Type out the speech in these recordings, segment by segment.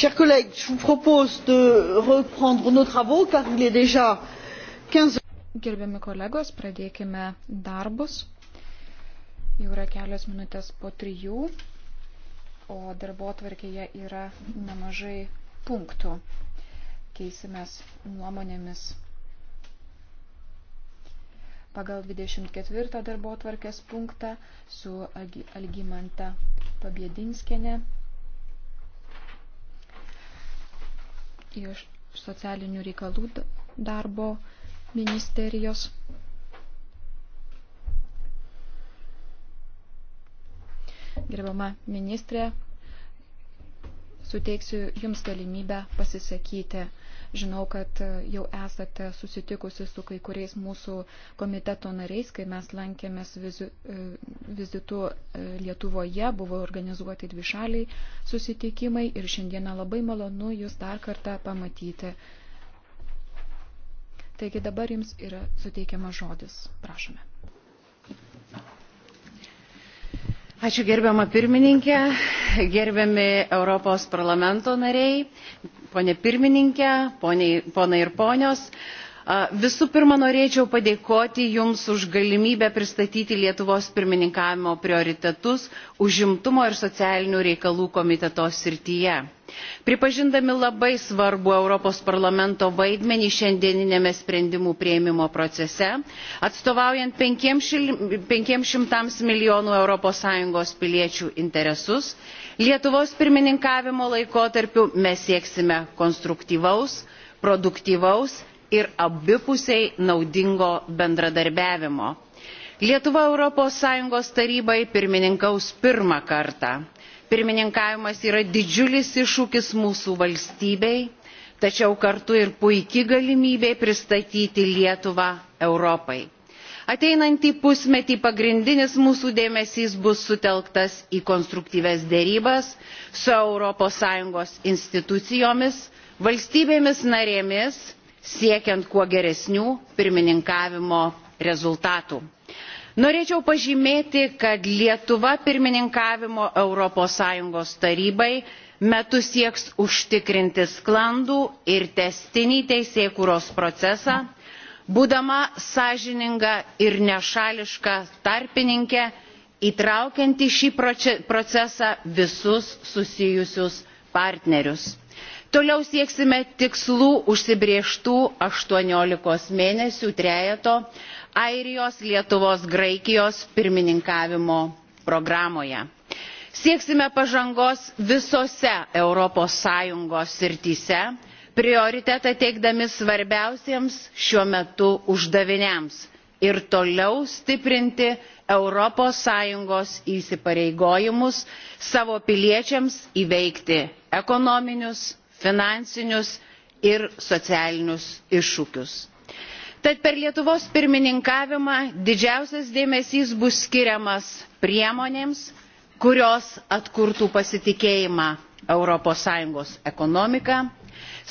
chers collègues je vous propose de reprendre nos travaux car il est déjà quinze heures. gerbiami kolegos pradėkime darbus jau yra kelios minutės po trijų o darbotvarkėje yra nemažai punktų keisimės nuomonėmis pagal 24 darbotvarkės punktą su Algimanta Pabėdinskienė iš socialinių reikalų darbo ministerijos. Gerbama ministrė, suteiksiu Jums galimybę pasisakyti. Žinau, kad e, jau esate susitikusi su kai kuriais mūsų komiteto nariais, kai mes lankėmės vizu, e, vizitu e, Lietuvoje, buvo organizuoti dvišaliai susitikimai ir šiandieną labai malonu jūs dar kartą pamatyti. Taigi dabar jums yra suteikiamas žodis. Prašome. Ačiū gerbiamą pirmininkę, gerbiami Europos parlamento nariai, ponė pirmininkė, ponai ir ponios. Visų pirma, norėčiau padėkoti Jums už galimybę pristatyti Lietuvos pirmininkavimo prioritetus užimtumo ir socialinių reikalų komiteto srityje. Pripažindami labai svarbu Europos parlamento vaidmenį šiandieninėme sprendimų prieimimo procese, atstovaujant 500 milijonų ES piliečių interesus, Lietuvos pirmininkavimo laikotarpiu mes sieksime konstruktyvaus, produktyvaus ir abipusiai naudingo bendradarbiavimo. Lietuva Europos Sąjungos tarybai pirmininkaus pirmą kartą. Pirmininkavimas yra didžiulis iššūkis mūsų valstybei, tačiau kartu ir puikia galimybė pristatyti Lietuvą Europai. Ateinantį pusmetį pagrindinis mūsų dėmesys bus sutelktas į konstruktyves dėrybas su ES institucijomis, valstybėmis narėmis siekiant kuo geresnių pirmininkavimo rezultatų. Norėčiau pažymėti, kad Lietuva pirmininkavimo ES tarybai metu sieks užtikrinti sklandų ir testinį teisėkūros procesą, būdama sąžininga ir nešališka tarpininkė, įtraukianti šį procesą visus susijusius partnerius. Toliau sieksime tikslų užsibrieštų 18 mėnesių trejeto Airijos, Lietuvos, Graikijos pirmininkavimo programoje. Sieksime pažangos visose ES srityse, prioritetą teikdami svarbiausiems šiuo metu uždaviniams ir toliau stiprinti ES įsipareigojimus savo piliečiams įveikti ekonominius, finansinius ir socialinius iššūkius. Tad per Lietuvos pirmininkavimą didžiausias dėmesys bus skiriamas priemonėms, kurios atkurtų pasitikėjimą ES ekonomiką,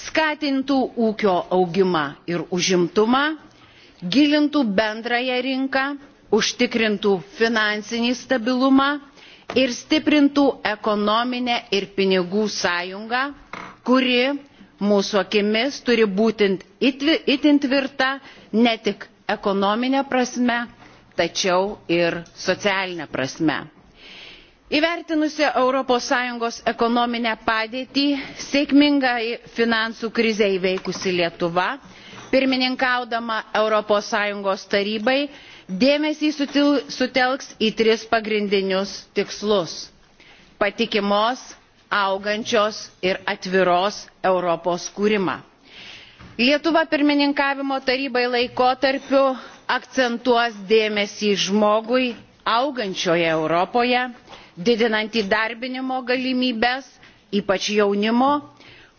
skatintų ūkio augimą ir užimtumą, gilintų bendrąją rinką, užtikrintų finansinį stabilumą ir stiprintų ekonominę ir pinigų sąjungą, kuri mūsų akimis turi būti itin tvirta ne tik ekonominė prasme, tačiau ir socialinė prasme. Įvertinusi ES ekonominę padėtį, sėkmingai finansų krizę įveikusi Lietuva, pirmininkaudama ES tarybai, dėmesį sutelks į tris pagrindinius tikslus - patikimos, augančios ir atviros Europos kūrimą. Lietuva pirmininkavimo tarybai laikotarpiu akcentuos dėmesį žmogui augančioje Europoje, didinant įdarbinimo galimybės, ypač jaunimo,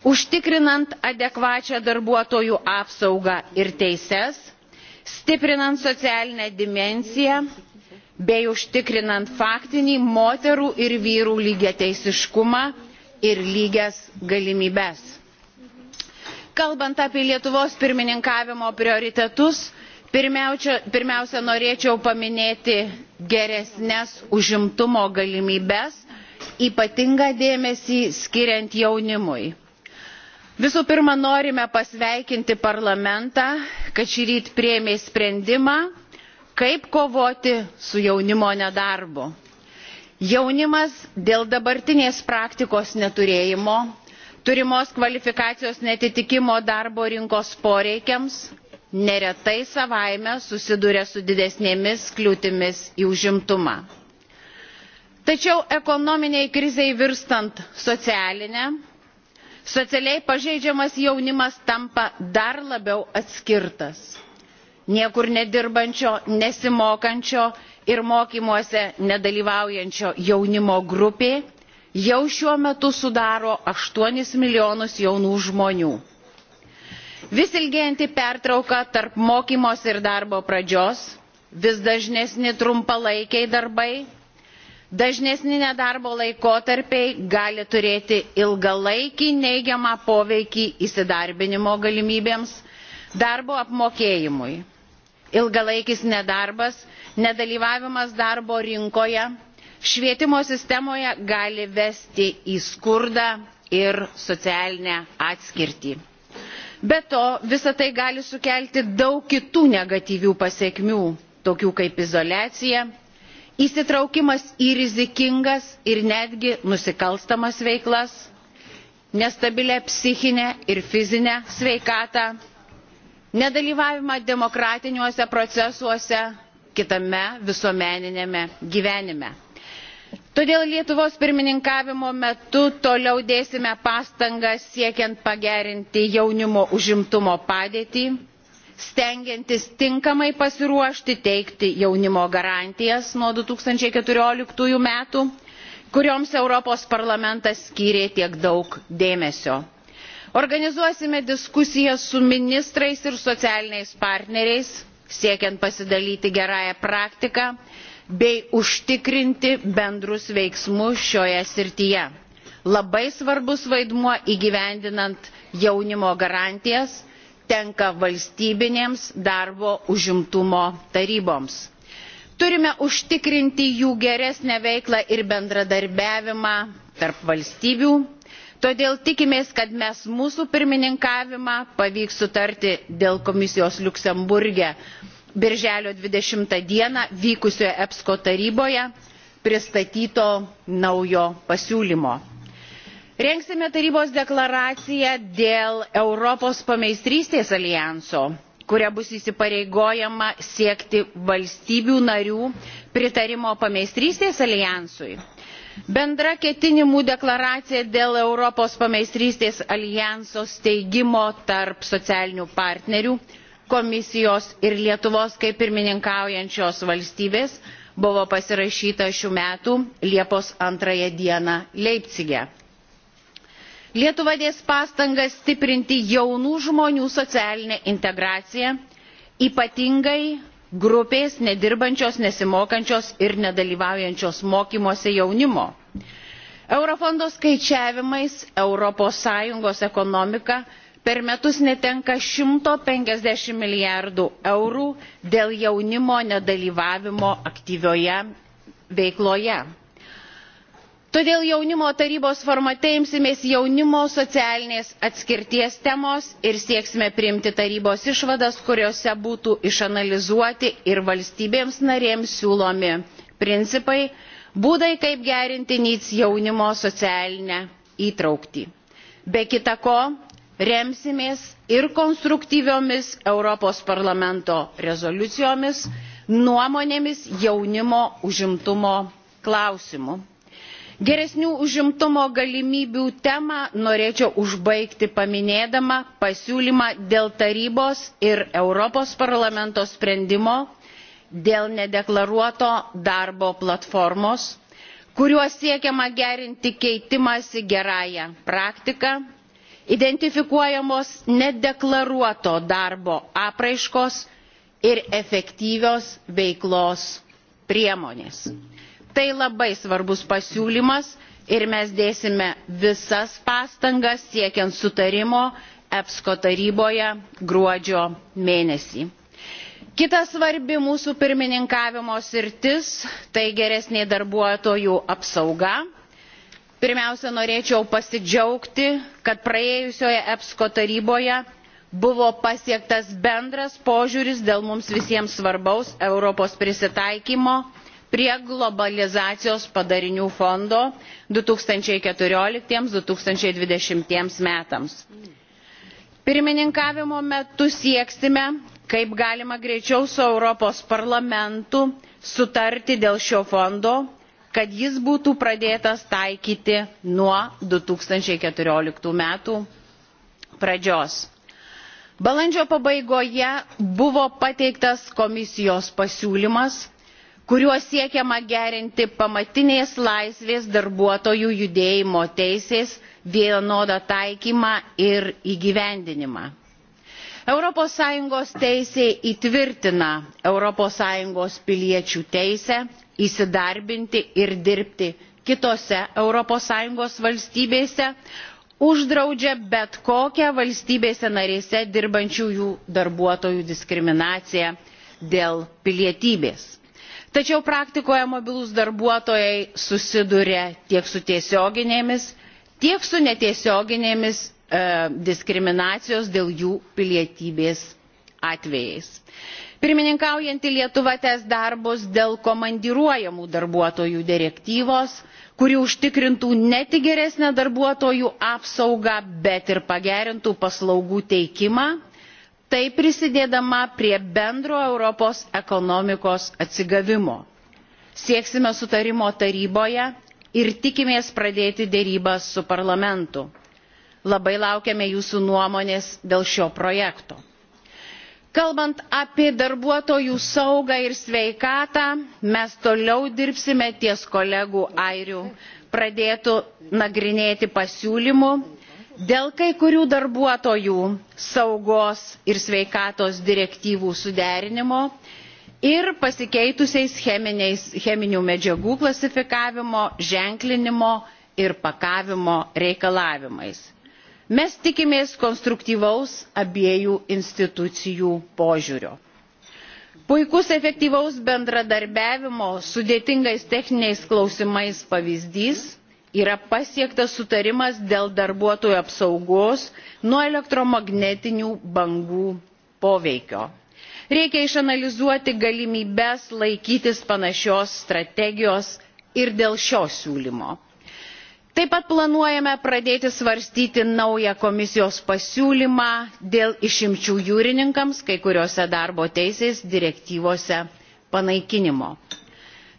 užtikrinant adekvačią darbuotojų apsaugą ir teises, stiprinant socialinę dimensiją, bei užtikrinant faktinį moterų ir vyrų lygiateisiškumą ir lygias galimybes. Kalbant apie Lietuvos pirmininkavimo prioritetus, pirmiausia, pirmiausia norėčiau paminėti geresnės užimtumo galimybes, ypatingą dėmesį skiriant jaunimui. Visų pirma, norime pasveikinti parlamentą, kad šį ryt prieimė sprendimą kaip kovoti su jaunimo nedarbu. Jaunimas dėl dabartinės praktikos neturėjimo, turimos kvalifikacijos netitikimo darbo rinkos poreikiams neretai savaime susiduria su didesnėmis kliūtimis į užimtumą. Tačiau ekonominiai kriziai virstant socialinę, socialiai pažeidžiamas jaunimas tampa dar labiau atskirtas niekur nedirbančio nesimokančio ir mokymuose nedalyvaujančio jaunimo grupė jau šiuo metu sudaro aštuonis milijonus jaunų žmonių. vis ilgėjanti pertrauka tarp mokymosi ir darbo pradžios vis dažnesni trumpalaikiai darbai dažnesni nedarbo laikotarpiai gali turėti ilgalaikį neigiamą poveikį įsidarbinimo galimybėms darbo apmokėjimui ilgalaikis nedarbas, nedalyvavimas darbo rinkoje, švietimo sistemoje gali vesti į skurdą ir socialinę atskirtį. Be to, visa tai gali sukelti daug kitų negatyvių pasiekmių, tokių kaip izolacija, įsitraukimas į rizikingas ir netgi nusikalstamas veiklas, nestabilę psichinę ir fizinę sveikatą, nedalyvavimą demokratiniuose procesuose kitame visuomeniniame gyvenime. Todėl Lietuvos pirmininkavimo metu toliau dėsime pastangas siekiant pagerinti jaunimo užimtumo padėtį, stengiantis tinkamai pasiruošti teikti jaunimo garantijas nuo 2014 metų, kurioms Europos parlamentas skyrė tiek daug dėmesio organizuosime diskusijas su ministrais ir socialiniais partneriais siekiant pasidalyti gerąją praktiką bei užtikrinti bendrus veiksmus šioje srityje. Labai svarbus vaidmuo įgyvendinant jaunimo garantijas tenka valstybinėms darbo užimtumo taryboms. Turime užtikrinti jų geresnę veiklą ir bendradarbiavimą tarp valstybių todėl tikimės kad mes mūsų pirmininkavimą pavyks sutarti dėl komisijos liuksemburge birželio dvidešimt dieną vykusioje epsco taryboje pristatyto naujo pasiūlymo rengsime tarybos deklaraciją dėl europos pameistrystės alijanso kuria bus įsipareigojama siekti valstybių narių pritarimo pameistrystės alijansui bendra ketinimų deklaracija dėl europos pameistrystės aljanso steigimo tarp socialinių partnerių komisijos ir lietuvos kaip pirmininkaujančios valstybės buvo pasirašyta šių metų liepos antrąją dieną leipcige. lietuva dės pastangas stiprinti jaunų žmonių socialinę integraciją ypatingai grupės nedirbančios, nesimokančios ir nedalyvaujančios mokymuose jaunimo. Eurofondo skaičiavimais ES ekonomika per metus netenka 150 milijardų eurų dėl jaunimo nedalyvavimo aktyvioje veikloje todėl jaunimo tarybos formate imsimės jaunimo socialinės atskirties temos ir sieksime priimti tarybos išvadas kuriose būtų išanalizuoti ir valstybėms narėms siūlomi principai būdai kaip gerinti neets jaunimo socialinę įtrauktį. be kita ko remsimės ir konstruktyviomis europos parlamento rezoliucijomis nuomonėmis jaunimo užimtumo klausimu geresnių užimtumo galimybių temą norėčiau užbaigti paminėdama pasiūlymą dėl tarybos ir europos parlamento sprendimo dėl nedeklaruoto darbo platformos kuriuo siekiama gerinti keitimąsi gerąją praktiką identifikuojamos nedeklaruoto darbo apraiškos ir efektyvios veiklos priemonės. Tai labai svarbus pasiūlymas ir mes dėsime visas pastangas siekiant sutarimo EPSCO taryboje gruodžio mėnesį. Kita svarbi mūsų pirmininkavimo sirtis - tai geresnė darbuotojų apsauga. Pirmiausia, norėčiau pasidžiaugti, kad praėjusioje EPSCO taryboje buvo pasiektas bendras požiūris dėl mums visiems svarbaus Europos prisitaikymo prie globalizacijos padarinių fondo 2014-2020 metams. Pirmininkavimo metu sieksime, kaip galima greičiau su Europos parlamentu sutarti dėl šio fondo, kad jis būtų pradėtas taikyti nuo 2014 metų pradžios. Balandžio pabaigoje buvo pateiktas komisijos pasiūlymas kuriuo siekiama gerinti pamatinės laisvės darbuotojų judėjimo teisės vienodą taikymą ir įgyvendinimą. Europos Sąjungos teisė įtvirtina Europos Sąjungos piliečių teisę įsidarbinti ir dirbti kitose Europos Sąjungos valstybėse, uždraudžia bet kokią valstybėse narėse dirbančiųjų darbuotojų diskriminaciją dėl pilietybės tačiau praktikoje mobilūs darbuotojai susiduria tiek su tiesioginėmis tiek su netiesioginėmis e, diskriminacijos dėl jų pilietybės atvejais. pirmininkaujanti lietuva tęs darbus dėl komandiruojamų darbuotojų direktyvos kuri užtikrintų ne tik geresnę darbuotojų apsaugą bet ir pagerintų paslaugų teikimą tai prisidėdama prie bendro Europos ekonomikos atsigavimo. Sieksime sutarimo taryboje ir tikimės pradėti dėrybas su parlamentu. Labai laukiame jūsų nuomonės dėl šio projekto. Kalbant apie darbuotojų saugą ir sveikatą, mes toliau dirbsime ties kolegų airių pradėtų nagrinėti pasiūlymų dėl kai kurių darbuotojų saugos ir sveikatos direktyvų suderinimo ir pasikeitusiais cheminių medžiagų klasifikavimo ženklinimo ir pakavimo reikalavimais. mes tikimės konstruktyvaus abiejų institucijų požiūrio. puikus efektyvaus bendradarbiavimo sudėtingais techniniais klausimais pavyzdys yra pasiektas sutarimas dėl darbuotojų apsaugos nuo elektromagnetinių bangų poveikio. Reikia išanalizuoti galimybės laikytis panašios strategijos ir dėl šio siūlymo. Taip pat planuojame pradėti svarstyti naują komisijos pasiūlymą dėl išimčių jūrininkams kai kuriuose darbo teisės direktyvose panaikinimo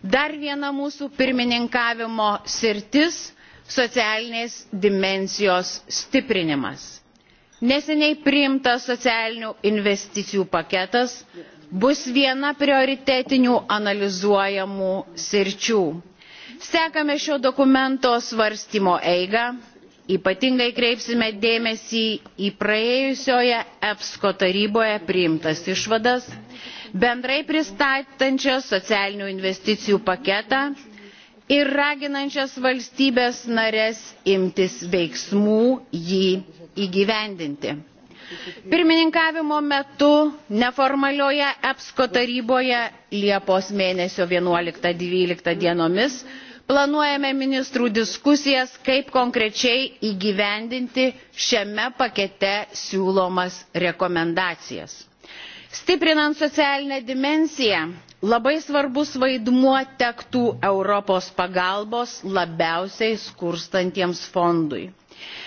dar viena mūsų pirmininkavimo sritis - socialinės dimensijos stiprinimas. Neseniai priimtas socialinių investicijų paketas bus viena prioritetinių analizuojamų sirčių. Sekame šio dokumento svarstymo eigą, ypatingai kreipsime dėmesį į praėjusioje EPSCO taryboje priimtas išvadas bendrai pristatančios socialinių investicijų paketą ir raginančios valstybės narės imtis veiksmų jį įgyvendinti. Pirmininkavimo metu neformalioje EPSCO taryboje Liepos mėnesio 11-12 dienomis planuojame ministrų diskusijas, kaip konkrečiai įgyvendinti šiame pakete siūlomas rekomendacijas stiprinant socialinę dimensiją labai svarbus vaidmuo tektų europos pagalbos labiausiai skurstantiems fondui.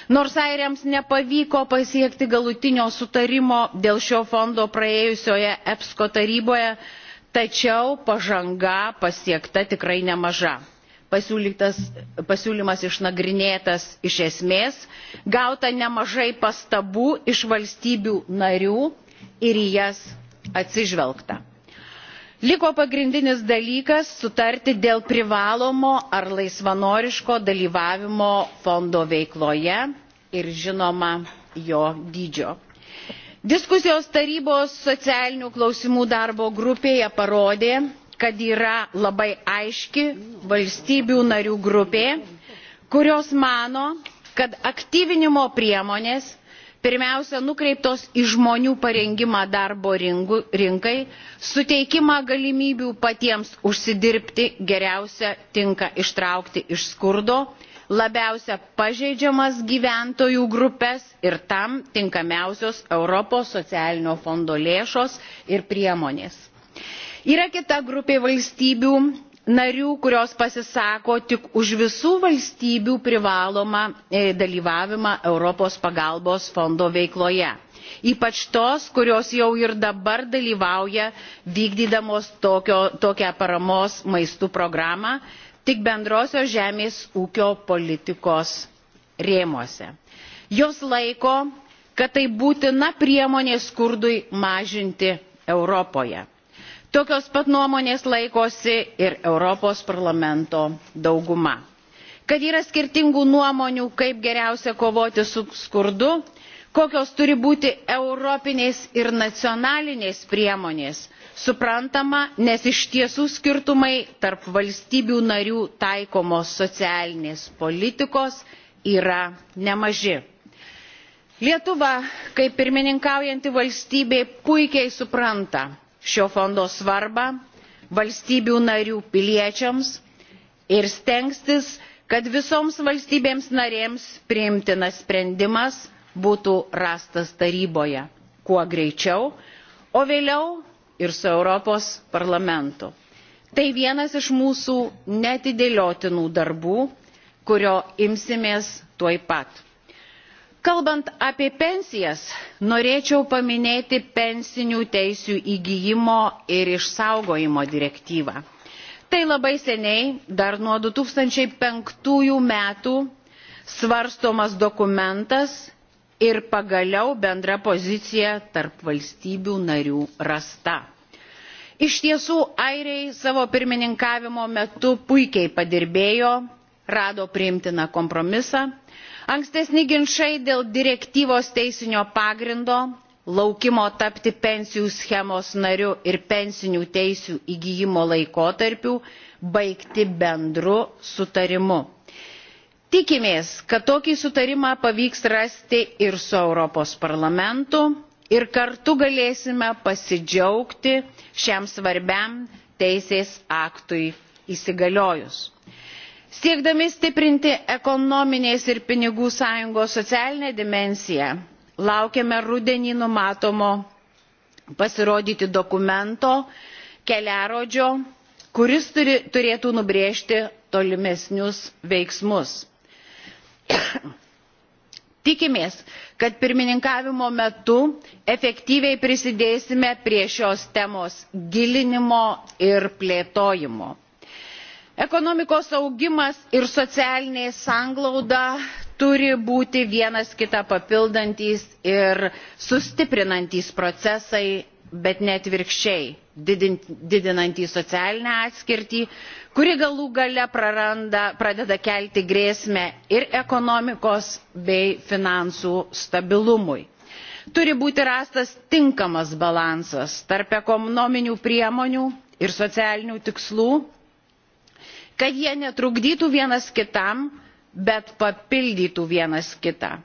nors airiams nepavyko pasiekti galutinio sutarimo dėl šio fondo praėjusioje epsco taryboje tačiau pažanga pasiekta tikrai nemaža. pasiūlymas išnagrinėtas iš esmės gauta nemažai pastabų iš valstybių narių ir į jas atsižvelgta. Liko pagrindinis dalykas sutarti dėl privalomo ar laisvanoriško dalyvavimo fondo veikloje ir žinoma jo dydžio. Diskusijos tarybos socialinių klausimų darbo grupėje parodė, kad yra labai aiški valstybių narių grupė, kurios mano, kad aktyvinimo priemonės pirmiausia nukreiptos į žmonių parengimą darbo rinkai, suteikimą galimybių patiems užsidirbti geriausia tinka ištraukti iš skurdo, labiausia pažeidžiamas gyventojų grupės ir tam tinkamiausios Europos socialinio fondo lėšos ir priemonės. Yra kita grupė valstybių, narių kurios pasisako tik už visų valstybių privalomą e, dalyvavimą europos pagalbos fondo veikloje ypač tos kurios jau ir dabar dalyvauja vykdydamos tokio, tokią paramos maistų programą tik bendrosios žemės ūkio politikos rėmuose. jos laiko kad tai būtina priemonė skurdui mažinti europoje tokios pat nuomonės laikosi ir europos parlamento dauguma. kad yra skirtingų nuomonių kaip geriausia kovoti su skurdu kokios turi būti europinės ir nacionalinės priemonės suprantama nes iš tiesų skirtumai tarp valstybių narių taikomos socialinės politikos yra nemaži. lietuva kaip pirmininkaujanti valstybė puikiai supranta šio fondo svarbą valstybių narių piliečiams ir stengstis, kad visoms valstybėms narėms priimtinas sprendimas būtų rastas taryboje kuo greičiau, o vėliau ir su Europos parlamentu. Tai vienas iš mūsų netidėliotinų darbų, kurio imsimės tuoj pat. Kalbant apie pensijas, norėčiau paminėti pensinių teisių įgyjimo ir išsaugojimo direktyvą. Tai labai seniai, dar nuo 2005 metų, svarstomas dokumentas ir pagaliau bendra pozicija tarp valstybių narių rasta. Iš tiesų, airiai savo pirmininkavimo metu puikiai padirbėjo, rado priimtiną kompromisą ankstesni ginčai dėl direktyvos teisinio pagrindo laukimo tapti pensijų schemos nariu ir pensinių teisių įgyjimo laikotarpių baigti bendru sutarimu. tikimės kad tokį sutarimą pavyks rasti ir su europos parlamentu ir kartu galėsime pasidžiaugti šiam svarbiam teisės aktui įsigaliojus siekdami stiprinti ekonominės ir pinigų sąjungos socialinę dimensiją laukiame rudenį numatomo pasirodyti dokumento keliarodžio kuris turi, turėtų nubrėžti tolimesnius veiksmus. tikimės kad pirmininkavimo metu efektyviai prisidėsime prie šios temos gilinimo ir plėtojimo ekonomikos augimas ir socialinė sanglauda turi būti vienas kitą papildantys ir sustiprinantys procesai bet ne atvirkščiai didinantys socialinę atskirtį kuri galų gale praranda, pradeda kelti grėsmę ir ekonomikos bei finansų stabilumui. Turi būti rastas tinkamas balansas tarp ekonominių priemonių ir socialinių tikslų kad jie netrukdytų vienas kitam, bet papildytų vienas kitą.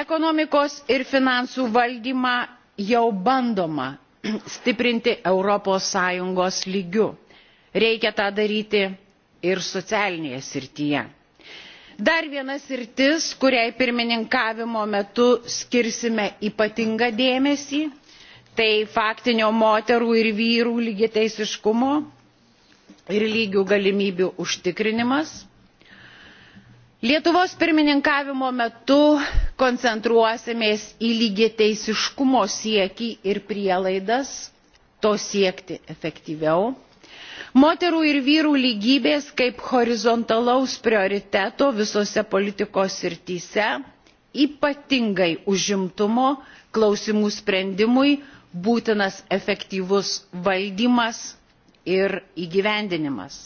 Ekonomikos ir finansų valdymą jau bandoma stiprinti ES lygiu. Reikia tą daryti ir socialinėje srityje. Dar vienas sritis, kuriai pirmininkavimo metu skirsime ypatingą dėmesį, tai faktinio moterų ir vyrų lygiteisiškumo ir lygių galimybių užtikrinimas. Lietuvos pirmininkavimo metu koncentruosimės į lygiateisiškumo siekį ir prielaidas to siekti efektyviau. Moterų ir vyrų lygybės kaip horizontalaus prioriteto visose politikos srityse, ypatingai užimtumo klausimų sprendimui būtinas efektyvus valdymas ir įgyvendinimas.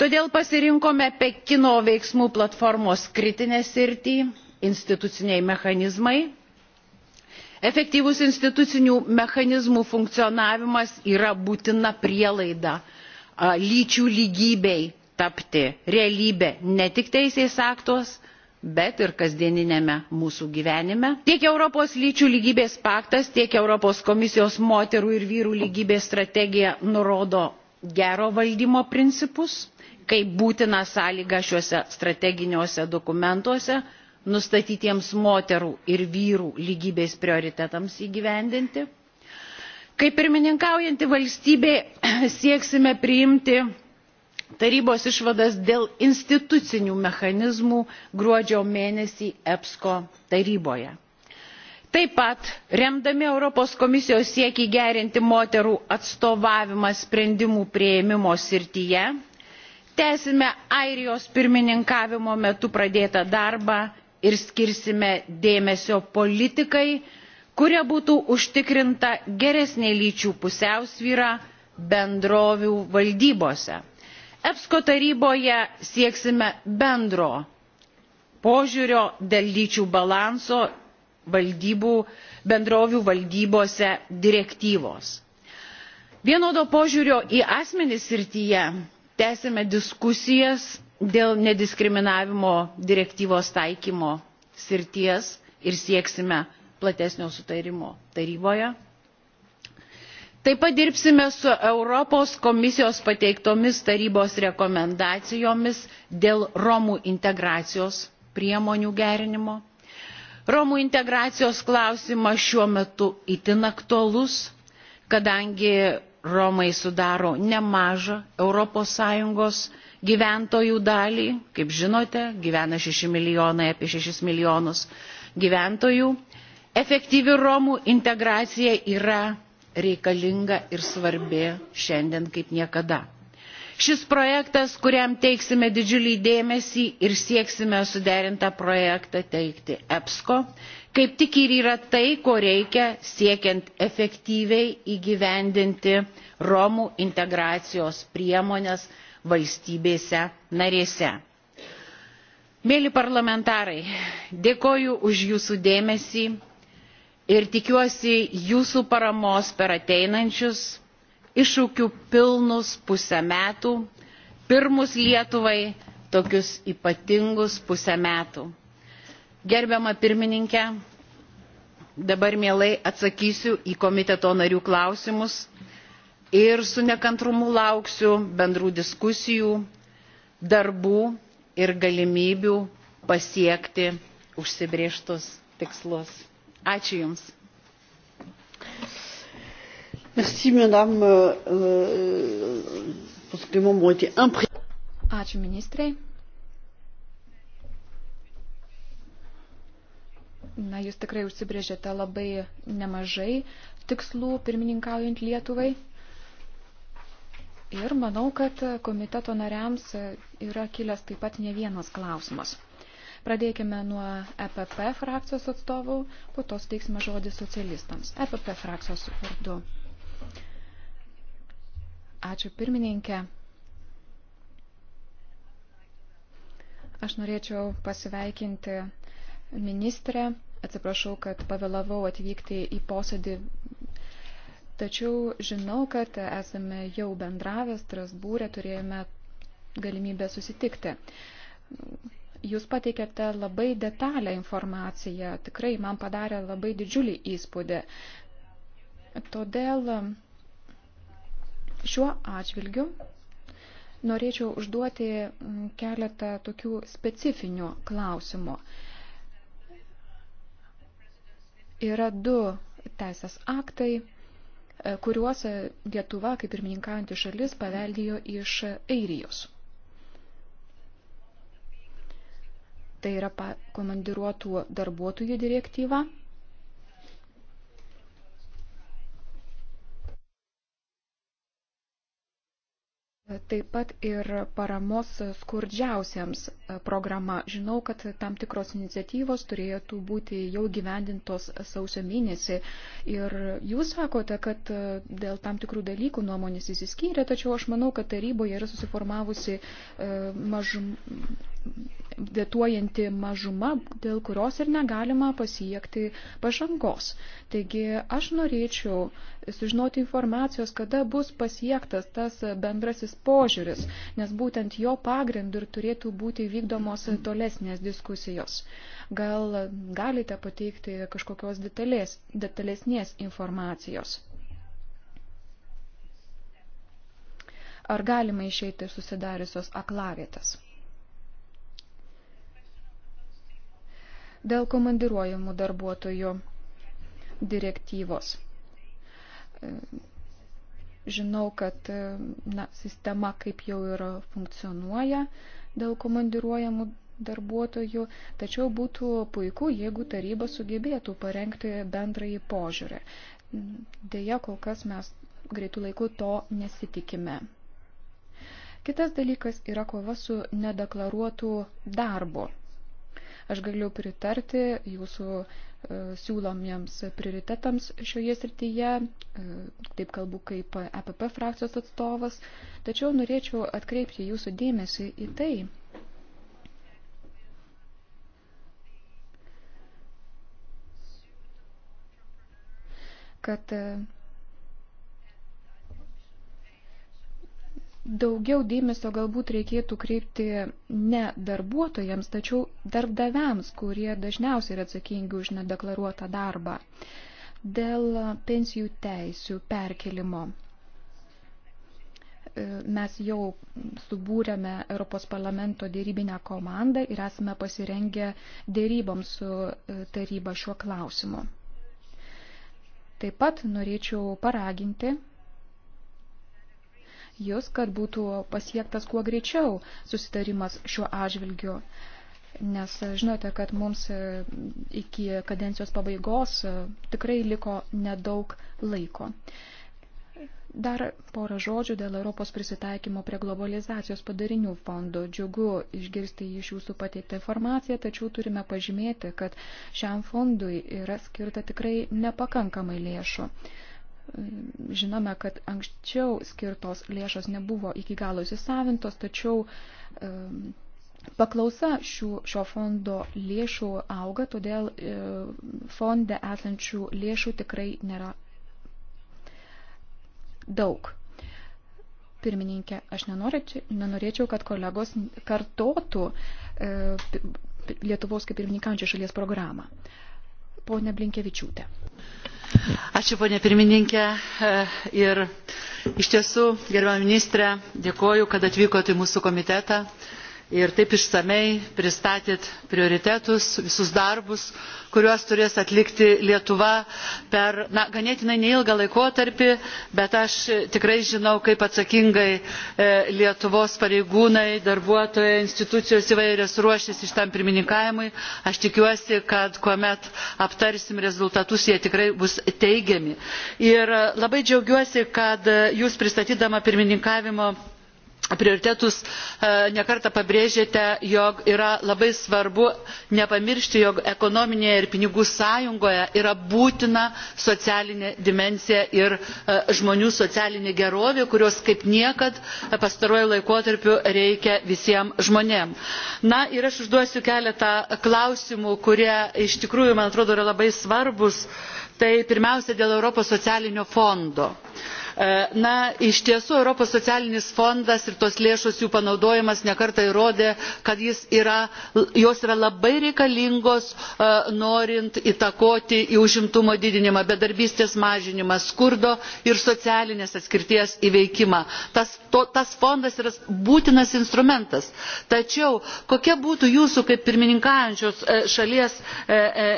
Todėl pasirinkome Pekino veiksmų platformos kritinę sirtį - instituciniai mechanizmai. Efektyvus institucinių mechanizmų funkcionavimas yra būtina prielaida lyčių lygybei tapti realybė ne tik teisės aktos, bet ir kasdieninėme mūsų gyvenime. Tiek Europos lyčių lygybės paktas, tiek Europos komisijos moterų ir vyrų lygybės strategija nurodo gero valdymo principus, kaip būtina sąlyga šiuose strateginiuose dokumentuose nustatytiems moterų ir vyrų lygybės prioritetams įgyvendinti. Kaip pirmininkaujanti valstybė sieksime priimti tarybos išvadas dėl institucinių mechanizmų gruodžio mėnesį EPSCO taryboje. Taip pat, remdami Europos komisijos siekį gerinti moterų atstovavimą sprendimų prieimimo srityje, tęsime Airijos pirmininkavimo metu pradėtą darbą ir skirsime dėmesio politikai, kuria būtų užtikrinta geresnė lyčių pusiausvyra bendrovių valdybose epsco taryboje sieksime bendro požiūrio dėl lyčių balanso valdybų, bendrovių valdybose direktyvos. Vienodo požiūrio į asmenis srityje tęsime diskusijas dėl nediskriminavimo direktyvos taikymo srities ir sieksime platesnio sutarimo taryboje. Taip pat dirbsime su Europos komisijos pateiktomis tarybos rekomendacijomis dėl Romų integracijos priemonių gerinimo. Romų integracijos klausimas šiuo metu itin aktualus, kadangi Romai sudaro nemažą ES gyventojų dalį, kaip žinote, gyvena 6 milijonai, apie 6 milijonus gyventojų. Efektyvi Romų integracija yra reikalinga ir svarbi šiandien kaip niekada. Šis projektas, kuriam teiksime didžiulį dėmesį ir sieksime suderintą projektą teikti EPSCO, kaip tik ir yra tai, ko reikia siekiant efektyviai įgyvendinti Romų integracijos priemonės valstybėse narėse. Mėly parlamentarai, dėkoju už jūsų dėmesį ir tikiuosi jūsų paramos per ateinančius iššūkių pilnus pusę metų, pirmus Lietuvai tokius ypatingus pusę metų. Gerbiama pirmininkė, dabar mielai atsakysiu į komiteto narių klausimus ir su nekantrumu lauksiu bendrų diskusijų, darbų ir galimybių pasiekti užsibrieštus tikslus. Ačiū Jums. Merci, madame, euh, euh, parce que les membres ont été imprégnés. Ačiū ministrei. Na, jūs tikrai užsibrėžėte labai nemažai tikslų pirmininkaujant Lietuvai. Ir manau, kad komiteto nariams yra kilęs taip pat ne vienas klausimas. Pradėkime nuo EPP frakcijos atstovų, po to suteiksime žodį socialistams. EPP frakcijos vardu. Ačiū pirmininkė. Aš norėčiau pasveikinti ministrę. Atsiprašau, kad pavėlavau atvykti į posėdį Tačiau žinau, kad esame jau bendravę Strasbūrė, turėjome galimybę susitikti. Jūs pateikėte labai detalę informaciją, tikrai man padarė labai didžiulį įspūdį. Todėl šiuo atžvilgiu norėčiau užduoti keletą tokių specifinių klausimų. Yra du teisės aktai, kuriuos Lietuva, kaip pirmininkaujantį šalis, paveldėjo iš Airijos. Tai yra komandiruotų darbuotojų direktyva. Taip pat ir paramos skurdžiausiems e, programa. Žinau, kad tam tikros iniciatyvos turėtų būti jau gyvendintos sausio mėnesį. Ir jūs sakote, kad e, dėl tam tikrų dalykų nuomonės įsiskyrė, tačiau aš manau, kad taryboje yra susiformavusi e, mažum, vietuojanti mažuma, dėl kurios ir negalima pasiekti pažangos. Taigi aš norėčiau sužinoti informacijos, kada bus pasiektas tas bendrasis požiūris, nes būtent jo pagrindu ir turėtų būti vykdomos tolesnės diskusijos. Gal galite pateikti kažkokios detalės, detalesnės informacijos? Ar galima išeiti susidariusios aklavietės? dėl komandiruojamų darbuotojų direktyvos. E, žinau, kad e, na, sistema kaip jau ir funkcionuoja dėl komandiruojamų darbuotojų, tačiau būtų puiku, jeigu taryba sugebėtų parengti bendrąjį požiūrį. Deja, kol kas mes greitų laikų to nesitikime. Kitas dalykas yra kova su nedeklaruotų darbu. Aš galiu pritarti jūsų e, siūlomiems prioritetams šioje srityje, e, taip kalbu kaip EPP frakcijos atstovas, tačiau norėčiau atkreipti jūsų dėmesį į tai, kad e, daugiau dėmesio galbūt reikėtų kreipti ne darbuotojams, tačiau darbdaviams, kurie dažniausiai yra atsakingi už nedeklaruotą darbą. Dėl pensijų teisių perkelimo e, mes jau subūrėme Europos parlamento dėrybinę komandą ir esame pasirengę dėryboms su e, taryba šiuo klausimu. Taip pat norėčiau paraginti jis, kad būtų pasiektas kuo greičiau susitarimas šiuo atžvilgiu. Nes e, žinote, kad mums e, iki kadencijos pabaigos e, tikrai liko nedaug laiko. Dar porą žodžių dėl Europos prisitaikymo prie globalizacijos padarinių fondo. Džiugu išgirsti iš jūsų pateiktą informaciją, tačiau turime pažymėti, kad šiam fondui yra skirta tikrai nepakankamai lėšų. Žinome, kad anksčiau skirtos lėšos nebuvo iki galo įsisavintos, tačiau paklausa šių, šio fondo lėšų auga, todėl e, fonde esančių lėšų tikrai nėra daug. Pirmininkė, aš nenorėčiau, kad kolegos kartotų e, Lietuvos kaip pirmininkančio šalies programą ponė Blinkevičiūtė. Ačiū, ponė pirmininkė. E, ir iš tiesų, gerbiam ministrė, dėkoju, kad atvykote į mūsų komitetą ir taip išsamei pristatėt prioritetus visus darbus kuriuos turės atlikti lietuva per na, ganėtinai neilgą laikotarpį bet aš tikrai žinau kaip atsakingai e, lietuvos pareigūnai darbuotojai institucijos įvairios ruošiasi šitam pirmininkavimui. aš tikiuosi kad kuomet aptarsim rezultatus jie tikrai bus teigiami. ir labai džiaugiuosi kad jūs pristatydama pirmininkavimo prioritetus e, ne kartą pabrėžėte jog yra labai svarbu nepamiršti jog ekonominėje ir pinigų sąjungoje yra būtina socialinė dimensija ir e, žmonių socialinė gerovė kurios kaip niekad e, pastaruoju laikotarpiu reikia visiems žmonėms. na ir aš užduosiu keletą klausimų kurie iš tikrųjų man atrodo yra labai svarbūs tai pirmiausia dėl europos socialinio fondo. E, na iš tiesų europos socialinis fondas ir tos lėšos jų panaudojimas ne kartą įrodė kad yra, jos yra labai reikalingos e, norint įtakoti į užimtumo didinimą bedarbystės mažinimą skurdo ir socialinės atskirties įveikimą. tas, to, tas fondas yra būtinas instrumentas. tačiau kokia būtų jūsų kaip pirmininkaujančios e, šalies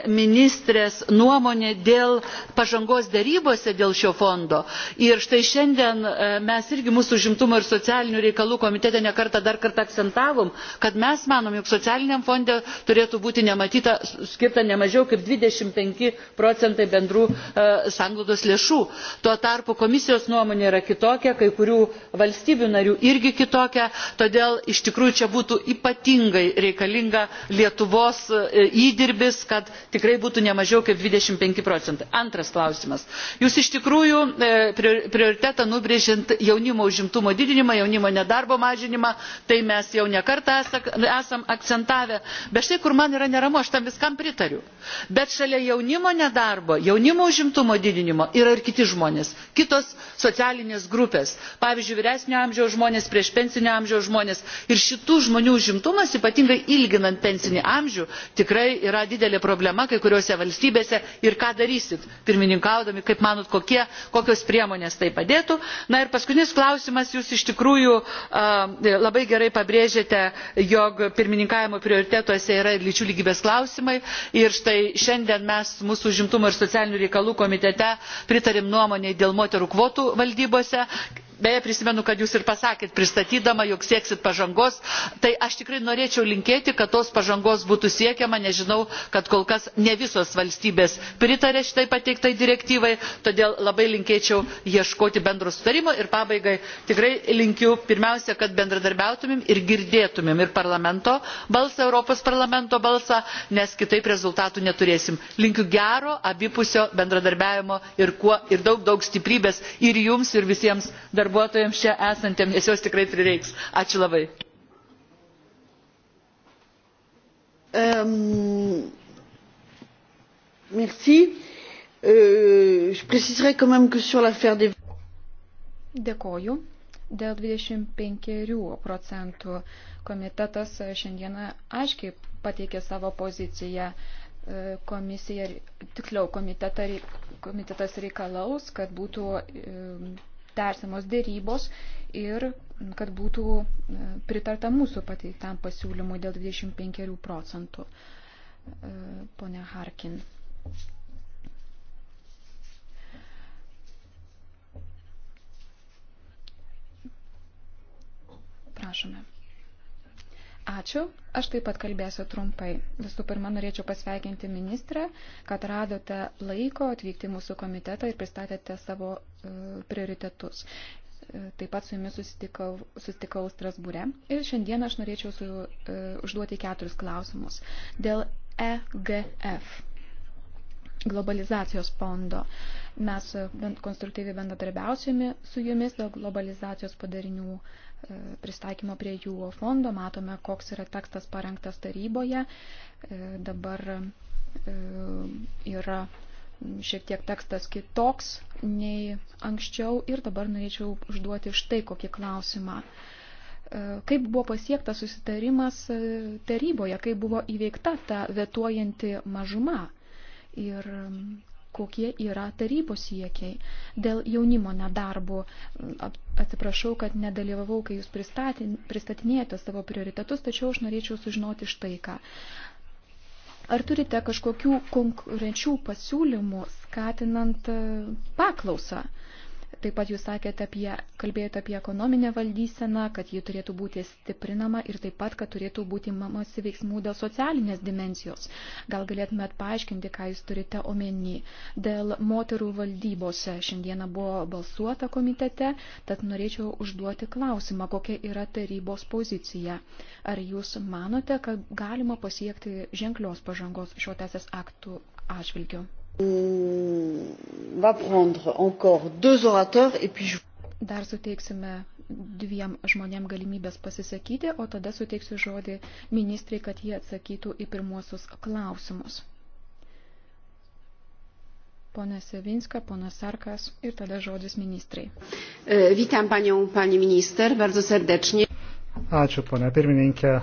ministrės nuomonė dėl pažangos darybose dėl šio fondo ir štai šiandien e, mes irgi mūsų užimtumo ir socialinių reikalų komitete ne kartą dar kartą akcentavom, kad mes manom, jog socialiniam fonde turėtų būti nematyta, skirta ne mažiau kaip 25 procentai bendrų e, sanglaudos lėšų. Tuo tarpu komisijos nuomonė yra kitokia, kai kurių valstybių narių irgi kitokia, todėl iš tikrųjų čia būtų ypatingai reikalinga Lietuvos e, įdirbis, kad tikrai būtų ne mažiau kaip 25 procentai. Antras klausimas. Jūs iš tikrųjų e, prioritetą nubrėžiant jaunimo užimtumo didinimą jaunimo nedarbo mažinimą tai mes jau ne kartą esame akcentavę bet štai kur man yra neramu aš tam viskam pritariu bet šalia jaunimo nedarbo jaunimo užimtumo didinimo yra ir kiti žmonės kitos socialinės grupės pavyzdžiui vyresnio amžiaus žmonės priešpensinio amžiaus žmonės ir šitų žmonių užimtumas ypatingai ilginant pensinį amžių tikrai yra didelė problema kai kuriose valstybėse ir ką darysite pirmininkaudami kaip manote kokios priemonės tai tai padėtų. Na ir paskutinis klausimas, jūs iš tikrųjų labai gerai pabrėžėte, jog pirmininkavimo prioritetuose yra ir lyčių lygybės klausimai. Ir štai šiandien mes mūsų užimtumo ir socialinių reikalų komitete pritarim nuomonėje dėl moterų kvotų valdybose beje prisimenu kad jūs ir pasakėt pristatydama jog sieksit pažangos tai aš tikrai norėčiau linkėti kad tos pažangos būtų siekiama nes žinau kad kol kas ne visos valstybės pritaria šitai pateiktai direktyvai todėl labai linkėčiau ieškoti bendro sutarimo ir pabaigai tikrai linkiu pirmiausia kad bendradarbiautumėm ir girdėtumėm ir parlamento balsą europos parlamento balsą nes kitaip rezultatų neturėsim. linkiu gero abipusio bendradarbiavimo ir kuo ir daug daug stiprybės ir jums ir visiems darbuotojams darbuotojams čia esantiems, nes jos tikrai prireiks. Ačiū labai. Um, merci. Euh, je préciserai quand même que sur l'affaire des. Dėkoju. Dėl 25 procentų komitetas šiandieną aiškiai pateikė savo poziciją e, komisija, tiksliau komitetas reikalaus, kad būtų tęsiamos dėrybos ir kad būtų e, pritarta mūsų pateiktam pasiūlymui dėl 25 procentų. E, pone Harkin. Prašome. Ačiū. Aš taip pat kalbėsiu trumpai. Visų pirma, norėčiau pasveikinti ministrę, kad radote laiko atvykti mūsų komitetą ir pristatėte savo e, prioritetus. E, taip pat su jumis susitikau, susitikau Strasbūre. Ir šiandien aš norėčiau su, e, užduoti keturis klausimus. Dėl EGF globalizacijos fondo. Mes e, bent konstruktyviai bendradarbiausime su jumis dėl globalizacijos padarinių pristaikymo prie jų fondo. Matome, koks yra tekstas parengtas taryboje. E, dabar e, yra šiek tiek tekstas kitoks nei anksčiau ir dabar norėčiau užduoti štai kokį klausimą. E, kaip buvo pasiektas susitarimas taryboje, kaip buvo įveikta ta vetuojanti mažuma ir kokie yra tarybos siekiai dėl jaunimo nedarbo. Atsiprašau, kad nedalyvavau, kai jūs pristatinėjote savo prioritetus, tačiau aš norėčiau sužinoti štai ką. Ar turite kažkokių konkrečių pasiūlymų skatinant e, paklausą? Taip pat jūs sakėte apie, kalbėjote apie ekonominę valdyseną, kad ji turėtų būti stiprinama ir taip pat, kad turėtų būti mamasi veiksmų dėl socialinės dimensijos. Gal galėtumėt paaiškinti, ką jūs turite omeny. Dėl moterų valdybose šiandieną buvo balsuota komitete, tad norėčiau užduoti klausimą, kokia yra tarybos pozicija. Ar jūs manote, kad galima pasiekti ženklios pažangos šio teisės aktų atžvilgiu? Dar suteiksime dviem žmonėm galimybės pasisakyti, o tada suteiksiu žodį ministrai, kad jie atsakytų į pirmuosius klausimus. Pone Sevinska, pone Sarkas ir tada žodis ministrai. E, witam panią, pani minister, bardzo serdecznie. Ačiū, pone pirmininkė.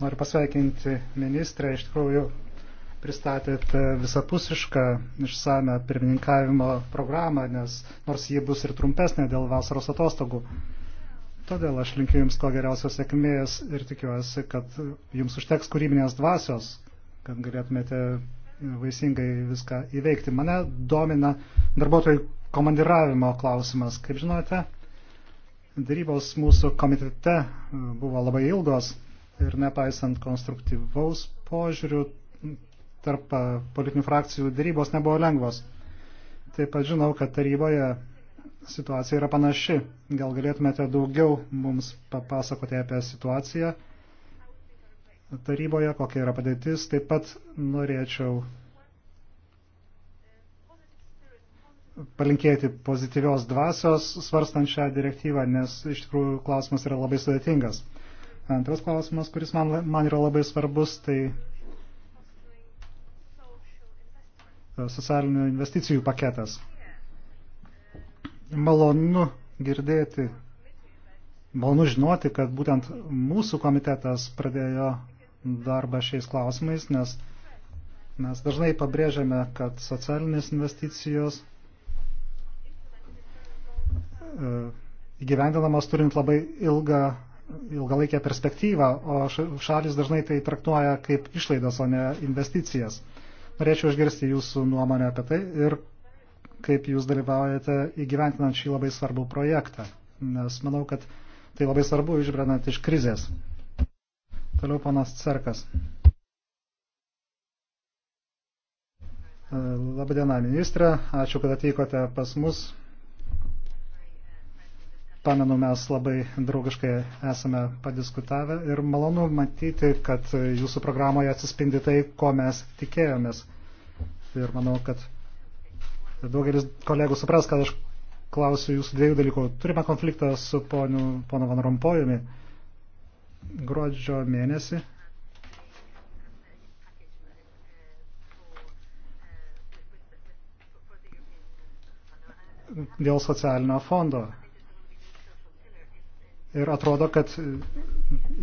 Noriu pasveikinti ministrę. Iš tikrųjų, pristatėte visapusišką išsame pirmininkavimo programą, nes nors ji bus ir trumpesnė dėl vasaros atostogų. Todėl aš linkiu Jums ko geriausios sėkmės ir tikiuosi, kad Jums užteks kūrybinės dvasios, kad galėtumėte e, vaisingai viską įveikti. Mane domina darbuotojų komandiravimo klausimas. Kaip žinote, darybos mūsų komitete e, buvo labai ilgos ir nepaisant konstruktyvaus požiūrių tarp e, politinių frakcijų dėrybos nebuvo lengvos. Taip pat žinau, kad taryboje situacija yra panaši. Gal galėtumėte daugiau mums papasakoti apie situaciją taryboje, kokia yra padėtis. Taip pat norėčiau palinkėti pozityvios dvasios svarstant šią direktyvą, nes iš tikrųjų klausimas yra labai sudėtingas. Antras klausimas, kuris man, man yra labai svarbus, tai socialinių investicijų paketas. Malonu girdėti, malonu žinoti, kad būtent mūsų komitetas pradėjo darbą šiais klausimais, nes mes dažnai pabrėžiame, kad socialinės investicijos e, įgyvendinamas turint labai ilgą, ilgalaikę perspektyvą, o šalis dažnai tai traktuoja kaip išlaidas, o ne investicijas. Norėčiau išgirsti jūsų nuomonę apie tai ir kaip jūs dalyvaujate įgyventinant šį labai svarbų projektą, nes manau, kad tai labai svarbu išbrenant iš krizės. Toliau panas Cerkas. Labadiena, ministrė. Ačiū, kad atvykote pas mus. Pamenu, mes labai draugiškai esame padiskutavę ir malonu matyti, kad jūsų programoje atsispindi tai, ko mes tikėjomės. Ir manau, kad daugelis kolegų supras, kad aš klausiu jūsų dviejų dalykų. Turime konfliktą su ponu, ponu Van Rompojumi gruodžio mėnesį. Dėl socialinio fondo. Ir atrodo, kad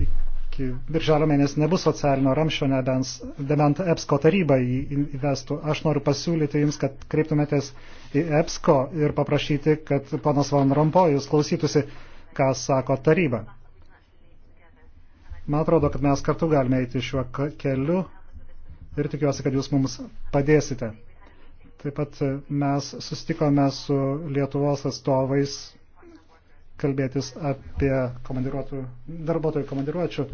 iki birželio mėnesį nebus socialinio ramščio, nebent EPSCO taryba jį įvestų. Aš noriu pasiūlyti Jums, kad kreiptumėtės į EPSCO ir paprašyti, kad ponas Van Rompojus klausytųsi, ką sako taryba. Man atrodo, kad mes kartu galime eiti šiuo keliu ir tikiuosi, kad Jūs mums padėsite. Taip pat mes susitikome su Lietuvos atstovais kalbėtis apie darbuotojų komandiruočių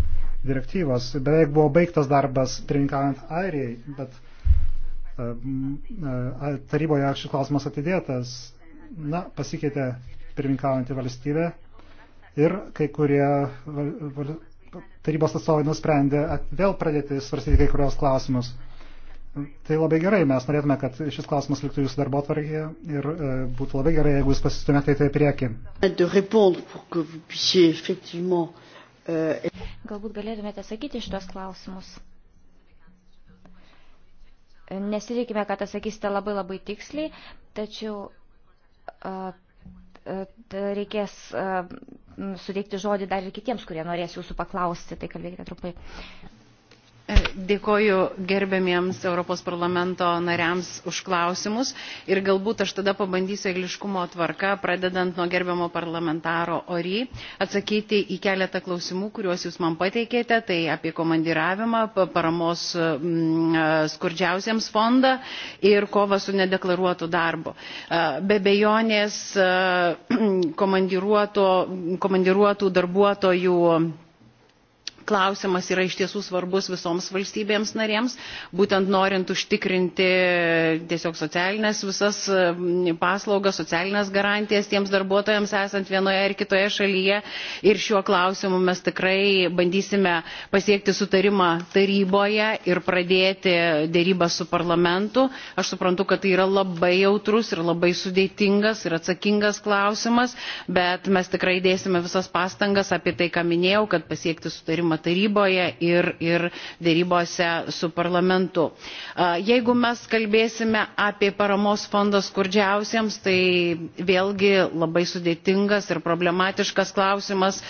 direktyvos. Beveik buvo baigtas darbas pirmininkaujant Airijai, bet e, e, taryboje šis klausimas atidėtas. Na, pasikeitė pirmininkaujantį valstybę ir kai kurie tarybos atstovai nusprendė vėl pradėti svarstyti kai kurios klausimus. Tai labai gerai, mes norėtume, kad šis klausimas liktų jūsų darbo atvarkėje ir e, būtų labai gerai, jeigu jūs pasistumėte į tai priekį. Euh, Galbūt galėtumėte sakyti šitos klausimus. Nesitikime, kad atsakysite labai labai tiksliai, tačiau a, a, reikės a, suteikti žodį dar ir kitiems, kurie norės jūsų paklausti, tai kalbėkite trumpai. E, dėkoju gerbiamiems Europos parlamento nariams už klausimus ir galbūt aš tada pabandysiu eiliškumo tvarka, pradedant nuo gerbiamo parlamentaro Ory, atsakyti į keletą klausimų, kuriuos jūs man pateikėte, tai apie komandiravimą, paramos mm, e, skurdžiausiems fondą ir kovą su nedeklaruotu darbu. E, be bejonės komandiruotų darbuotojų klausimas yra iš tiesų svarbus visoms valstybėms narėms, būtent norint užtikrinti tiesiog socialinės visas mm, paslaugas, socialinės garantijas tiems darbuotojams esant vienoje ar kitoje šalyje. Ir šiuo klausimu mes tikrai bandysime pasiekti sutarimą taryboje ir pradėti dėrybą su parlamentu. Aš suprantu, kad tai yra labai jautrus ir labai sudėtingas ir atsakingas klausimas, bet mes tikrai dėsime visas pastangas apie tai, ką minėjau, kad pasiekti sutarimą svarstoma taryboje ir, ir dėrybose su parlamentu. Jeigu mes kalbėsime apie paramos fondą skurdžiausiems, tai vėlgi labai sudėtingas ir problematiškas klausimas.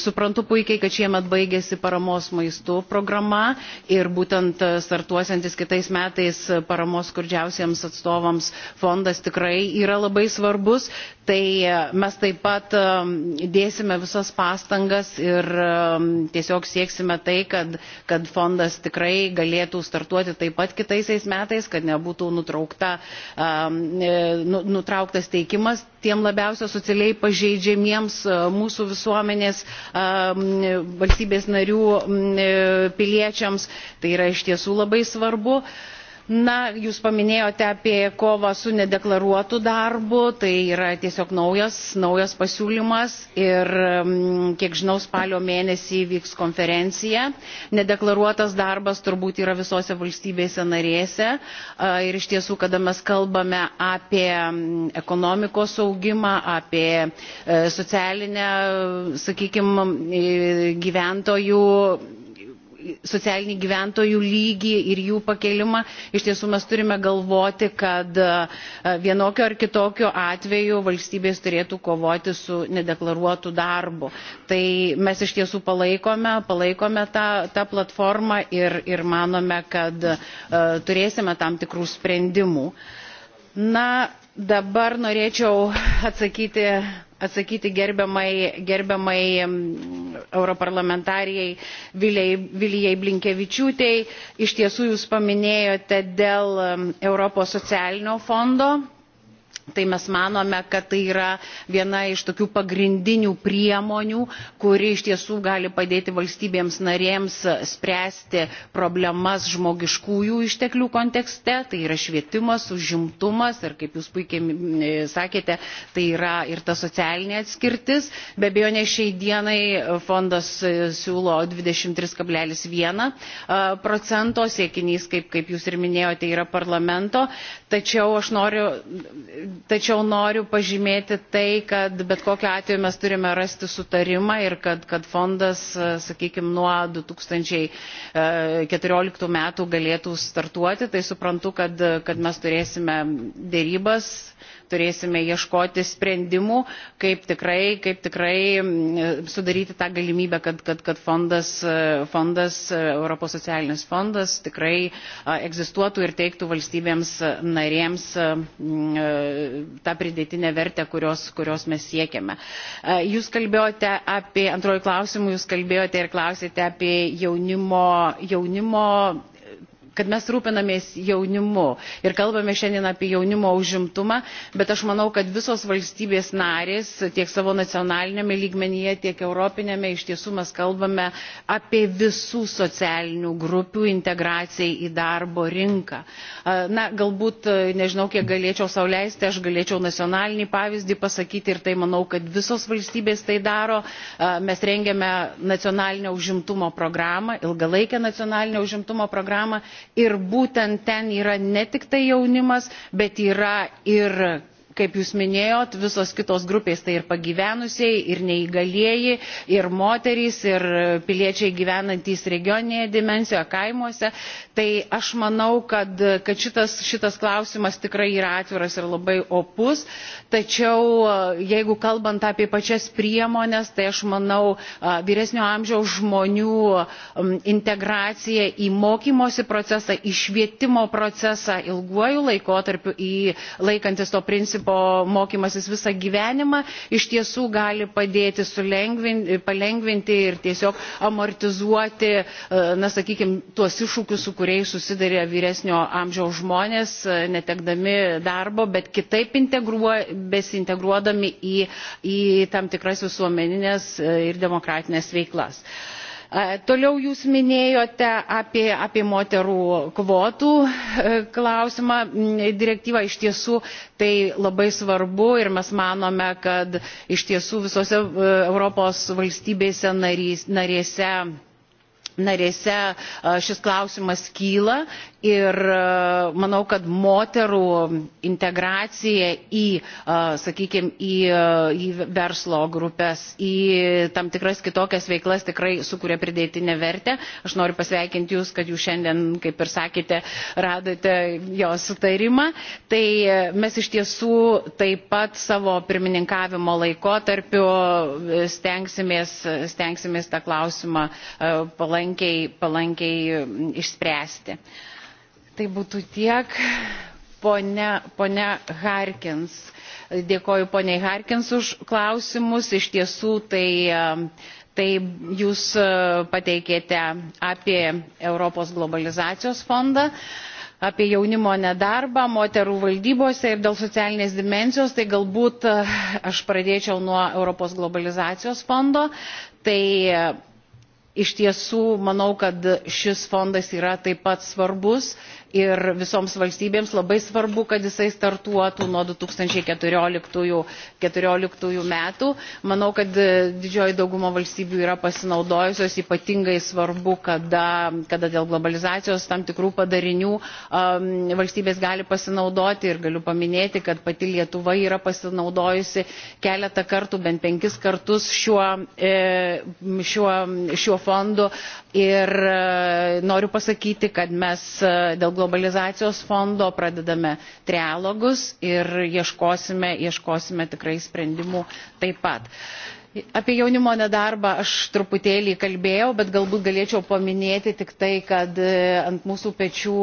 Suprantu puikiai, kad šiemet baigėsi paramos maistų programa ir būtent startuosiantis kitais metais paramos skurdžiausiems atstovams fondas tikrai yra labai svarbus. Tai mes taip pat dėsime visas pastangas ir Um, tiesiog sieksime tai, kad, kad fondas tikrai galėtų startuoti taip pat kitaisiais metais, kad nebūtų nutraukta, um, e, nu, nutrauktas teikimas tiem labiausia socialiai pažeidžiamiems e, mūsų visuomenės um, e, valstybės narių piliečiams. Tai yra iš tiesų labai svarbu. Uh, Na, jūs paminėjote apie kovą su nedeklaruotu darbu, tai yra tiesiog naujas, naujas pasiūlymas ir, mm, kiek žinau, spalio mėnesį vyks konferencija. Nedeklaruotas darbas turbūt yra visose valstybėse narėse ir iš tiesų, kada mes kalbame apie mm, ekonomikos augimą, apie e, socialinę, sakykime, gyventojų socialinį gyventojų lygį ir jų pakelimą, iš tiesų mes turime galvoti, kad e, vienokio ar kitokio atveju valstybės turėtų kovoti su nedeklaruotu darbu. Tai mes iš tiesų palaikome, palaikome tą, tą platformą ir, ir manome, kad uh, turėsime tam tikrų sprendimų. Na, dabar norėčiau atsakyti atsakyti gerbiamai, gerbiamai mm, europarlamentarijai Vilijai Blinkevičiūtei. Iš tiesų jūs paminėjote dėl mm, Europos socialinio fondo Tai mes manome, kad tai yra viena iš tokių pagrindinių priemonių, kuri iš tiesų gali padėti valstybėms narėms spręsti problemas žmogiškųjų išteklių kontekste, tai yra švietimas, užimtumas ir, kaip jūs puikiai sakėte, tai yra ir ta socialinė atskirtis. Be abejo, ne šiai dienai fondas e, siūlo 23,1 e, procento, siekinys, kaip, kaip jūs ir minėjote, yra parlamento, tačiau aš noriu, tačiau noriu pažymėti tai, kad bet kokiu atveju mes turime rasti sutarimą ir kad, kad fondas, sakykime, nuo 2014 e, metų galėtų startuoti. Tai suprantu, kad, kad mes turėsime dėrybas turėsime ieškoti sprendimų, kaip tikrai, kaip tikrai mm, sudaryti tą galimybę, kad, kad, kad fondas, e, fondas, e, Europos socialinis fondas tikrai egzistuotų ir teiktų valstybėms narėms mm, e, tą pridėtinę vertę, kurios, kurios mes siekiame. Jūs kalbėjote apie, antrojų klausimų, jūs kalbėjote ir klausėte apie jaunimo, jaunimo kad mes rūpinamės jaunimu ir kalbame šiandien apie jaunimo užimtumą bet aš manau kad visos valstybės narės tiek savo nacionaliniame lygmenyje tiek europiniame iš tiesų mes kalbame apie visų socialinių grupių integraciją į darbo rinką. na galbūt e, nežinau kiek galėčiau sau leisti aš galėčiau nacionalinį pavyzdį pasakyti ir tai manau kad visos valstybės tai daro mes rengiame nacionalinę užimtumo programą ilgalaikę nacionalinę užimtumo programą ir būtent ten yra ne tik tai jaunimas, bet yra ir kaip jūs minėjot visos kitos grupės tai ir pagyvenusieji ir neįgalieji ir moterys ir piliečiai gyvenantys regioninėje dimensijoje kaimuose tai aš manau kad kad šitas šitas klausimas tikrai yra atviras ir labai opus tačiau jeigu kalbant apie pačias priemones tai aš manau vyresnio amžiaus žmonių integracija į mokymosi procesą į švietimo procesą ilguoju laikotarpiu į laikantis to principo principo mokymasis visą gyvenimą iš tiesų gali padėti palengvinti ir tiesiog amortizuoti, e, na, sakykime, tuos iššūkius, su kuriais susidarė vyresnio amžiaus žmonės, e, netekdami darbo, bet kitaip integruo, besintegruodami į, į tam tikras visuomeninės e, ir demokratinės veiklas. Uh, Toliau jūs minėjote apie, apie moterų kvotų e, klausimą. Mm, direktyva iš tiesų tai labai svarbu ir mes manome, kad iš tiesų visose e, Europos valstybėse narys, narėse narėse e, šis klausimas kyla ir e, manau kad moterų integracija į e, sakykime į verslo grupes į tam tikras kitokias veiklas tikrai sukuria pridėtinę vertę. aš noriu pasveikinti jus kad jūs šiandien kaip ir sakėte radote jo sutarimą. tai e, mes iš tiesų taip pat savo pirmininkavimo laikotarpiu stengsimės, stengsimės tą klausimą palankiai, palankiai išspręsti tai būtų tiek. Pone, pone Harkins, dėkoju poniai Harkins už klausimus. Iš tiesų tai Tai jūs pateikėte apie Europos globalizacijos fondą, apie jaunimo nedarbą, moterų valdybose ir dėl socialinės dimensijos, tai galbūt aš pradėčiau nuo Europos globalizacijos fondo. Tai iš tiesų manau, kad šis fondas yra taip pat svarbus, ir visoms valstybėms labai svarbu, kad jisai startuotų nuo 2014 metų. Manau, kad didžioji dauguma valstybių yra pasinaudojusios, ypatingai svarbu, kada, kada dėl globalizacijos tam tikrų padarinių um, valstybės gali pasinaudoti ir galiu paminėti, kad pati Lietuva yra pasinaudojusi keletą kartų, bent penkis kartus šiuo, e, šiuo, šiuo fondu ir e, noriu pasakyti, kad mes e, dėl globalizacijos fondo, pradedame trialogus ir ieškosime, ieškosime tikrai sprendimų taip pat apie jaunimo nedarbą aš truputėlį kalbėjau bet galbūt galėčiau paminėti tik tai kad e, ant mūsų pečių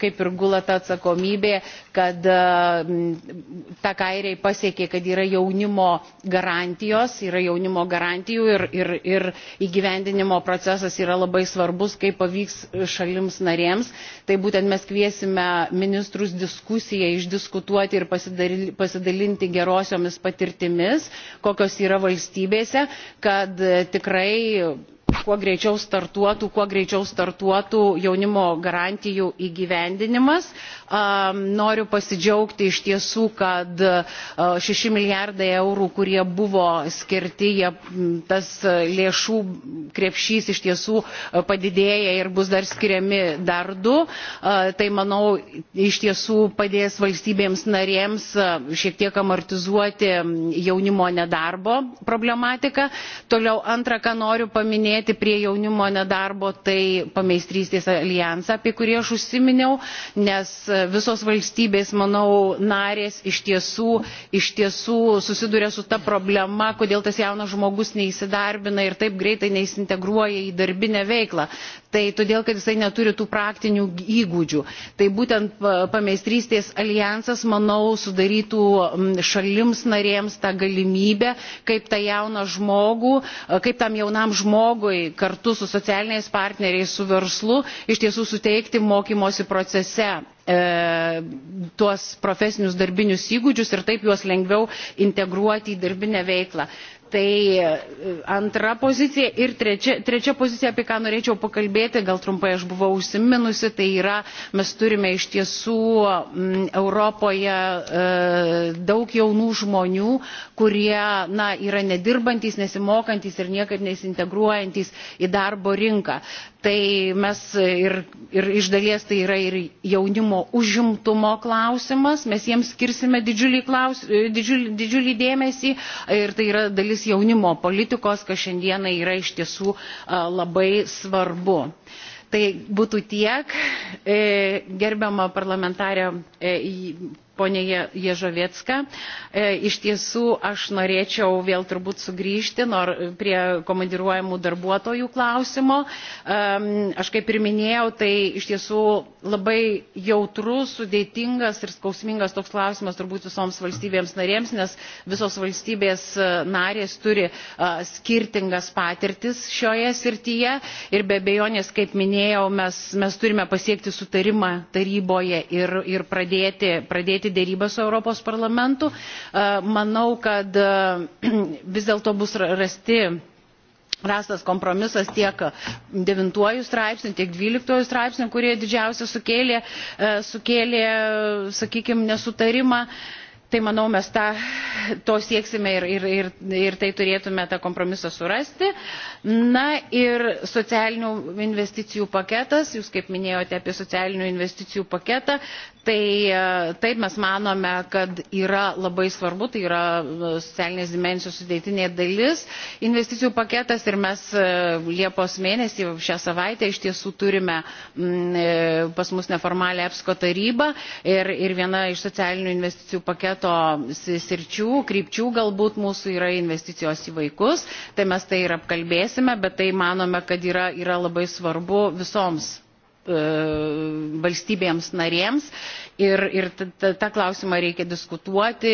kaip ir gula ta atsakomybė kad e, tą ką airiai pasiekė kad yra jaunimo garantijos yra jaunimo garantijų ir, ir, ir įgyvendinimo procesas yra labai svarbus kaip pavyks šalims narėms tai būtent mes kviesime ministrus diskusijai išdiskutuoti ir pasidalinti gerosiomis patirtimis kokios yra valstybės narėse kad e, tikrai kuo greičiau startuotų, kuo greičiau startuotų jaunimo garantijų įgyvendinimas. Noriu pasidžiaugti iš tiesų, kad 6 milijardai eurų, kurie buvo skirti, jie, tas lėšų krepšys iš tiesų padidėja ir bus dar skiriami dar du. Tai manau, iš tiesų padės valstybėms narėms šiek tiek amortizuoti jaunimo nedarbo problematiką. Toliau antrą, ką noriu paminėti, prisidėti prie jaunimo nedarbo, tai pameistrystės alijansą, apie kurį aš užsiminiau, nes visos valstybės, manau, narės iš tiesų, iš tiesų susiduria su ta problema, kodėl tas jaunas žmogus neįsidarbina ir taip greitai neįsintegruoja į darbinę veiklą. Tai todėl, kad jisai neturi tų praktinių įgūdžių. Tai būtent pameistrystės alijansas, manau, sudarytų šalims narėms tą galimybę, kaip tą jauną žmogų, kaip tam jaunam žmogui vadovai kartu su socialiniais partneriais, su verslu iš tiesų suteikti mokymosi procese e, tuos profesinius darbinius įgūdžius ir taip juos lengviau integruoti į darbinę veiklą tai e, antra pozicija ir trečia, trečia pozicija, apie ką norėčiau pakalbėti, gal trumpai aš buvau užsiminusi, tai yra mes turime iš tiesų m, Europoje e, daug jaunų žmonių, kurie na, yra nedirbantis, nesimokantis ir niekaip nesintegruojantis į darbo rinką tai mes ir, ir iš dalies tai yra ir jaunimo užimtumo klausimas, mes jiems skirsime didžiulį, klaus, didžiulį, didžiulį dėmesį ir tai yra dalis jaunimo politikos, kas šiandieną yra iš tiesų labai svarbu. Tai būtų tiek, e, gerbiama parlamentarė e, ponė Ježovietska. E, iš tiesų aš norėčiau vėl turbūt sugrįžti nor, prie komandiruojamų darbuotojų klausimo. Aš kaip ir minėjau, tai iš tiesų labai jautrus, sudėtingas ir skausmingas toks klausimas turbūt visoms valstybėms narėms, nes visos valstybės e, narės turi e, skirtingas patirtis šioje srityje ir be bejonės, kaip minėjau, mes, mes turime pasiekti sutarimą taryboje ir, ir pradėti, pradėti pradėti dėrybą su Europos parlamentu. E, manau, kad e, vis dėlto bus rasti rastas kompromisas tiek 9 straipsnių, tiek 12 straipsnių, kurie didžiausia sukėlė, e, sukėlė sakykime, nesutarimą. Tai manau, mes tą, to sieksime ir, ir, ir, ir tai turėtume tą kompromisą surasti. Na ir socialinių investicijų paketas, jūs kaip minėjote apie socialinių investicijų paketą, Tai e, taip mes manome, kad yra labai svarbu, tai yra e, socialinės dimensijos sudėtinė dalis investicijų paketas ir mes e, Liepos mėnesį šią savaitę iš tiesų turime mm, pas mus neformalę EPSCO tarybą ir, ir viena iš socialinių investicijų paketo sirčių, krypčių galbūt mūsų yra investicijos į vaikus, tai mes tai ir apkalbėsime, bet tai manome, kad yra, yra labai svarbu visoms E, valstybėms narėms ir, ir tą klausimą reikia diskutuoti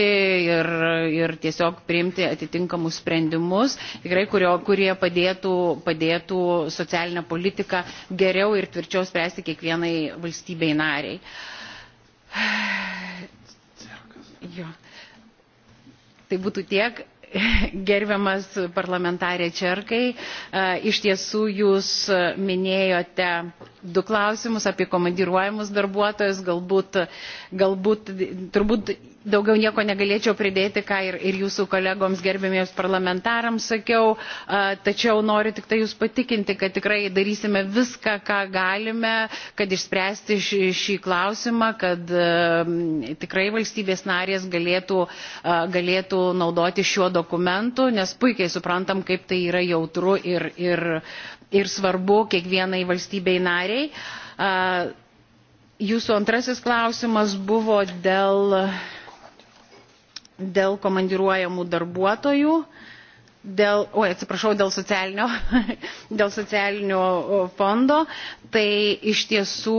ir, ir tiesiog priimti atitinkamus sprendimus, tikrai, kurio, kurie padėtų, padėtų socialinę politiką geriau ir tvirčiau spręsti kiekvienai valstybei nariai. Jo. Tai būtų tiek. gerbiamas parlamentarė Čerkai, e, iš tiesų jūs minėjote du klausimus apie komandiruojamus darbuotojus, galbūt, galbūt turbūt daugiau nieko negalėčiau pridėti, ką ir, ir jūsų kolegoms gerbėmiems parlamentarams sakiau, tačiau noriu tik tai jūs patikinti, kad tikrai darysime viską, ką galime, kad išspręsti šį, šį klausimą, kad tikrai valstybės narės galėtų, galėtų naudoti šiuo dokumentu, nes puikiai suprantam, kaip tai yra jautru ir, ir, ir svarbu kiekvienai valstybei nariai. Jūsų antrasis klausimas buvo dėl dėl komandiruojamų darbuotojų, dėl, o atsiprašau, dėl socialinio, dėl socialinio fondo, tai iš tiesų,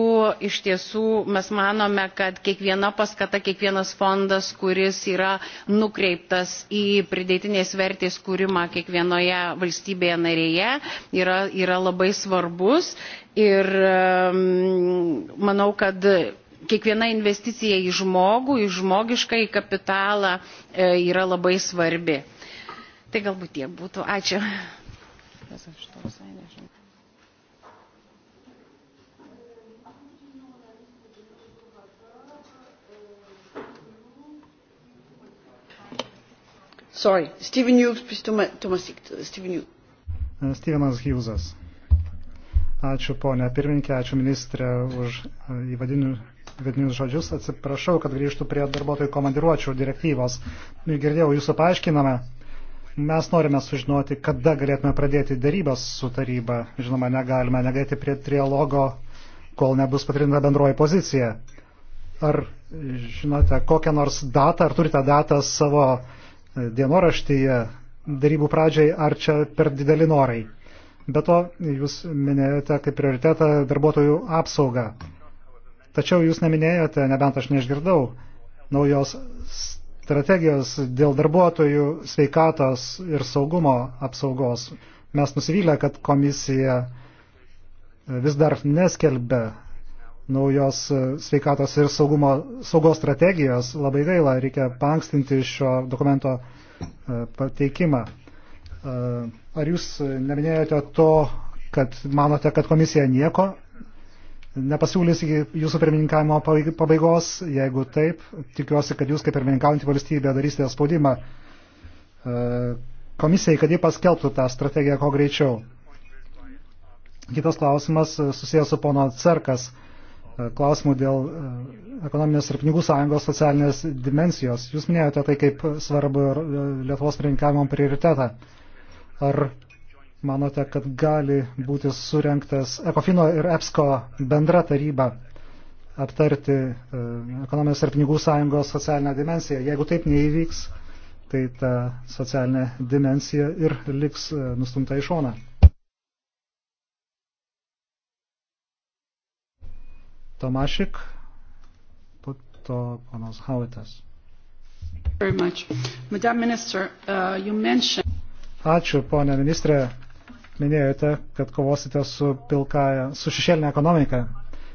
iš tiesų mes manome, kad kiekviena paskata, kiekvienas fondas, kuris yra nukreiptas į pridėtinės vertės kūrimą kiekvienoje valstybėje narėje, yra, yra labai svarbus ir manau, kad kiekviena investicija į žmogų, į žmogišką, į kapitalą e, yra labai svarbi. Tai galbūt tiek būtų. Ačiū. Sorry, Steven Hughes, please, Tomasik, Steven Hughes. Stevenas Hughesas. Ačiū ponė pirmininkė, ačiū ministrė už e, įvadinių vidinius žodžius. Atsiprašau, kad grįžtų prie darbuotojų komandiruočių direktyvos. Girdėjau jūsų paaiškinamą. Mes norime sužinoti, kada galėtume pradėti darybas su taryba. Žinoma, negalime negėti prie trialogo, kol nebus patrinta bendroji pozicija. Ar žinote kokią nors datą, ar turite datą savo dienoraštyje darybų pradžiai, ar čia per dideli norai? Be to, jūs minėjote kaip prioritetą darbuotojų apsaugą. Tačiau jūs neminėjote, nebent aš neišgirdau, naujos strategijos dėl darbuotojų sveikatos ir saugumo apsaugos. Mes nusivylę, kad komisija vis dar neskelbia naujos sveikatos ir saugumo, saugos strategijos. Labai gaila, reikia pankstinti šio dokumento e, pateikimą. E, ar jūs neminėjote to, kad manote, kad komisija nieko nepasiūlys iki jūsų pirmininkavimo pabaigos. Jeigu taip, tikiuosi, kad jūs kaip pirmininkaujantį valstybę darysite spaudimą e, komisijai, kad ji paskelbtų tą strategiją ko greičiau. Kitas klausimas e, susijęs su pono Cerkas e, klausimų dėl ekonominės ir pinigų sąjungos socialinės dimensijos. Jūs minėjote tai kaip svarbu Lietuvos pirmininkavimo prioritetą. Ar manote, kad gali būti surenktas Ekofino ir EPSCO bendra taryba aptarti e, ekonomijos ir pinigų sąjungos socialinę dimensiją. Jeigu taip neįvyks, tai ta socialinė dimensija ir liks e, nustumta į šoną. Tomašik, po to panas Hauitas. Uh, Ačiū, ponė ministrė minėjote, kad kovosite su, pilkaja, su šešėlinė ekonomika.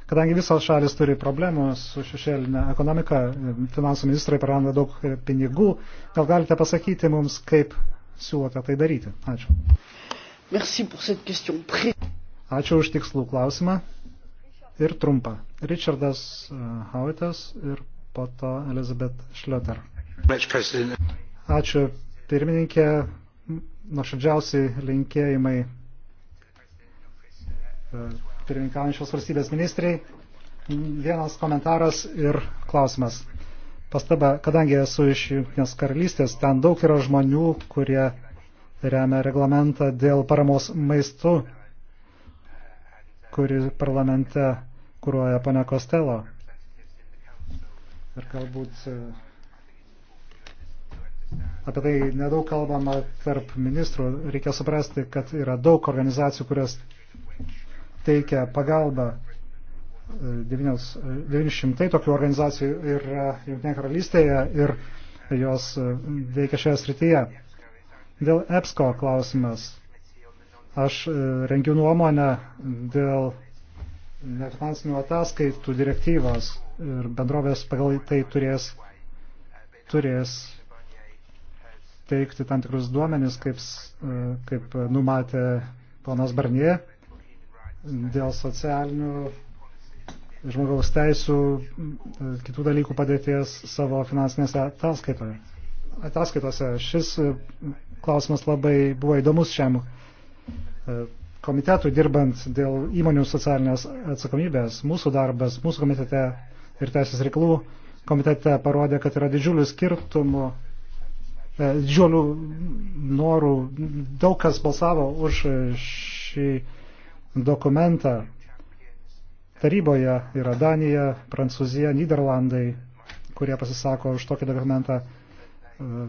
Kadangi visos šalis turi problemų su šešėlinė ekonomika, finansų ministrai praranda daug pinigų, gal galite pasakyti mums, kaip siūlote tai daryti? Ačiū. Ačiū už tikslų klausimą ir trumpą. Richardas e, Howitas ir po to Elizabeth Schlotter. Ačiū pirmininkė, nuoširdžiausi linkėjimai e, pirmininkaujančios valstybės ministrai. Vienas komentaras ir klausimas. Pastaba, kadangi esu iš Junktinės karalystės, ten daug yra žmonių, kurie remia reglamentą dėl paramos maistu, kuri parlamente kūruoja pane Kostelo. Ir galbūt e, Apie tai nedaug kalbama tarp ministrų. Reikia suprasti, kad yra daug organizacijų, kurios teikia pagalbą 900 tokių organizacijų ir Junktinė karalystėje ir jos e, veikia šioje srityje. Dėl EPSCO klausimas. Aš e, rengiu nuomonę dėl nefinansinių ataskaitų direktyvos ir bendrovės pagal tai turės, turės teikti tam tikrus duomenis, kaip, e, kaip numatė ponas Barnie, dėl socialinių žmogaus teisų, e, kitų dalykų padėties savo finansinėse ataskaitoje. ataskaitose. Šis e, klausimas labai buvo įdomus šiam komitetui dirbant dėl įmonių socialinės atsakomybės. Mūsų darbas, mūsų komitete ir teisės reikalų komitete parodė, kad yra didžiulių skirtumų didžiulių e, norų. Daug kas balsavo už šį dokumentą. Taryboje yra Danija, Prancūzija, Niderlandai, kurie pasisako už tokį dokumentą. E,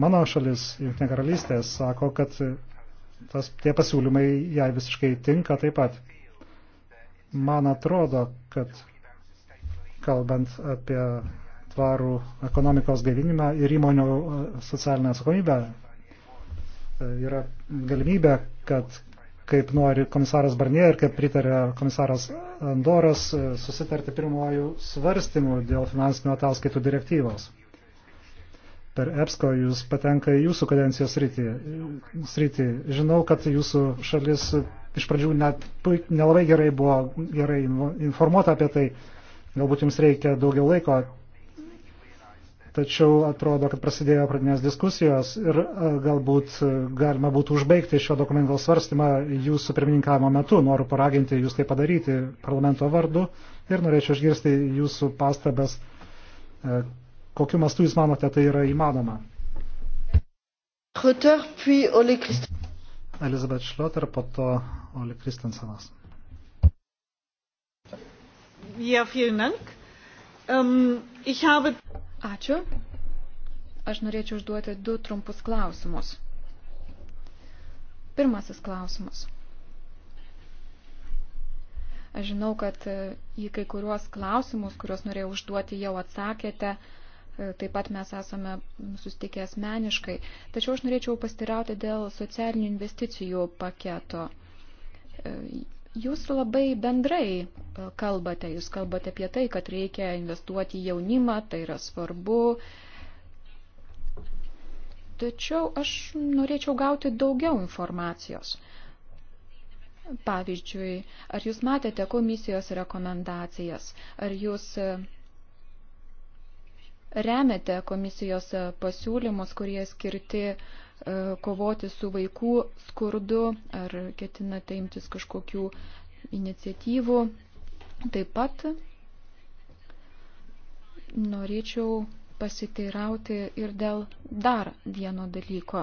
Mano šalis, Junktinė karalystė, sako, kad tas, tie pasiūlymai jai visiškai tinka taip pat. Man atrodo, kad kalbant apie tvarų ekonomikos gaivinimą ir įmonių e, socialinę atsakomybę e, yra galimybė, kad kaip nori komisaras Barnie ir kaip pritarė komisaras Andoras e, susitarti pirmojų svarstymų dėl finansinių ataskaitų direktyvos. Per EPSCO jūs patenka į jūsų kadencijos sritį. sritį. Žinau, kad jūsų šalis iš pradžių net puik, nelabai gerai buvo gerai informuota apie tai. Galbūt jums reikia daugiau laiko Tačiau atrodo, kad prasidėjo pradinės diskusijos ir e, galbūt e, galima būtų užbaigti šio dokumento svarstymą jūsų pirmininkavimo metu. Noriu paraginti jūs tai padaryti parlamento vardu ir norėčiau išgirsti jūsų pastabas, e, kokiu mastu jūs manote tai yra įmanoma. Elizabeth Schlotter, po to Oli Kristensenas. Ja, vielen Dank. Ähm, ich habe Ačiū. Aš norėčiau užduoti du trumpus klausimus. Pirmasis klausimas. Aš žinau, kad e, į kai kuriuos klausimus, kuriuos norėjau užduoti, jau atsakėte. E, taip pat mes esame sustikę asmeniškai. Tačiau aš norėčiau pastirauti dėl socialinių investicijų paketo e, Jūs labai bendrai e, kalbate, jūs kalbate apie tai, kad reikia investuoti į jaunimą, tai yra svarbu. Tačiau aš norėčiau gauti daugiau informacijos. Pavyzdžiui, ar jūs matėte komisijos rekomendacijas, ar jūs e, remiate komisijos pasiūlymus, kurie skirti uh, E, kovoti su vaikų skurdu, ar ketinate imtis kažkokių iniciatyvų. Taip pat norėčiau pasiteirauti ir dėl dar vieno dalyko.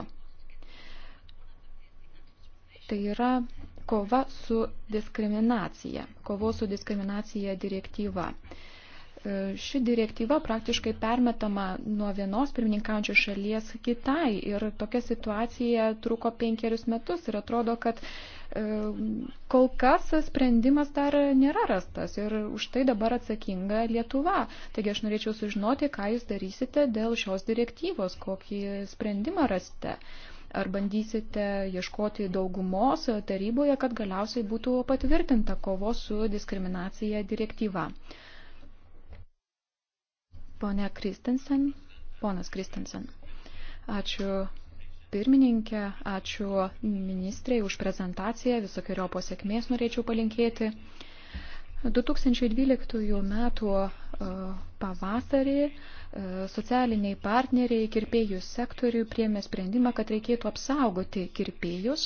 Tai yra kova su diskriminacija, kovo su diskriminacija direktyva. Uh, E, ši direktyva praktiškai permetama nuo vienos pirmininkaujančios šalies kitai ir tokia situacija truko penkerius metus ir atrodo, kad e, kol kas sprendimas dar nėra rastas ir už tai dabar atsakinga Lietuva. Taigi aš norėčiau sužinoti, ką jūs darysite dėl šios direktyvos, kokį sprendimą rasite. Ar bandysite ieškoti daugumos taryboje, kad galiausiai būtų patvirtinta kovos su diskriminacija direktyva. Uh, Pone Kristensen, ponas Kristensen, ačiū pirmininkė, ačiū ministrei už prezentaciją, visokiojo pasiekmės norėčiau palinkėti. 2012 metų e, pavasarį e, socialiniai partneriai kirpėjų sektoriui priemė sprendimą, kad reikėtų apsaugoti kirpėjus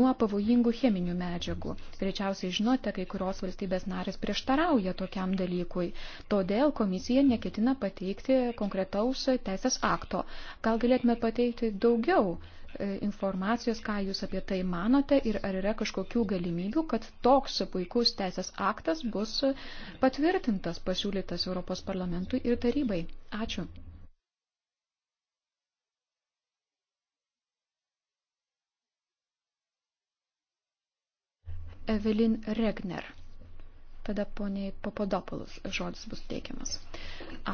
nuo pavojingų cheminių medžiagų. Greičiausiai žinote, kai kurios valstybės narės prieštarauja tokiam dalykui. Todėl komisija neketina pateikti konkretaus teisės akto. Gal galėtume pateikti daugiau E, informacijos, ką jūs apie tai manote ir ar yra kažkokių galimybių, kad toks puikus teisės aktas bus patvirtintas, pasiūlytas Europos parlamentui ir tarybai. Ačiū. Evelin Regner. Tada poniai Papadopoulos žodis bus teikiamas.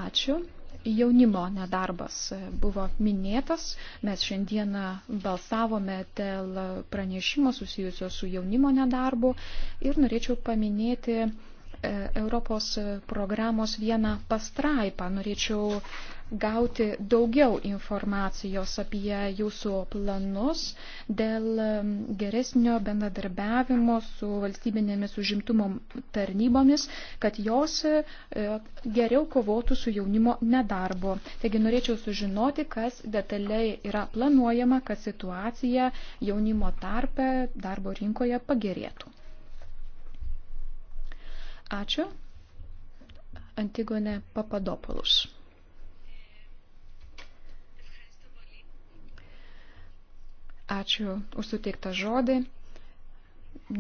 Ačiū jaunimo nedarbas buvo minėtas. Mes šiandieną balsavome dėl pranešimo susijusio su jaunimo nedarbu ir norėčiau paminėti e, Europos programos vieną pastraipą. Norėčiau gauti daugiau informacijos apie jūsų planus dėl um, geresnio bendradarbiavimo su valstybinėmis užimtumo tarnybomis, kad jos e, geriau kovotų su jaunimo nedarbo. Taigi norėčiau sužinoti, kas detaliai yra planuojama, kad situacija jaunimo tarpe darbo rinkoje pagerėtų. Ačiū. Antigonė Papadopoulos. Ačiū už suteiktą žodį.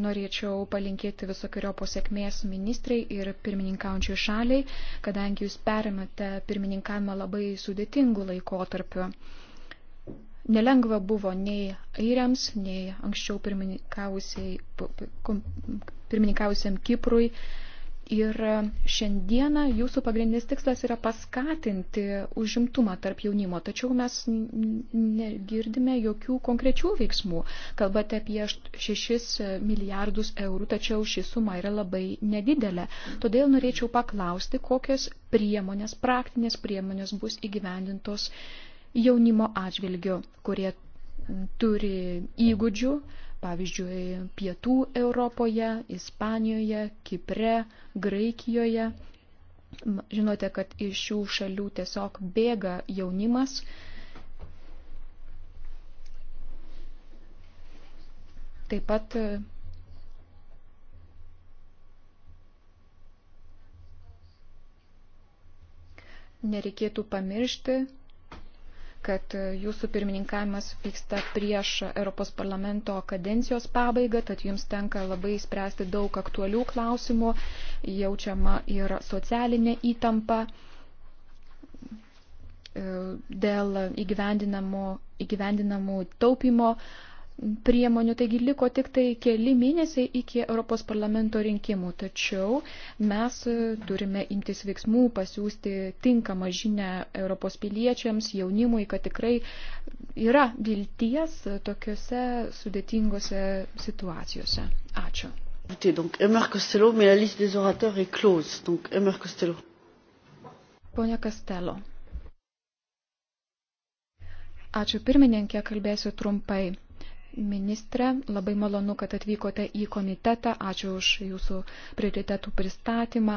Norėčiau palinkėti visokiojo posėkmės ministrei ir pirmininkaujančiai šaliai, kadangi jūs perimate pirmininkavimą labai sudėtingų laikotarpių. Nelengva buvo nei airiams, nei anksčiau pirmininkavusiam Kiprui, Ir šiandieną jūsų pagrindinis tikslas yra paskatinti užimtumą tarp jaunimo, tačiau mes negirdime jokių konkrečių veiksmų. Kalbate apie 6 milijardus eurų, tačiau ši suma yra labai nedidelė. Todėl norėčiau paklausti, kokios priemonės, praktinės priemonės bus įgyvendintos jaunimo atžvilgiu, kurie turi įgūdžių, pavyzdžiui, Pietų Europoje, Ispanijoje, Kipre, Graikijoje. Žinote, kad iš šių šalių tiesiog bėga jaunimas. Taip pat e, nereikėtų pamiršti, kad e, jūsų pirmininkavimas vyksta prieš Europos parlamento kadencijos pabaigą, tad jums tenka labai spręsti daug aktualių klausimų, jaučiama ir socialinė įtampa e, dėl įgyvendinamų, įgyvendinamų taupimo priemonių, taigi liko tik tai keli mėnesiai iki Europos parlamento rinkimų, tačiau mes turime imtis veiksmų, pasiūsti tinkamą žinę Europos piliečiams, jaunimui, kad tikrai yra vilties tokiuose sudėtingose situacijose. Ačiū. Donc, Emer Costello, mais la liste des orateurs est close. Donc, Emer Costello. Ponia Costello. Ačiū pirmininkė, kalbėsiu trumpai ministrė, labai malonu, kad atvykote į komitetą. Ačiū už jūsų prioritetų pristatymą.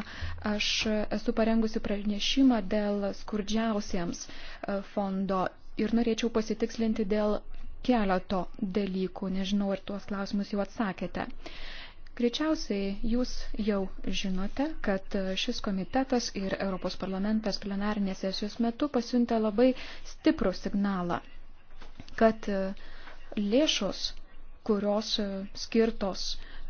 Aš esu parengusi pranešimą dėl skurdžiausiems e, fondo ir norėčiau pasitikslinti dėl keleto dalykų. Nežinau, ar tuos klausimus jau atsakėte. Greičiausiai jūs jau žinote, kad šis komitetas ir Europos parlamentas plenarinės sesijos metu pasiuntė labai stiprų signalą, kad uh, lėšos, kurios e, skirtos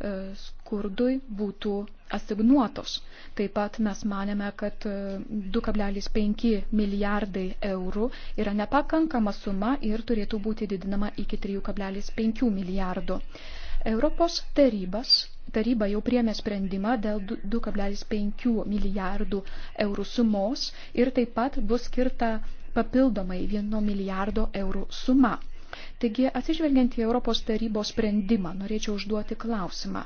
e, skurdui būtų asignuotos. Taip pat mes manėme, kad 2,5 e, milijardai eurų yra nepakankama suma ir turėtų būti didinama iki 3,5 milijardų. Europos tarybas, taryba jau priemė sprendimą dėl 2,5 milijardų eurų sumos ir taip pat bus skirta papildomai 1 milijardo eurų suma. Taigi, atsižvelgiant į Europos tarybos sprendimą, norėčiau užduoti klausimą.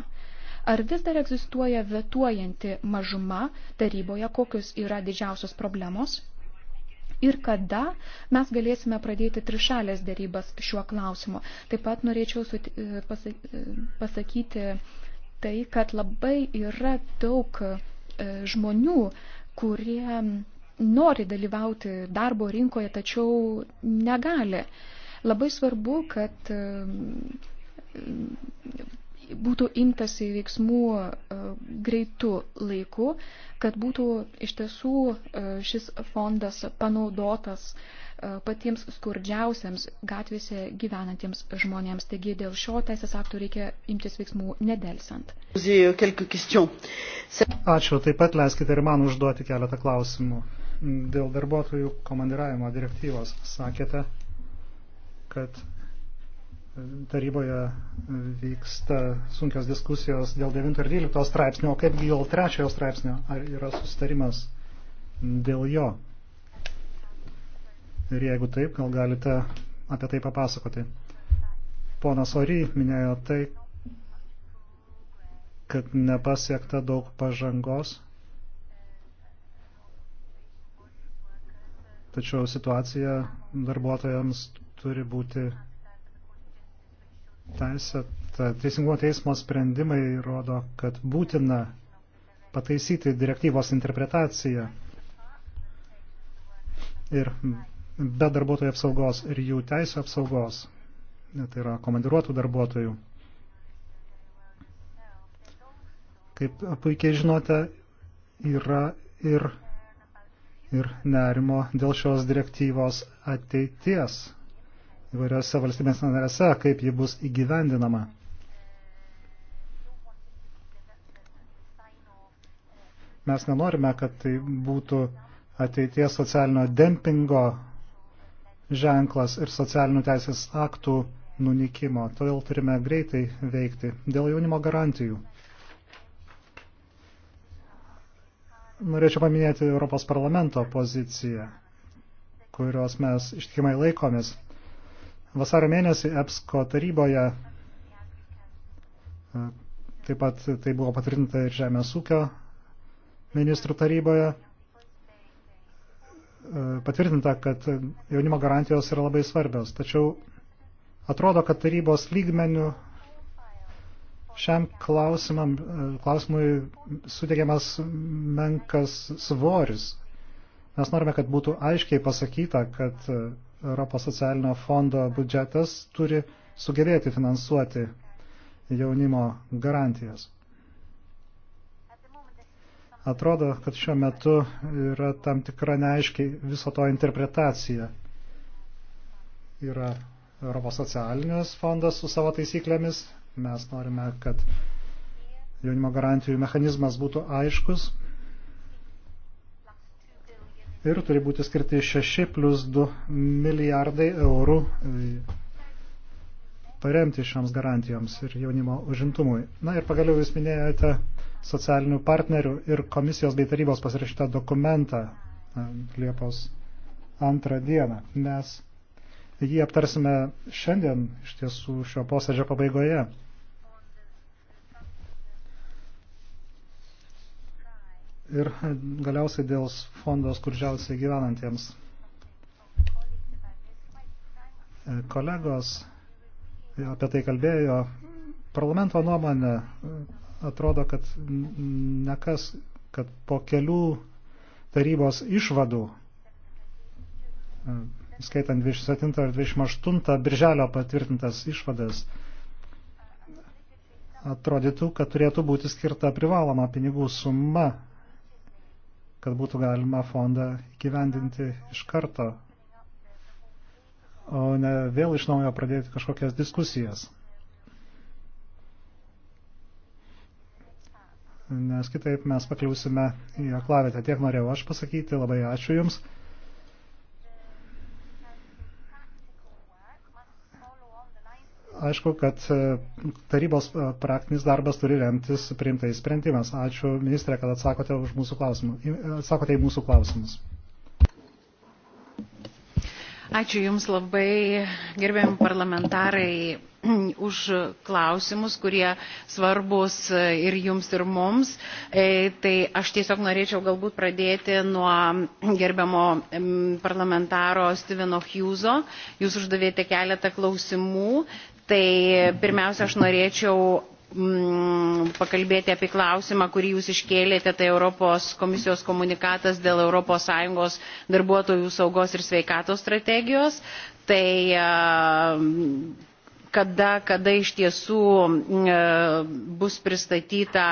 Ar vis dar egzistuoja vetuojanti mažuma taryboje, kokios yra didžiausios problemos? Ir kada mes galėsime pradėti trišalės dėrybas šiuo klausimu. Taip pat norėčiau pasakyti tai, kad labai yra daug e, žmonių, kurie nori dalyvauti darbo rinkoje, tačiau negali. Labai svarbu, kad e, būtų imtasi veiksmų e, greitų laikų, kad būtų iš tiesų e, šis fondas panaudotas patiems skurdžiausiams gatvėse gyvenantiems žmonėms. Taigi dėl šio teisės aktų reikia imtis veiksmų nedelsant. Ačiū. Taip pat leiskite ir man užduoti keletą klausimų. Dėl darbuotojų komandiravimo direktyvos sakėte, kad taryboje vyksta sunkios diskusijos dėl 9 ir 12 straipsnio, o kaipgi dėl 3 straipsnio, ar yra sustarimas dėl jo. Ir jeigu taip, gal galite apie tai papasakoti. Ponas Ory minėjo tai, kad nepasiekta daug pažangos, tačiau situacija darbuotojams turi būti teisė. Teisingumo teismo sprendimai rodo, kad būtina pataisyti direktyvos interpretaciją ir be darbuotojų apsaugos ir jų teisų apsaugos, tai yra komandiruotų darbuotojų. Kaip puikiai žinote, yra ir, ir nerimo dėl šios direktyvos ateities įvairiose valstybės narėse, kaip ji bus įgyvendinama. Mes nenorime, kad tai būtų ateities socialinio dempingo ženklas ir socialinių teisės aktų nunikimo. Todėl turime greitai veikti dėl jaunimo garantijų. Norėčiau paminėti Europos parlamento poziciją, kurios mes ištikimai laikomis. Vasario mėnesį EPSCO taryboje e, taip pat tai buvo patvirtinta ir Žemės ūkio ministrų taryboje. E, patvirtinta, kad jaunimo garantijos yra labai svarbios, tačiau atrodo, kad tarybos lygmenių šiam klausimam, e, klausimui suteikiamas menkas svoris. Mes norime, kad būtų aiškiai pasakyta, kad Europos socialinio fondo biudžetas turi sugebėti finansuoti jaunimo garantijas. Atrodo, kad šiuo metu yra tam tikra neaiškiai viso to interpretacija. Yra Europos socialinis fondas su savo taisyklėmis. Mes norime, kad jaunimo garantijų mechanizmas būtų aiškus, ir turi būti skirti 6 plus 2 milijardai eurų e, paremti šioms garantijoms ir jaunimo užimtumui. Na ir pagaliau jūs minėjote socialinių partnerių ir komisijos bei tarybos pasirašytą dokumentą e, Liepos antrą dieną. Mes jį aptarsime šiandien iš tiesų šio posėdžio pabaigoje. ir galiausiai dėl fondo skurdžiausiai gyvenantiems. Kolegos apie tai kalbėjo. Parlamento nuomonė e, atrodo, kad nekas, kad po kelių tarybos išvadų, skaitant 27 ar 28 birželio patvirtintas išvadas, atrodytų, kad turėtų būti skirta privaloma pinigų suma kad būtų galima fondą gyvendinti iš karto, o ne vėl iš naujo pradėti kažkokias diskusijas. Nes kitaip mes pakliūsime į aklavietę. Tiek norėjau aš pasakyti, labai ačiū Jums. aišku, kad e, tarybos e, praktinis darbas turi remtis priimtais sprendimas. Ačiū, ministrė, kad atsakote, už mūsų klausimą, e, atsakote į mūsų klausimus. Ačiū Jums labai, gerbėjim parlamentarai, už klausimus, kurie svarbus ir Jums, ir mums. Tai aš tiesiog norėčiau galbūt pradėti nuo gerbiamo parlamentaro Steveno Hugheso. Jūs uždavėte keletą klausimų. Tai pirmiausia, aš norėčiau mm, pakalbėti apie klausimą, kurį jūs iškėlėte, tai Europos komisijos komunikatas dėl ES darbuotojų saugos ir sveikatos strategijos. Tai e, kada, kada iš tiesų mm, e, bus pristatyta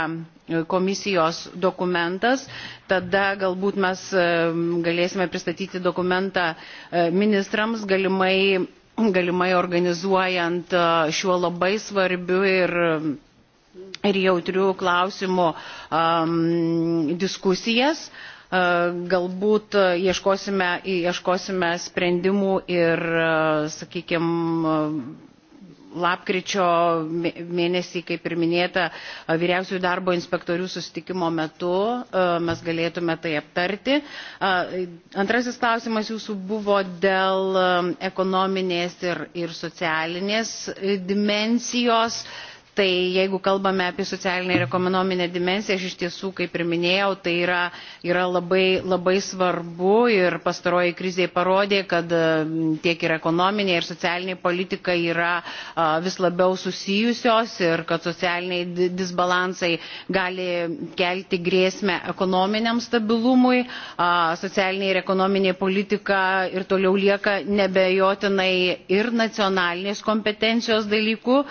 komisijos dokumentas, tada galbūt mes e, galėsime pristatyti dokumentą ministrams, galimai galimai organizuojant šiuo labai svarbiu ir ir jautrių klausimų um, diskusijas. Uh, galbūt ieškosime, ieškosime sprendimų ir, uh, sakykime, lapkričio mėnesį, kaip ir minėta, vyriausiųjų darbo inspektorių susitikimo metu mes galėtume tai aptarti. Antrasis klausimas jūsų buvo dėl ekonominės ir, ir socialinės e, dimensijos. Uh, Tai jeigu kalbame apie socialinę ir ekonominę dimensiją, aš iš tiesų, kaip ir minėjau, tai yra, yra labai, labai svarbu ir pastaroji kriziai parodė, kad tiek ir ekonominė, ir socialinė politika yra vis labiau susijusios ir kad socialiniai disbalansai gali kelti grėsmę ekonominiam stabilumui. Socialinė ir ekonominė politika ir toliau lieka nebejotinai ir nacionalinės kompetencijos dalykų.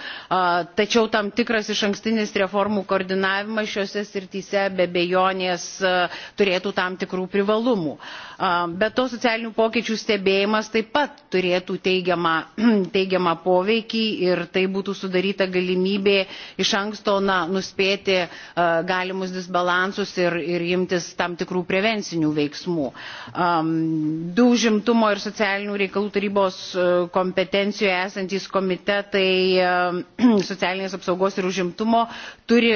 Tačiau tam tikras išankstinis reformų koordinavimas šiuose srityse be bejonės e, turėtų tam tikrų privalumų. E, Bet to socialinių pokyčių stebėjimas taip pat turėtų teigiamą, teigiamą poveikį ir tai būtų sudaryta galimybė iš anksto na, nuspėti e, galimus disbalansus ir, ir imtis tam tikrų prevencinių veiksmų. Du žimtumo ir socialinių reikalų tarybos kompetencijoje esantys komitetai socialinės apsaugos ir užimtumo turi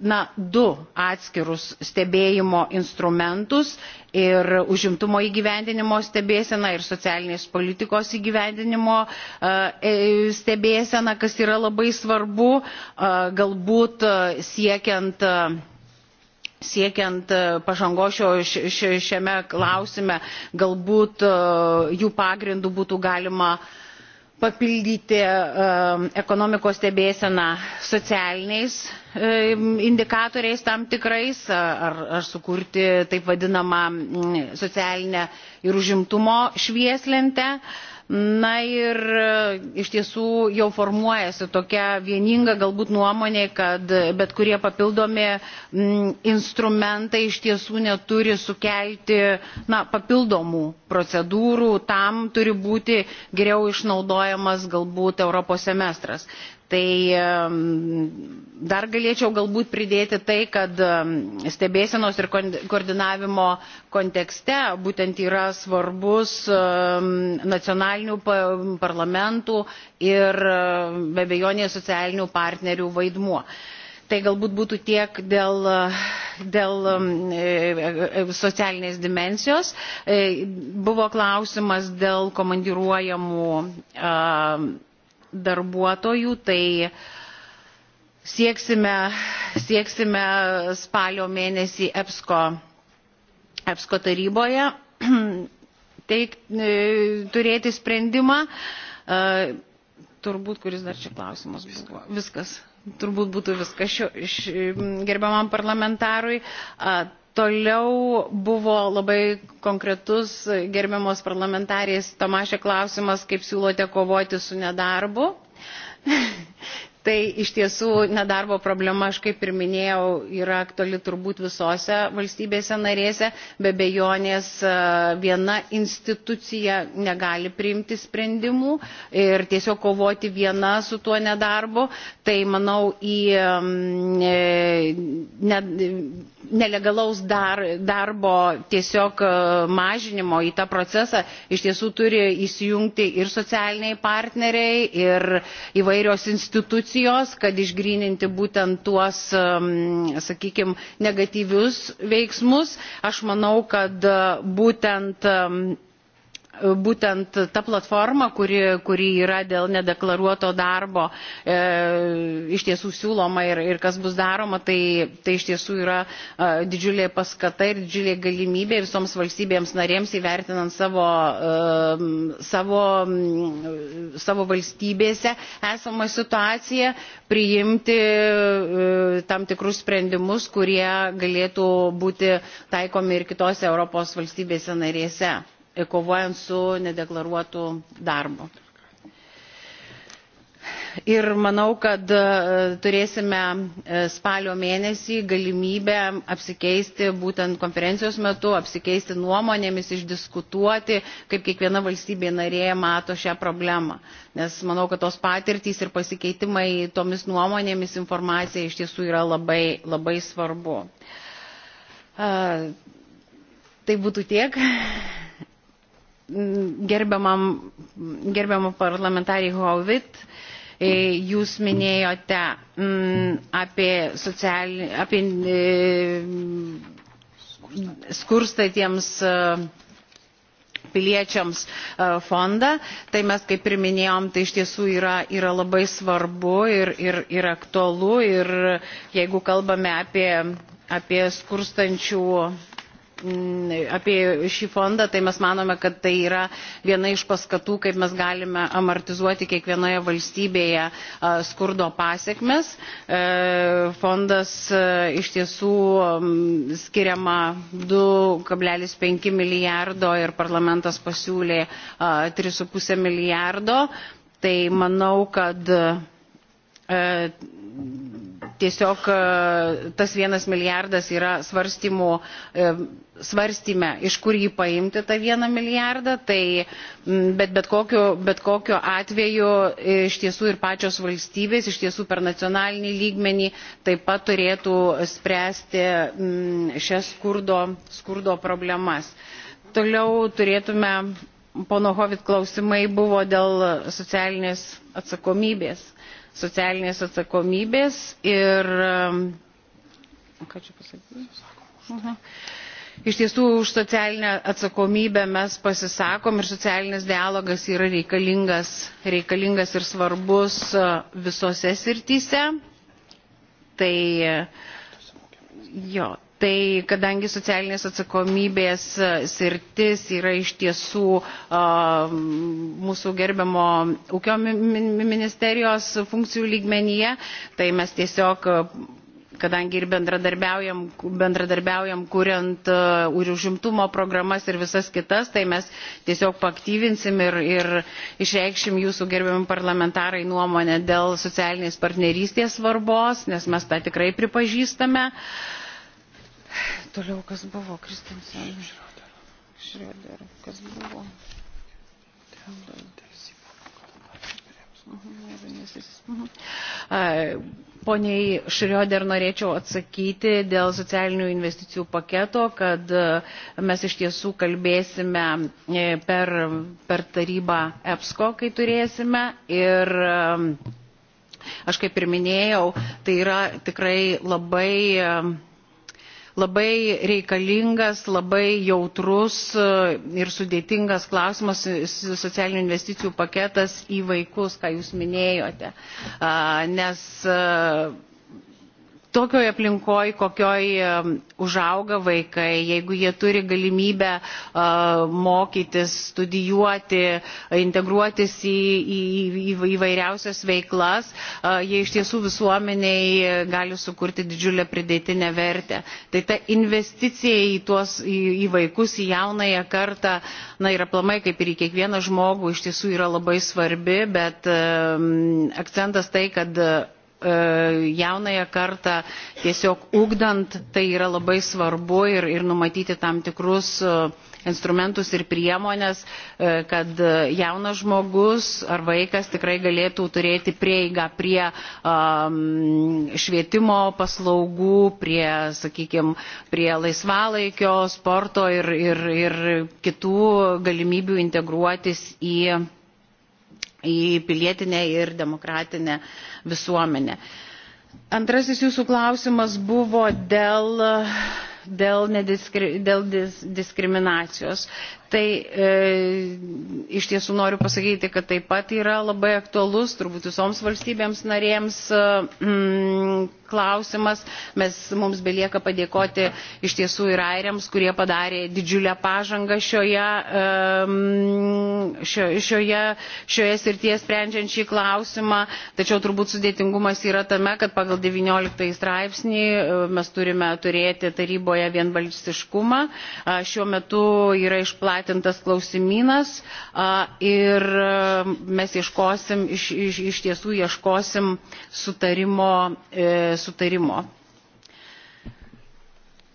na, du atskirus stebėjimo instrumentus ir užimtumo įgyvendinimo stebėsena ir socialinės politikos įgyvendinimo e, e, stebėsena, kas yra labai svarbu, e, galbūt siekiant siekiant pažangos šiame klausime, galbūt jų pagrindų būtų galima uh, papildyti e, ekonomikos stebėseną socialiniais e, indikatoriais tam tikrais ar, ar sukurti taip vadinamą socialinę ir užimtumo švieslentę. Na ir e, iš tiesų jau formuojasi tokia vieninga galbūt nuomonė, kad bet kurie papildomi instrumentai iš tiesų neturi sukelti na, papildomų procedūrų, tam turi būti geriau išnaudojamas galbūt Europos semestras. Tai dar galėčiau galbūt pridėti tai, kad stebėsenos ir koordinavimo kontekste būtent yra svarbus nacionalinių parlamentų ir be bejonės socialinių partnerių vaidmuo. Tai galbūt būtų tiek dėl, dėl e, e, socialinės dimensijos. E, buvo klausimas dėl komandiruojamų darbuotojų, tai sieksime, sieksime spalio mėnesį EPSCO, EPSCO taryboje teik, e, turėti sprendimą. E, turbūt, kuris dar čia klausimas buvo. Viskas turbūt būtų viskas šio, š, gerbiamam parlamentarui. Toliau buvo labai konkretus gerbiamos parlamentarės Tomašė klausimas, kaip siūlote kovoti su nedarbu. Tai iš tiesų nedarbo problema, aš kaip ir minėjau, yra aktuali turbūt visose valstybėse narėse, be bejonės e, viena institucija negali priimti sprendimų ir tiesiog kovoti viena su tuo nedarbu. Tai manau į mm, e, ne, nelegalaus dar, darbo tiesiog e, mažinimo į tą procesą iš tiesų turi įsijungti ir socialiniai partneriai, ir įvairios institucijos institucijos, kad išgrininti būtent tuos, um, sakykime, negatyvius veiksmus. Aš manau, kad uh, būtent um, būtent ta platforma, kuri, kuri yra dėl nedeklaruoto darbo e, iš tiesų siūloma ir, ir kas bus daroma, tai, tai iš tiesų yra e, didžiulė paskata ir didžiulė galimybė visoms valstybėms narėms įvertinant savo, e, savo, e, savo valstybėse esamą situaciją, priimti e, tam tikrus sprendimus, kurie galėtų būti taikomi ir kitose Europos valstybėse narėse kovojant su nedeklaruotu darbu. Ir manau, kad e, turėsime e, spalio mėnesį galimybę apsikeisti būtent konferencijos metu, apsikeisti nuomonėmis, išdiskutuoti, kaip kiekviena valstybė narėje mato šią problemą. Nes manau, kad tos patirtys ir pasikeitimai tomis nuomonėmis informacija iš tiesų yra labai, labai svarbu. E, tai būtų tiek gerbiamam, gerbiamam parlamentariai Hovit, e jūs minėjote mm, apie, sociali, apie e, skurstatiems e, piliečiams fondą. Tai mes, kaip ir minėjom, tai iš tiesų yra, yra labai svarbu ir, ir, ir aktualu. Ir jeigu kalbame apie, apie skurstančių apie šį fondą, tai mes manome, kad tai yra viena iš paskatų, kaip mes galime amortizuoti kiekvienoje valstybėje skurdo pasiekmes. E, fondas e, iš tiesų skiriama 2,5 milijardo ir parlamentas pasiūlė 3,5 milijardo. Tai manau, kad e, tiesiog e, tas vienas milijardas yra svarstymo, e, svarstyme, iš kur jį paimti tą vieną milijardą, tai bet, bet, kokiu, bet kokiu atveju e, iš tiesų ir pačios valstybės, iš tiesų per nacionalinį lygmenį taip pat turėtų spręsti šias skurdo, skurdo problemas. Toliau turėtume, pono Hovit klausimai buvo dėl socialinės atsakomybės socialinės atsakomybės ir um, iš tiesų už socialinę atsakomybę mes pasisakom ir socialinis dialogas yra reikalingas, reikalingas ir svarbus uh, visose srityse. Tai uh, jo, Tai kadangi socialinės atsakomybės e, sirtis yra iš tiesų mūsų gerbiamo ūkio ministerijos funkcijų lygmenyje, tai mes tiesiog e, kadangi ir bendradarbiaujam, bendradarbiaujam kuriant uh, ir užimtumo programas ir visas kitas, tai mes tiesiog paktyvinsim ir, ir išreikšim jūsų gerbiami parlamentarai nuomonę dėl socialinės partnerystės svarbos, nes mes tą tikrai pripažįstame. Uh, Toliau kas buvo, Kristinsen? Šrioder. Kas buvo? Poniai Šrioder norėčiau atsakyti dėl socialinių investicijų paketo, kad e, mes iš tiesų kalbėsime e, per, per tarybą EPSCO, kai turėsime. Ir e, aš kaip ir minėjau, tai yra tikrai labai labai reikalingas, labai jautrus e, ir sudėtingas klausimas e, socialinių investicijų paketas į vaikus, ką jūs minėjote. Nes e, tokioj aplinkoj, kokioj užauga vaikai, jeigu jie turi galimybę mokytis, studijuoti, integruotis į, į, į įvairiausias veiklas, jie iš tiesų visuomeniai gali sukurti didžiulę pridėtinę vertę. Tai ta investicija į, tuos, į, į vaikus, į jaunąją kartą, na ir aplamai kaip ir į kiekvieną žmogų, iš tiesų yra labai svarbi, bet akcentas tai, kad E, jaunąją kartą tiesiog ugdant tai yra labai svarbu ir, ir numatyti tam tikrus e, instrumentus ir priemonės, e, kad jaunas žmogus ar vaikas tikrai galėtų turėti prieigą prie um, švietimo paslaugų, prie, sakykime, prie laisvalaikio, sporto ir, ir, ir kitų galimybių integruotis į į pilietinę ir demokratinę visuomenę. Antrasis jūsų klausimas buvo dėl, dėl, nediskri, dėl dis, diskriminacijos. Tai e, iš tiesų noriu pasakyti, kad taip pat yra labai aktualus, turbūt visoms valstybėms narėms e, mm, klausimas. Mes, mums belieka padėkoti iš tiesų ir airiams, kurie padarė didžiulę pažangą šioje, e, mm, šio, šioje, šioje srityje sprendžiant šį klausimą. Tačiau turbūt sudėtingumas yra tame, kad pagal 19 straipsnį e, mes turime turėti taryboje vienbalsiškumą. Šiuo metu yra išplatinti išplatintas klausimynas ir e, mes ieškosim, iš, iš, iš tiesų ieškosim sutarimo. E, sutarimo.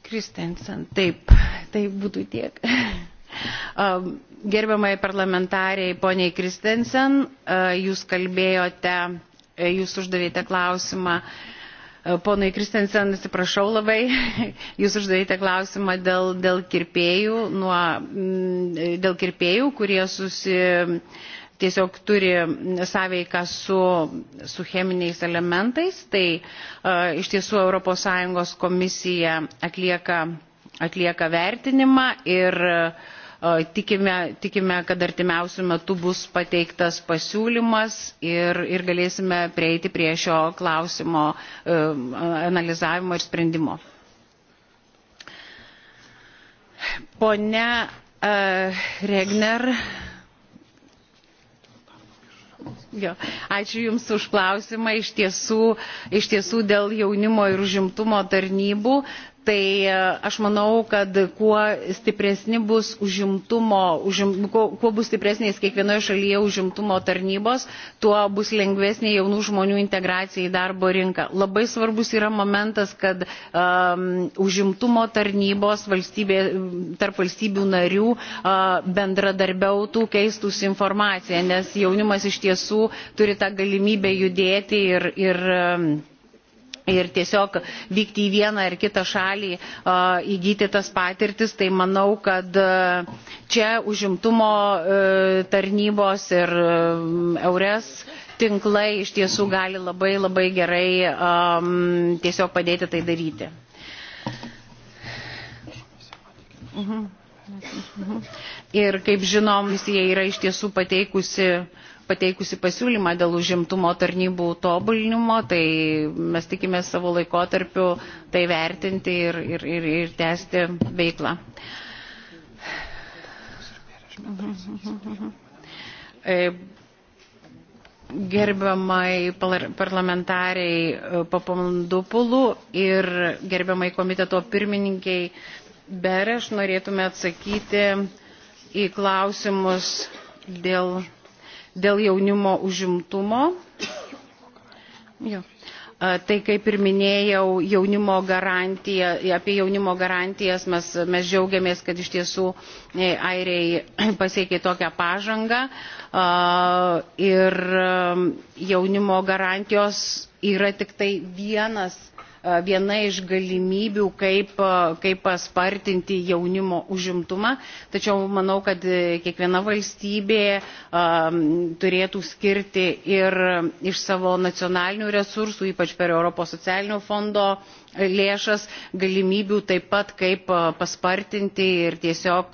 Kristensen, taip, tai būtų tiek. Gerbiamai parlamentariai, poniai Kristensen, jūs kalbėjote, jūs uždavėte klausimą E, ponai Kristensen, atsiprašau labai, jūs uždavėte klausimą dėl, dėl, kirpėjų, nuo, mm, dėl kirpėjų, kurie susi, tiesiog turi sąveiką su, su cheminiais elementais. Tai e, iš tiesų ES komisija atlieka, atlieka vertinimą ir uh, Tikime, tikime, kad artimiausių metų bus pateiktas pasiūlymas ir, ir galėsime prieiti prie šio klausimo e, analizavimo ir sprendimo. Pone e, Regner. Jo. Ačiū Jums už klausimą. Iš tiesų, iš tiesų dėl jaunimo ir užimtumo tarnybų tai e, aš manau, kad kuo stipresni bus užimtumo, užim, kuo, kuo bus stipresnės kiekvienoje šalyje užimtumo tarnybos, tuo bus lengvesnė jaunų žmonių integracija į darbo rinką. Labai svarbus yra momentas, kad um, užimtumo tarnybos valstybė, tarp valstybių narių uh, bendradarbiautų, keistųsi informaciją, nes jaunimas iš tiesų turi tą galimybę judėti ir, ir um, ir tiesiog vykti į vieną ar kitą šalį, įgyti tas patirtis, tai manau, kad čia užimtumo e, tarnybos ir eures tinklai iš tiesų gali labai labai gerai tiesiog padėti tai daryti. Mhm. Mhm. Mhm. Ir kaip žinom, jie yra iš tiesų pateikusi uh, pateikusi pasiūlymą dėl užimtumo tarnybų tobulinimo, tai mes tikime savo laikotarpiu tai vertinti ir, ir, ir, ir tęsti veiklą. E, gerbiamai parlamentariai e, Papamdupulų ir gerbiamai komiteto pirmininkiai Bereš norėtume atsakyti į klausimus dėl dėl jaunimo užimtumo. Jo. Tai kaip ir minėjau, jaunimo garantija, apie jaunimo garantijas mes, mes džiaugiamės, kad iš tiesų e, airiai pasiekė tokią pažangą ir e, jaunimo garantijos yra tik tai vienas viena iš galimybių, kaip, kaip paspartinti jaunimo užimtumą. Tačiau manau, kad e, kiekviena valstybė turėtų skirti ir iš savo nacionalinių resursų, ypač per Europos socialinio fondo lėšas galimybių taip pat kaip paspartinti ir tiesiog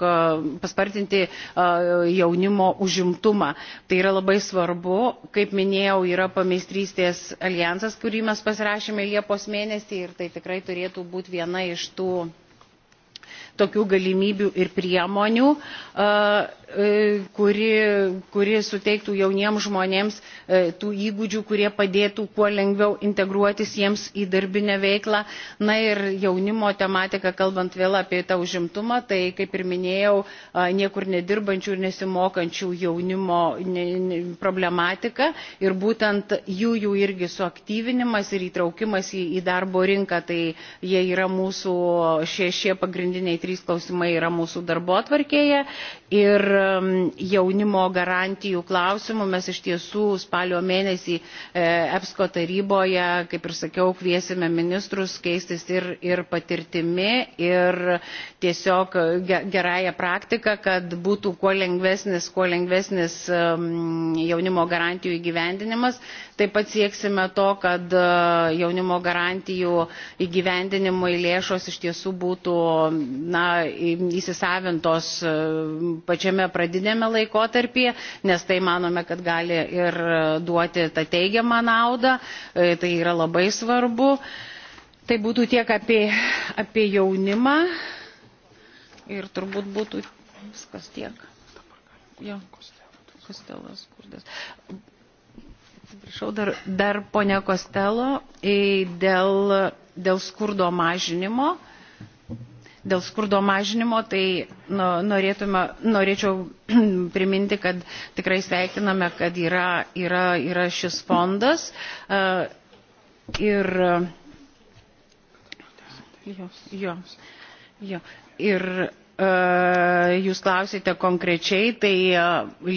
paspartinti jaunimo užimtumą. Tai yra labai svarbu. Kaip minėjau, yra pameistrystės alijansas, kurį mes pasirašėme Liepos mėnesį ir tai tikrai turėtų būti viena iš tų tokių galimybių ir priemonių. Uh, E, kuri, kuri suteiktų jauniems žmonėms e, tų įgūdžių, kurie padėtų kuo lengviau integruotis jiems į darbinę veiklą. Na ir jaunimo tematika, kalbant vėl apie tą užimtumą, tai kaip ir minėjau, niekur nedirbančių ir nesimokančių jaunimo problematika ir būtent jų jų irgi suaktyvinimas ir įtraukimas į, į darbo rinką, tai jie yra mūsų, šie, šie pagrindiniai trys klausimai yra mūsų darbo atvarkėje. Ir Um, jaunimo garantijų klausimų. Mes iš tiesų spalio mėnesį e, EPSCO taryboje, kaip ir sakiau, kviesime ministrus keistis ir, ir patirtimi, ir tiesiog gerąją praktiką, kad būtų kuo lengvesnis, kuo lengvesnis um, jaunimo garantijų įgyvendinimas. Taip pat sieksime to, kad e, jaunimo garantijų įgyvendinimui lėšos iš tiesų būtų na, įsisavintos e, pačiame pradinėme laikotarpyje, nes tai manome, kad gali ir e, duoti tą teigiamą naudą, e, tai yra labai svarbu. Tai būtų tiek apie, apie jaunimą ir turbūt būtų viskas tiek. Jo, Kostelas Kurdas. Atsiprašau, dar, dar ponia Kostelo, dėl, dėl skurdo mažinimo dėl skurdo mažinimo, tai nu, norėtume, norėčiau priminti, kad tikrai sveikiname, kad yra, yra, yra šis fondas. Ir, jo, jo, jo, ir E, jūs klausite konkrečiai, tai e,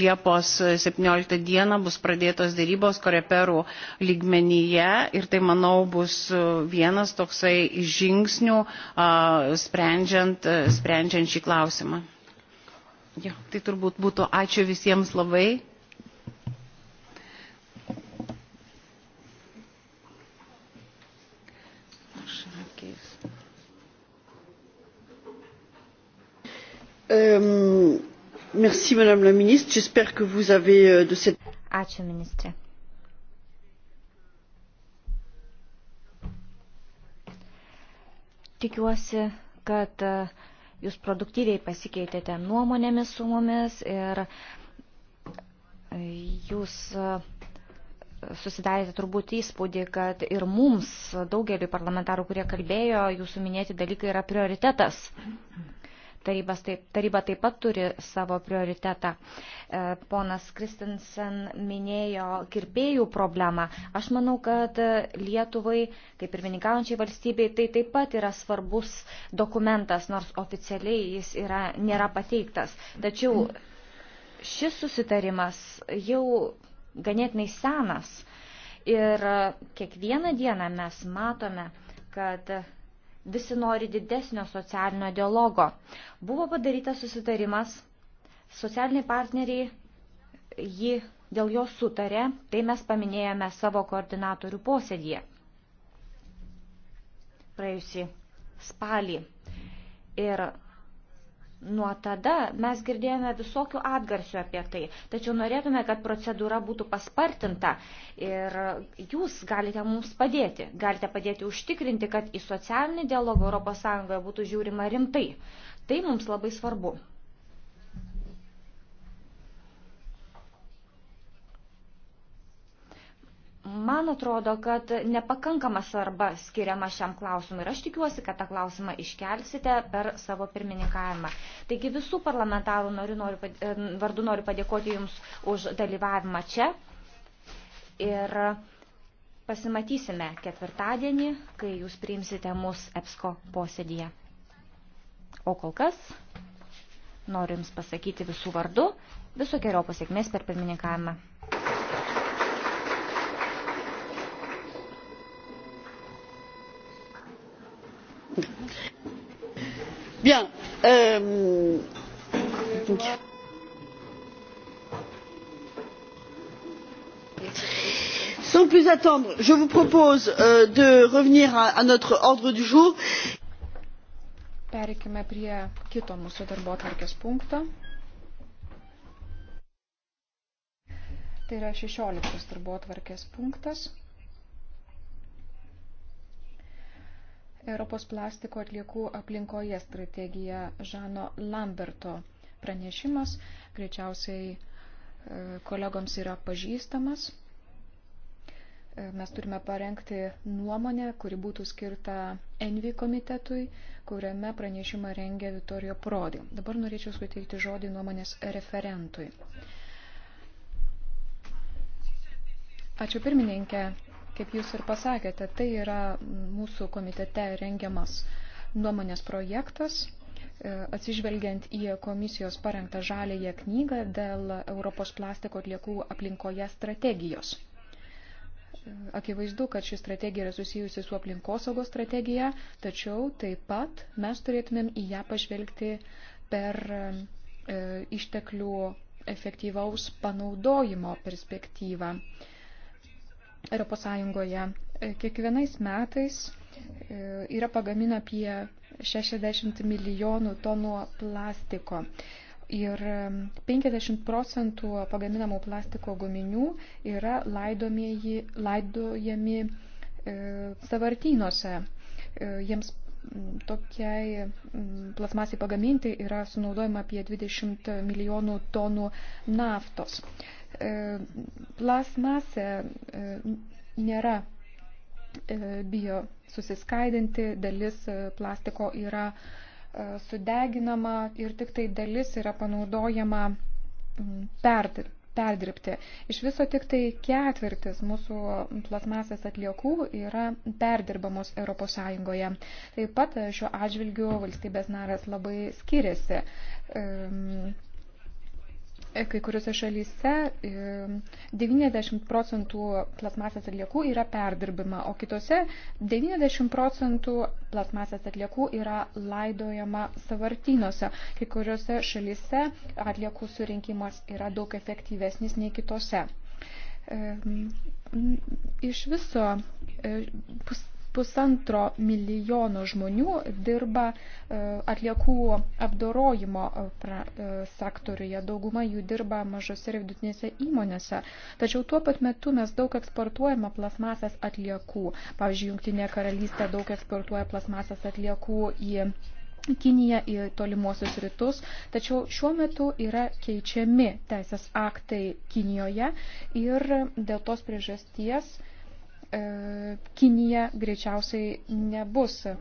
Liepos 17 dieną bus pradėtos dėrybos koreperų lygmenyje ir tai, manau, bus e, vienas toksai žingsnių sprendžiant, sprendžiant šį klausimą. Jo, tai turbūt būtų ačiū visiems labai. Um, merci, Madame la Ministre. J'espère que vous avez euh, de cette. Ačiū, ministrė. Tikiuosi, kad e, jūs produktyviai pasikeitėte nuomonėmis su mumis ir e, jūs e, susidarėte turbūt įspūdį, kad ir mums, daugeliu parlamentarų, kurie kalbėjo, jūsų minėti dalykai yra prioritetas tarybas, taip, taryba taip pat turi savo prioritetą. E, ponas Kristinsen minėjo kirpėjų problemą. Aš manau, kad Lietuvai, kaip ir mininkaujančiai valstybei, tai taip pat yra svarbus dokumentas, nors oficialiai jis yra, nėra pateiktas. Tačiau šis susitarimas jau ganėtinai senas ir kiekvieną dieną mes matome, kad visi nori didesnio socialinio dialogo. Buvo padarytas susitarimas, socialiniai partneriai jį dėl jo sutarė, tai mes paminėjome savo koordinatorių posėdėje praėjusį spalį. Ir Nuo tada mes girdėjome visokių atgarsių apie tai, tačiau norėtume, kad procedūra būtų paspartinta ir jūs galite mums padėti, galite padėti užtikrinti, kad į socialinį dialogą ES būtų žiūrima rimtai. Tai mums labai svarbu. Man atrodo, kad nepakankama svarba skiriama šiam klausimui ir aš tikiuosi, kad tą klausimą iškelsite per savo pirmininkavimą. Taigi visų parlamentarų noriu, noriu, vardu noriu padėkoti Jums už dalyvavimą čia ir pasimatysime ketvirtadienį, kai Jūs priimsite mus EPSCO posėdėje. O kol kas noriu Jums pasakyti visų vardu visokiojo pasiekmės per pirmininkavimą. Bien. Euh... sans plus attendre je vous propose euh, de revenir à, à notre ordre du jour. Pereikime prie kito mūsų darbotvarkės punkto. Tai yra 16 darbotvarkės punktas. Europos plastiko atliekų aplinkoje strategija Žano Lamberto pranešimas, greičiausiai e, kolegoms yra pažįstamas. E, mes turime parengti nuomonę, kuri būtų skirta Envi komitetui, kuriame pranešimą rengia Vitorijo Prodi. Dabar norėčiau suteikti žodį nuomonės referentui. Ačiū pirmininkė. Kaip jūs ir pasakėte, tai yra mūsų komitete rengiamas nuomonės projektas, e, atsižvelgiant į komisijos parengtą žalėje knygą dėl Europos plastiko atliekų aplinkoje strategijos. E, akivaizdu, kad ši strategija yra susijusi su aplinkosaugos strategija, tačiau taip pat mes turėtumėm į ją pažvelgti per e, išteklių efektyvaus panaudojimo perspektyvą. E, Europos Sąjungoje. E, kiekvienais metais e, yra pagamina apie 60 milijonų tonų plastiko. Ir 50 procentų pagaminamų plastiko gaminių yra laidojami e, savartynuose. E, jiems tokiai mm, plasmasiai pagaminti yra sunaudojama apie 20 milijonų tonų naftos. E, Plasmasė e, nėra e, bijo susiskaidinti, dalis plastiko yra sudeginama ir tik tai dalis yra panaudojama mm, perdirbti perdirbti. Iš viso tik tai ketvirtis mūsų plasmasės atliekų yra perdirbamos ES. Taip pat šiuo atžvilgiu valstybės narės labai skiriasi. Um, E, kai kuriuose šalyse 90 e, procentų plasmasės atliekų yra perdirbima, o kitose 90 procentų plasmasės atliekų yra laidojama savartynuose. Kai kuriuose šalyse atliekų surinkimas yra daug efektyvesnis nei kitose. E, iš viso pusantro milijono žmonių dirba e, atliekų apdorojimo e, e, sektoriuje. Dauguma jų dirba mažose ir vidutinėse įmonėse. Tačiau tuo pat metu mes daug eksportuojame plasmasės atliekų. Pavyzdžiui, Junktinė karalystė daug eksportuoja plasmasės atliekų į Kiniją į tolimuosius rytus, tačiau šiuo metu yra keičiami teisės aktai Kinijoje ir dėl tos priežasties uh, E, Kinija greičiausiai nebus e,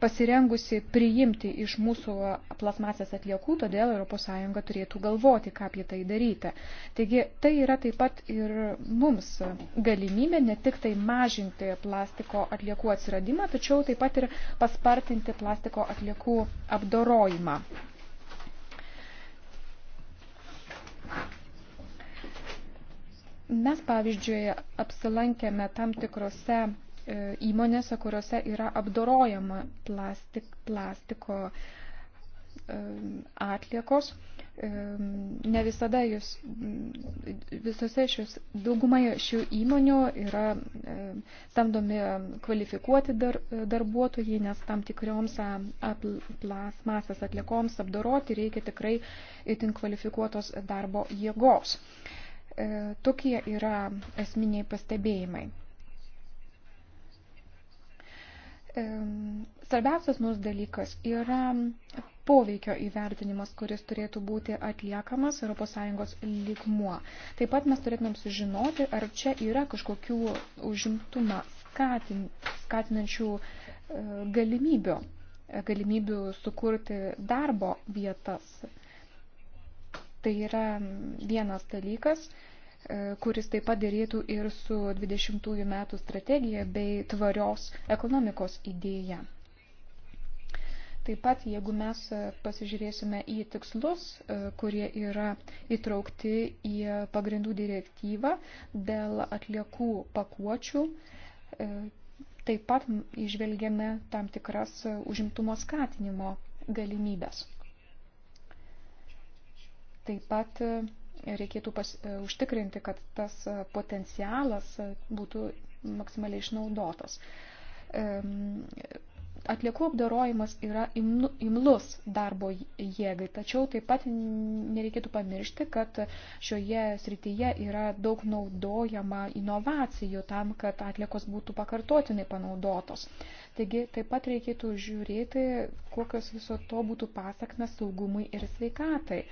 pasirengusi priimti iš mūsų plasmasės atliekų, todėl ES turėtų galvoti, ką apie tai daryti. Taigi tai yra taip pat ir mums galimybė ne tik tai mažinti plastiko atliekų atsiradimą, tačiau taip pat ir paspartinti plastiko atliekų apdorojimą. Mes, pavyzdžiui, apsilankėme tam tikrose e, įmonėse, kuriuose yra apdorojama plastik, plastiko e, atliekos. E, ne visada jūs, visose šios, daugumai šių įmonių yra samdomi kvalifikuoti dar, darbuotojai, nes tam tikrioms plasmasės atliekoms apdoroti reikia tikrai itin kvalifikuotos darbo jėgos. E, E, tokie yra esminiai pastebėjimai. E, svarbiausias mūsų dalykas yra poveikio įvertinimas, kuris turėtų būti atliekamas ES lygmuo. Taip pat mes turėtumėm sužinoti, ar čia yra kažkokių užimtumą skatin, skatinančių e, galimybių, galimybių sukurti darbo vietas Tai yra vienas dalykas, e, kuris taip pat dėrėtų ir su 20 metų strategija bei tvarios ekonomikos idėja. Taip pat, jeigu mes pasižiūrėsime į tikslus, e, kurie yra įtraukti į pagrindų direktyvą dėl atliekų pakuočių, e, taip pat išvelgiame tam tikras užimtumo skatinimo galimybės. Taip pat e, reikėtų pas, e, užtikrinti, kad tas e, potencialas būtų maksimaliai išnaudotas atliekų apdarojimas yra imlus darbo jėgai, tačiau taip pat nereikėtų pamiršti, kad šioje srityje yra daug naudojama inovacijų tam, kad atliekos būtų pakartotinai panaudotos. Taigi taip pat reikėtų žiūrėti, kokios viso to būtų pasakmes saugumui ir sveikatai.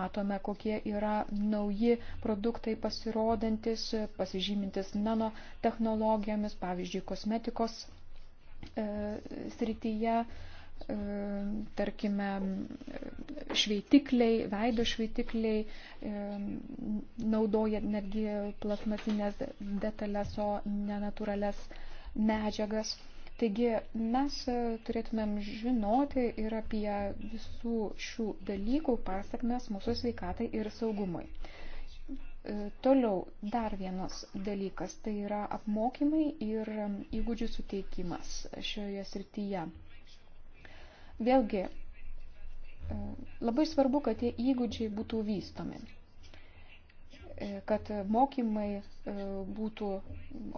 Matome, kokie yra nauji produktai pasirodantis, pasižymintis nanotehnologijomis, pavyzdžiui, kosmetikos E, srityje, e, tarkime, šveitikliai, veido šveitikliai e, naudoja netgi plasmatinės detalės, o nenatūrales medžiagas. Taigi mes turėtumėm žinoti ir apie visų šių dalykų pasakmes mūsų sveikatai ir saugumui. E, toliau dar vienas dalykas tai yra apmokymai ir įgūdžių suteikimas šioje srityje. Vėlgi, e, labai svarbu, kad tie įgūdžiai būtų vystomi, e, kad mokymai būtų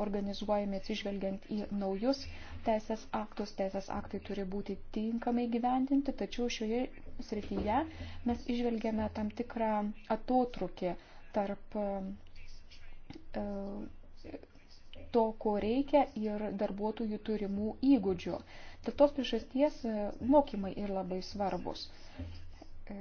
organizuojami atsižvelgiant į naujus teisės aktus. Teisės aktai turi būti tinkamai gyvendinti, tačiau šioje srityje mes išvelgiame tam tikrą atotrukį tarp e, to, ko reikia ir darbuotojų turimų įgūdžių. Dėl tos priežasties e, mokymai ir labai svarbus. E,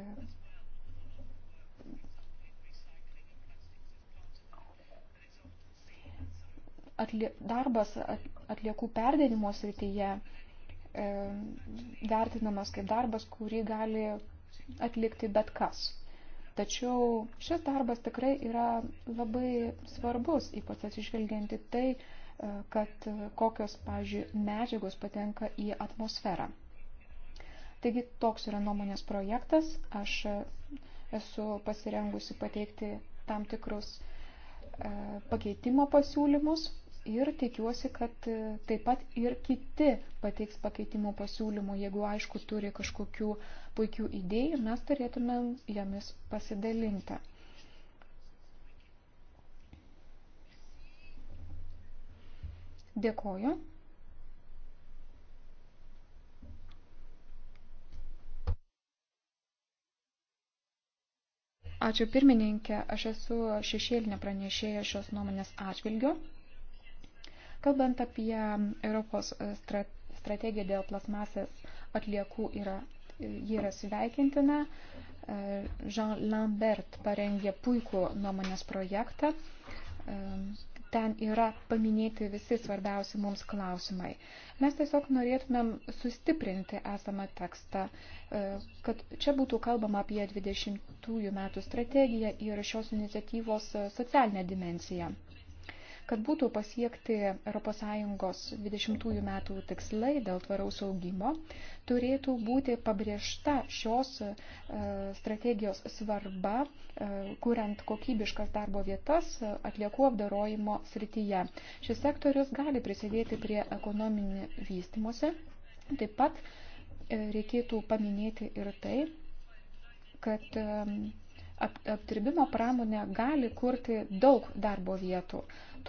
atlie, darbas atliekų perdėrimo srityje e, vertinamas kaip darbas, kurį gali atlikti bet kas. Tačiau šis darbas tikrai yra labai svarbus, ypač atsižvelgianti tai, e, kad e, kokios, pavyzdžiui, medžiagos patenka į atmosferą. Taigi toks yra nuomonės projektas. Aš e, esu pasirengusi pateikti tam tikrus pakeitimo pasiūlymus ir tikiuosi, kad e, taip pat ir kiti pateiks pakeitimo pasiūlymų, jeigu aišku turi kažkokių puikių idėjų, mes turėtumėm jomis pasidalinti. Dėkoju. Ačiū pirmininkė, aš esu šešėlinė pranešėja šios nuomonės atžvilgiu. Kalbant apie Europos e, strategiją dėl plasmasės atliekų, yra, e, ji yra sveikintina. E, Jean Lambert parengė puikų nuomonės projektą. Ten yra paminėti visi svarbiausi mums klausimai. Mes tiesiog norėtumėm sustiprinti esamą tekstą, kad čia būtų kalbama apie 20 metų strategiją ir šios iniciatyvos socialinę dimenciją. Kad būtų pasiekti ES 20 metų tikslai dėl tvaraus augimo, turėtų būti pabrėžta šios e, strategijos svarba, e, kuriant kokybiškas darbo vietas e, atliekų apdarojimo srityje. Šis sektorius gali prisidėti prie ekonominį vystimuose. Taip pat reikėtų paminėti ir tai, kad apdirbimo pramonė gali kurti daug darbo vietų.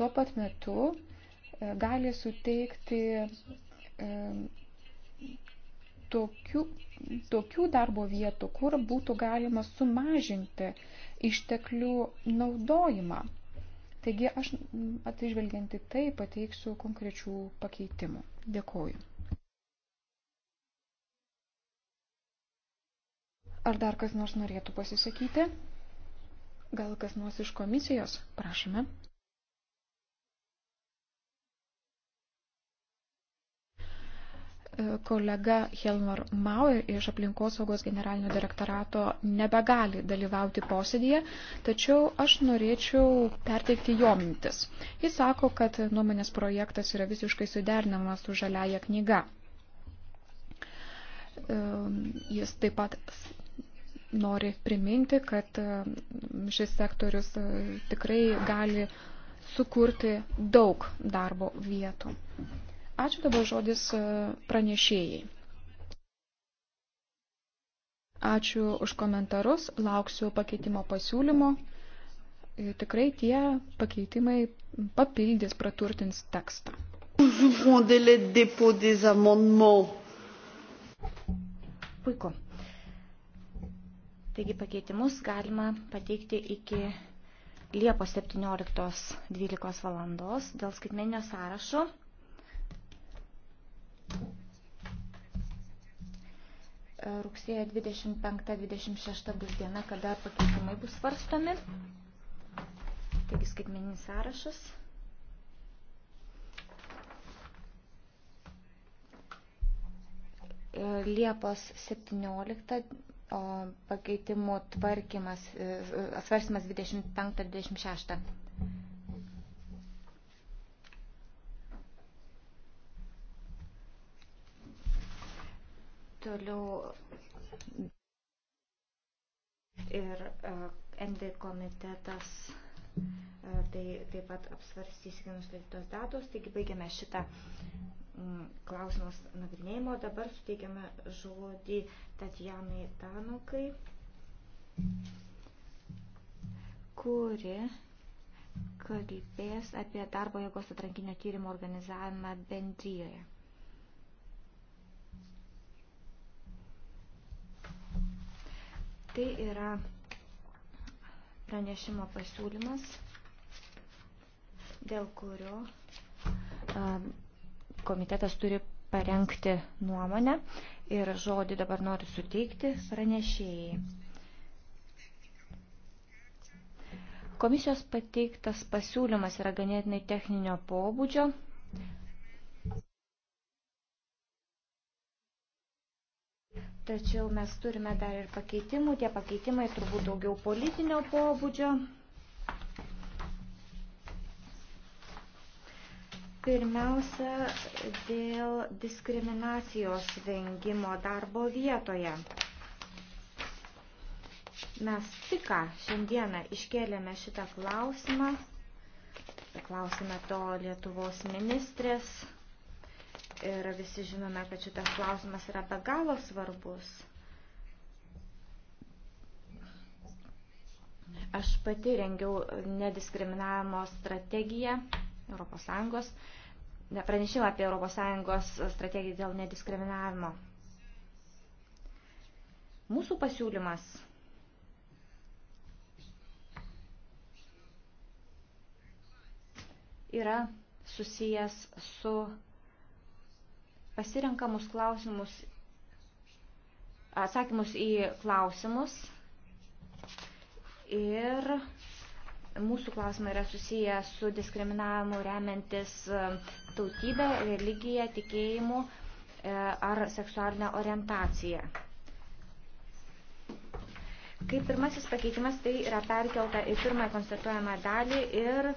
Tuo pat metu e, gali suteikti e, tokių, tokių darbo vietų, kur būtų galima sumažinti išteklių naudojimą. Taigi aš atsižvelgianti tai pateiksiu konkrečių pakeitimų. Dėkuoju. Ar dar kas nors norėtų pasisakyti? Gal kas nors iš komisijos? Prašome. E, kolega Helmar Mauer iš aplinkosaugos generalinio direktorato nebegali dalyvauti posėdėje, tačiau aš norėčiau perteikti jo mintis. Jis sako, kad nuomonės projektas yra visiškai suderinamas su žaliaja knyga. E, jis taip pat nori priminti, kad e, šis sektorius e, tikrai gali sukurti daug darbo vietų. Ačiū dabar žodis e, pranešėjai. Ačiū už komentarus, lauksiu pakeitimo pasiūlymo. Tikrai tie pakeitimai papildys, praturtins tekstą. Puiku. Taigi pakeitimus galima pateikti iki Liepos 17.12 valandos dėl skaitmeninio sąrašo. Rugsėjo 25-26 bus diena, kada pakeitimai bus svarstomi. Taigi skaitmeninis sąrašas. Liepos 17 pakeitimų tvarkymas, e, e, svarstymas 25-26. Toliau ir e, ND komitetas tai taip pat apsvarstys, kai nustatytos datos, taigi baigiame šitą Mm, klausimus nagrinėjimo. Dabar suteikiame žodį Tatjanai Tanukai, kuri kalbės apie darbo jėgos atrankinio tyrimo organizavimą bendryjoje. Tai yra pranešimo pasiūlymas, dėl kurio um, komitetas turi parengti nuomonę ir žodį dabar noriu suteikti pranešėjai. Komisijos pateiktas pasiūlymas yra ganėtinai techninio pobūdžio. Tačiau mes turime dar ir pakeitimų. Tie pakeitimai turbūt daugiau politinio pobūdžio. Pirmiausia, dėl diskriminacijos vengimo darbo vietoje. Mes tik ką šiandieną iškėlėme šitą klausimą. Klausime to Lietuvos ministrės. Ir visi žinome, kad šitas klausimas yra be galo svarbus. Aš pati rengiau nediskriminavimo strategiją ES, pranešimą apie ES strategiją dėl nediskriminavimo. Mūsų pasiūlymas yra susijęs su pasirenkamus klausimus, atsakymus į klausimus ir Mūsų klausimai yra susiję su diskriminavimu remiantis e, tautybę, religiją, tikėjimu e, ar seksualinę orientaciją. Kaip pirmasis pakeitimas, tai yra perkelta į pirmąją konstatuojamą dalį ir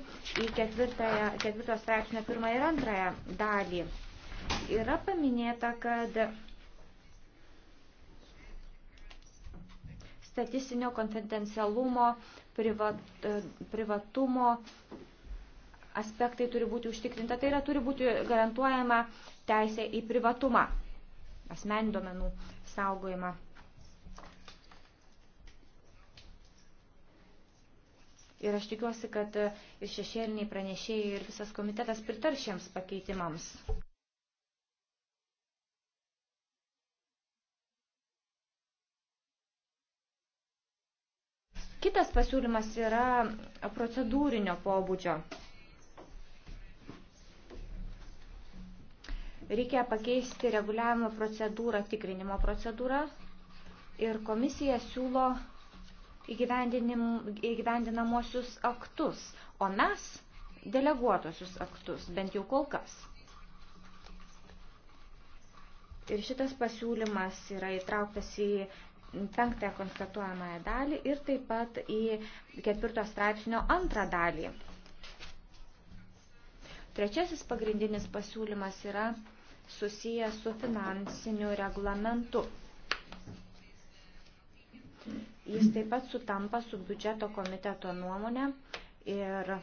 į ketvirto straipsnio pirmąją ir antrąją dalį. Yra paminėta, kad statistinio konfidencialumo privat, e, privatumo aspektai turi būti užtikrinta. Tai yra, turi būti garantuojama teisė į privatumą, asmenį domenų saugojimą. Ir aš tikiuosi, kad ir šešėliniai pranešėjai, ir visas komitetas pritar šiems pakeitimams. Kitas pasiūlymas yra procedūrinio pobūdžio. Reikia pakeisti reguliavimo procedūrą, tikrinimo procedūrą ir komisija siūlo įgyvendinamosius aktus, o mes deleguotosius aktus, bent jau kol kas. Ir šitas pasiūlymas yra įtrauktas į penktąją konstatuojamąją dalį ir taip pat į ketvirto straipsnio antrą dalį. Trečiasis pagrindinis pasiūlymas yra susijęs su finansiniu reglamentu. Jis taip pat sutampa su biudžeto komiteto nuomonė ir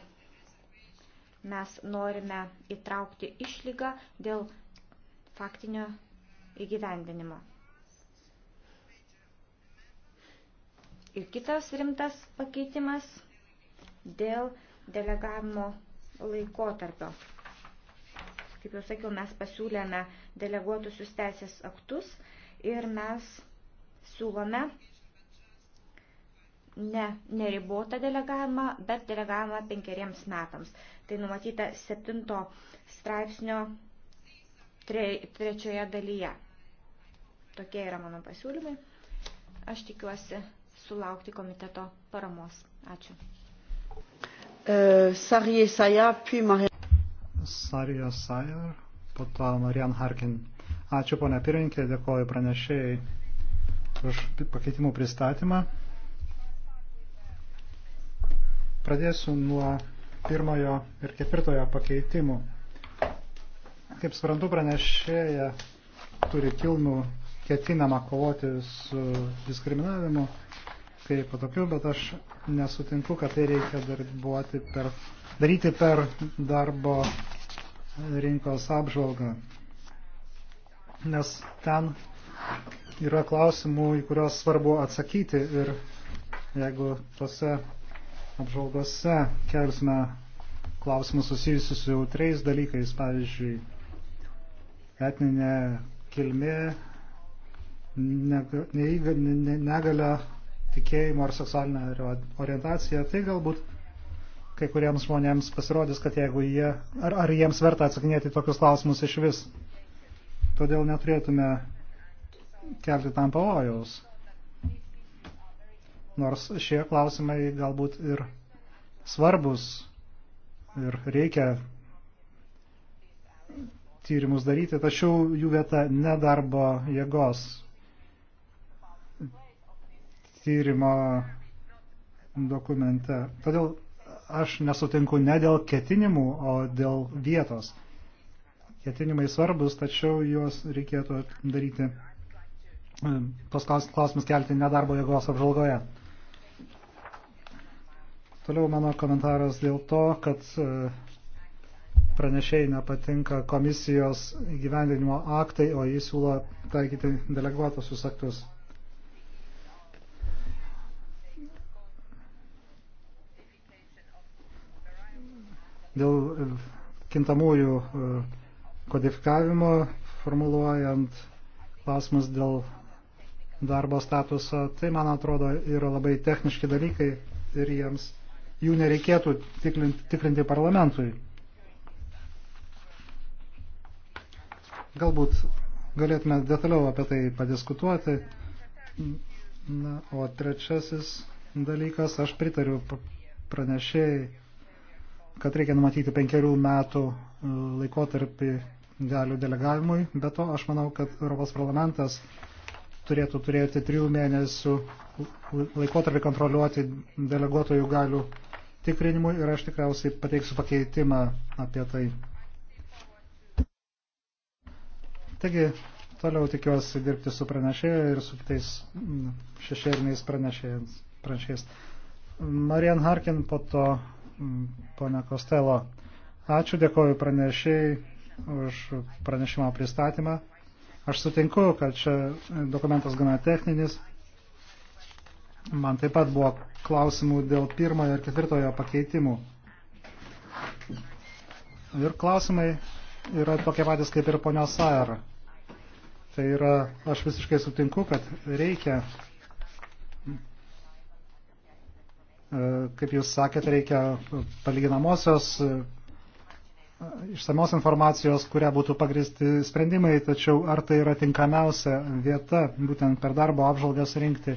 mes norime įtraukti išlygą dėl faktinio įgyvendinimo. Ir kitas rimtas pakeitimas dėl delegavimo laikotarpio. Kaip jau sakiau, mes pasiūlėme deleguotusius teisės aktus ir mes siūlome ne neribotą delegavimą, bet delegavimą penkeriems metams. Tai numatyta septinto straipsnio tre, trečioje dalyje. Tokie yra mano pasiūlymai. Aš tikiuosi sulaukti komiteto paramos. Ačiū. E, Sarija Saja, puis Marian. Sarija Saja, po to Marian Harkin. Ačiū ponia pirinkė, dėkoju pranešėjai už pakeitimų pristatymą. Pradėsiu nuo pirmojo ir ketvirtojo pakeitimų. Kaip suprantu, pranešėja turi kilnų ketinama kovoti su diskriminavimu kaip tokiu, bet aš nesutinku, kad tai reikia darbuoti per, daryti per darbo rinkos apžvalgą. Nes ten yra klausimų, į kuriuos svarbu atsakyti ir jeigu tose apžvalgose kelsime klausimus susijusius su jautriais dalykais, pavyzdžiui, etninė kilmė, negalia tikėjimo ar seksualinę orientaciją, tai galbūt kai kuriems žmonėms pasirodys, kad jeigu jie, ar, ar jiems verta atsakinėti tokius klausimus iš vis. Todėl neturėtume kelti tam pavojaus. Nors šie klausimai galbūt ir svarbus ir reikia tyrimus daryti, tačiau jų vieta nedarbo jėgos tyrimo dokumente. Todėl aš nesutinku ne dėl ketinimų, o dėl vietos. Ketinimai svarbus, tačiau juos reikėtų daryti, e, tos klausimus kelti nedarbo jėgos apžalgoje. Toliau mano komentaras dėl to, kad e, pranešėjai nepatinka komisijos gyvendinimo aktai, o jis siūlo taikyti deleguotusius aktus. dėl e, kintamųjų e, kodifikavimo formuluojant klausimus dėl darbo statuso. Tai, man atrodo, yra labai techniški dalykai ir jiems jų nereikėtų tikrinti, tikrinti parlamentui. Galbūt galėtume detaliau apie tai padiskutuoti. Na, o trečiasis dalykas, aš pritariu pranešėjai kad reikia numatyti penkerių metų e, laikotarpį galių delegavimui. Be to, aš manau, kad Europos parlamentas turėtų turėti trijų mėnesių laikotarpį kontroliuoti deleguotojų galių tikrinimui ir aš tikriausiai pateiksiu pakeitimą apie tai. Taigi, toliau tikiuosi dirbti su pranešėju ir su kitais mm, šešėliniais pranešėjais. Marian Harkin po to ponia Kostelo. Ačiū, dėkoju pranešėjai už pranešimo pristatymą. Aš sutinku, kad čia dokumentas gana techninis. Man taip pat buvo klausimų dėl pirmojo ir ketvirtojo pakeitimų. Ir klausimai yra tokie patys kaip ir ponios Sair. Tai yra, aš visiškai sutinku, kad reikia E, kaip jūs sakėte, reikia palyginamosios e, išsamios informacijos, kuria būtų pagristi sprendimai, tačiau ar tai yra tinkamiausia vieta būtent per darbo apžvalgas rinkti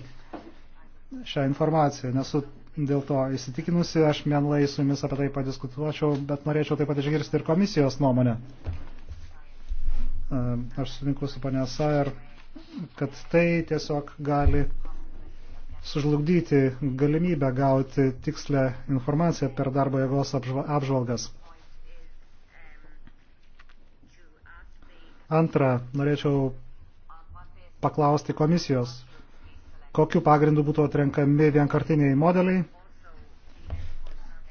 šią informaciją. Nesu dėl to įsitikinusi, aš mielai su jumis apie tai padiskutuočiau, bet norėčiau taip pat išgirsti ir komisijos nuomonę. E, aš sutinku su panesa ir kad tai tiesiog gali sužlugdyti galimybę gauti tikslę informaciją per darbo jėgos apžvalgas. Antra, norėčiau paklausti komisijos, kokiu pagrindu būtų atrenkami vienkartiniai modeliai.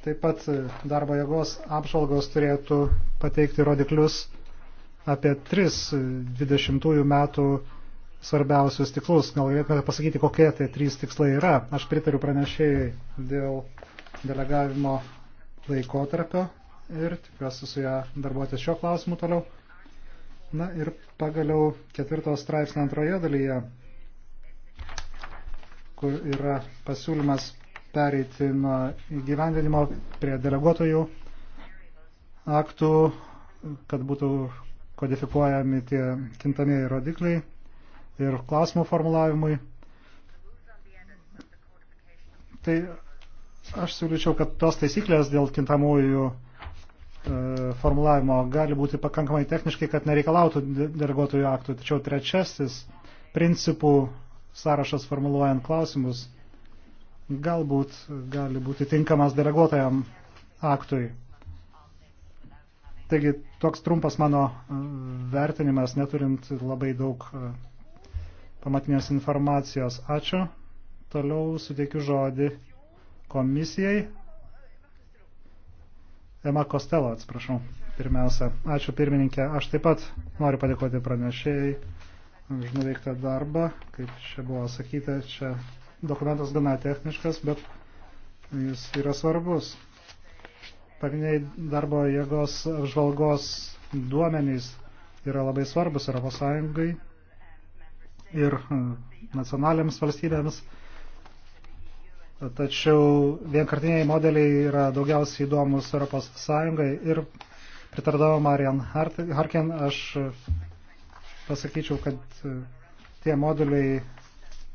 Taip pat darbo jėgos apžvalgos turėtų pateikti rodiklius apie tris 20 metų svarbiausius tikslus. Gal galėtumėte pasakyti, kokie tai trys tikslai yra. Aš pritariu pranešėjai dėl delegavimo laikotarpio ir tikiuosi su ją darbuotis šio klausimu toliau. Na ir pagaliau ketvirtos straipsnio antroje dalyje, kur yra pasiūlymas pereiti nuo įgyvendinimo prie deleguotojų aktų, kad būtų kodifikuojami tie kintamieji rodikliai ir klausimų formulavimui. Tai aš siūlyčiau, kad tos taisyklės dėl kintamųjų e, formulavimo gali būti pakankamai techniškai, kad nereikalautų deleguotojų aktų. Tačiau trečiasis principų sąrašas formuluojant klausimus galbūt gali būti tinkamas deleguotojam aktui. Taigi toks trumpas mano e, vertinimas, neturint labai daug e, pamatinės informacijos. Ačiū. Toliau suteikiu žodį komisijai. Ema Kostelo, atsiprašau, pirmiausia. Ačiū pirmininkė. Aš taip pat noriu padėkoti pranešėjai už nuveiktą darbą. Kaip čia buvo sakyta, čia dokumentas gana techniškas, bet jis yra svarbus. Pagrindiniai darbo jėgos apžvalgos duomenys yra labai svarbus Europos Sąjungai ir hm, nacionalėms valstybėms. Tačiau vienkartiniai modeliai yra daugiausiai įdomus Europos Sąjungai ir pritardama Marian Harkin, aš pasakyčiau, kad hm, tie modeliai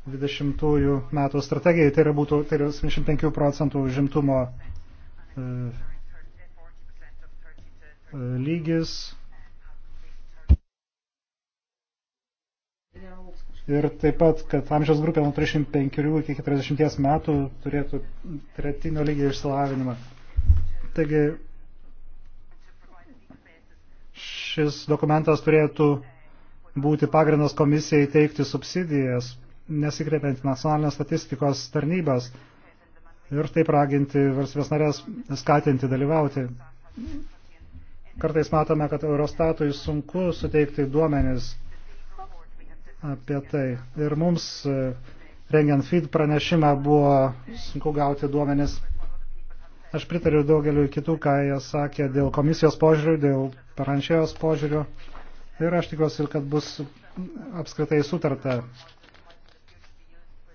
20 metų strategijai, tai yra būtų tai yra 75 procentų žimtumo hm, lygis Ir taip pat, kad amžiaus grupė nuo 35 iki 40 metų turėtų tretinio lygio išsilavinimą. Taigi šis dokumentas turėtų būti pagrindas komisijai teikti subsidijas, nesikreipiant nacionalinės statistikos tarnybas ir taip raginti valstybės narės skatinti dalyvauti. Kartais matome, kad Eurostatui sunku suteikti duomenis apie tai. Ir mums, e, rengiant feed pranešimą, buvo sunku gauti duomenis. Aš pritariu daugeliu kitų, ką jie sakė dėl komisijos požiūrių, dėl paranšėjos požiūrių. Ir aš tikiuosi, kad bus apskritai sutarta.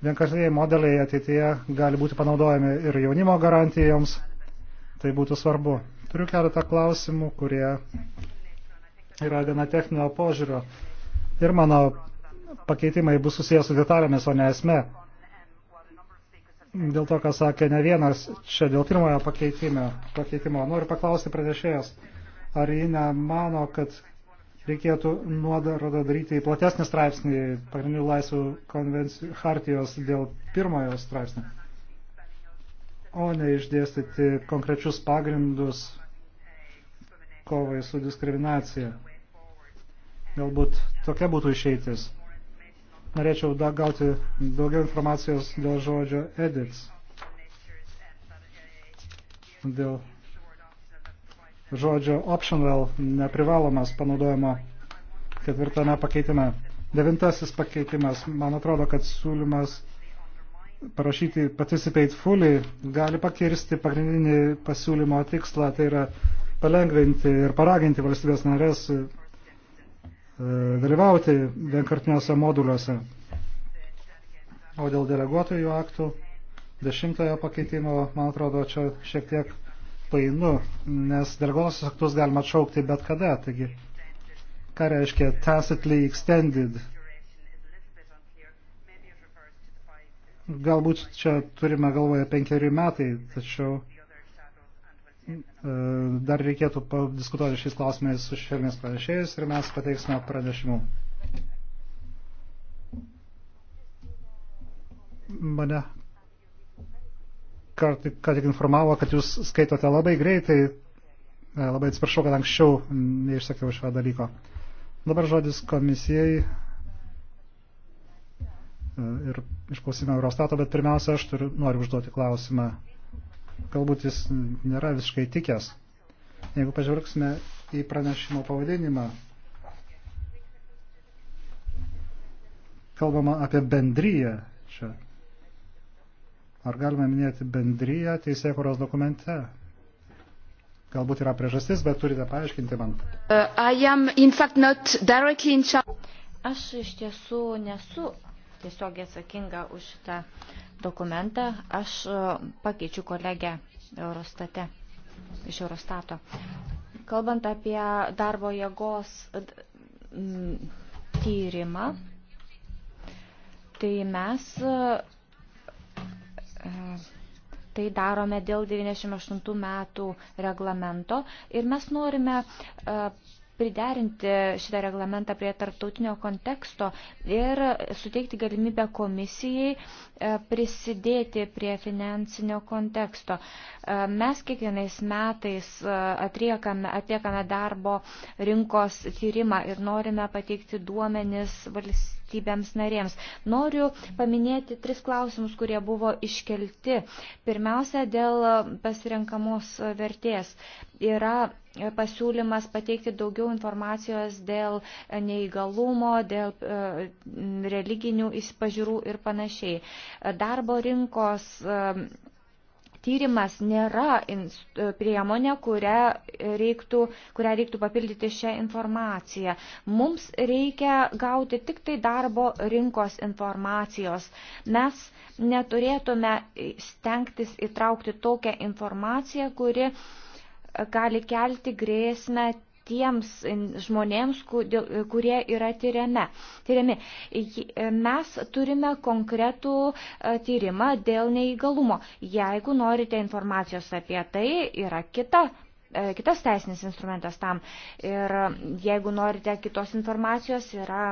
Vienkartiniai modeliai ateityje gali būti panaudojami ir jaunimo garantijoms. Tai būtų svarbu. Turiu keletą klausimų, kurie yra gana techninio požiūrio. Ir mano pakeitimai bus susijęs su detalėmis, o ne esme. Dėl to, ką sakė ne vienas čia dėl pirmojo pakeitimo, pakeitimo. noriu paklausti pranešėjas, ar ji nemano, kad reikėtų nuodarodą daryti į platesnį straipsnį pagrindinių laisvių konvencijų hartijos dėl pirmojo straipsnio, o ne išdėstyti konkrečius pagrindus kovai su diskriminacija. Galbūt tokia būtų išeitis norėčiau da, gauti daugiau informacijos dėl žodžio edits. Dėl žodžio optional neprivalomas panaudojimo ketvirtame pakeitime. Devintasis pakeitimas, man atrodo, kad siūlymas parašyti participate fully gali pakirsti pagrindinį pasiūlymo tikslą, tai yra palengvinti ir paraginti valstybės narės E, dalyvauti vienkartiniuose moduliuose. O dėl deleguotojų aktų dešimtojo pakeitimo, man atrodo, čia šiek tiek painu, nes deleguotus aktus galima atšaukti bet kada. Taigi, ką reiškia tacitly extended? Galbūt čia turime galvoje penkeri metai, tačiau E, dar reikėtų padiskutuoti šiais klausimais su švelnės pranešėjus ir mes pateiksime pranešimų. Mane ką tik informavo, kad jūs skaitote labai greitai. E, labai atsiprašau, kad anksčiau neišsakiau šio dalyko. Dabar žodis komisijai e, ir išklausime Eurostato, bet pirmiausia, aš turiu, noriu užduoti klausimą galbūt jis nėra visiškai tikęs. Jeigu pažvelgsime į pranešimo pavadinimą, kalbama apie bendryją čia. Ar galime minėti bendryją teisėkuros dokumente? Galbūt yra priežastis, bet turite paaiškinti man. Uh, Aš iš tiesų nesu tiesiogiai atsakinga už šitą uh, dokumentą, aš e, pakeičiu kolegę Eurostate, iš Eurostato. Kalbant apie darbo jėgos tyrimą, tai mes e, tai darome dėl 98 metų reglamento ir mes norime e, priderinti šitą reglamentą prie tarptautinio konteksto ir suteikti galimybę komisijai e, prisidėti prie finansinio konteksto. E, mes kiekvienais metais e, atliekame, atliekame darbo rinkos tyrimą ir norime pateikti duomenis valstybėms narėms. Noriu paminėti tris klausimus, kurie buvo iškelti. Pirmiausia, dėl pasirenkamos vertės. Yra pasiūlymas pateikti daugiau informacijos dėl neįgalumo, dėl e, religinių pažiūrų ir panašiai. Darbo rinkos e, tyrimas nėra e, priemonė, kurią reiktų, kurią reiktų papildyti šią informaciją. Mums reikia gauti tik tai darbo rinkos informacijos. Mes neturėtume stengtis įtraukti tokią informaciją, kuri uh, gali kelti grėsmę tiems žmonėms, kurie yra tyriame. tyriami. Mes turime konkretų e, tyrimą dėl neįgalumo. Jeigu norite informacijos apie tai, yra kita. E, kitas teisinis instrumentas tam. Ir jeigu norite kitos informacijos, yra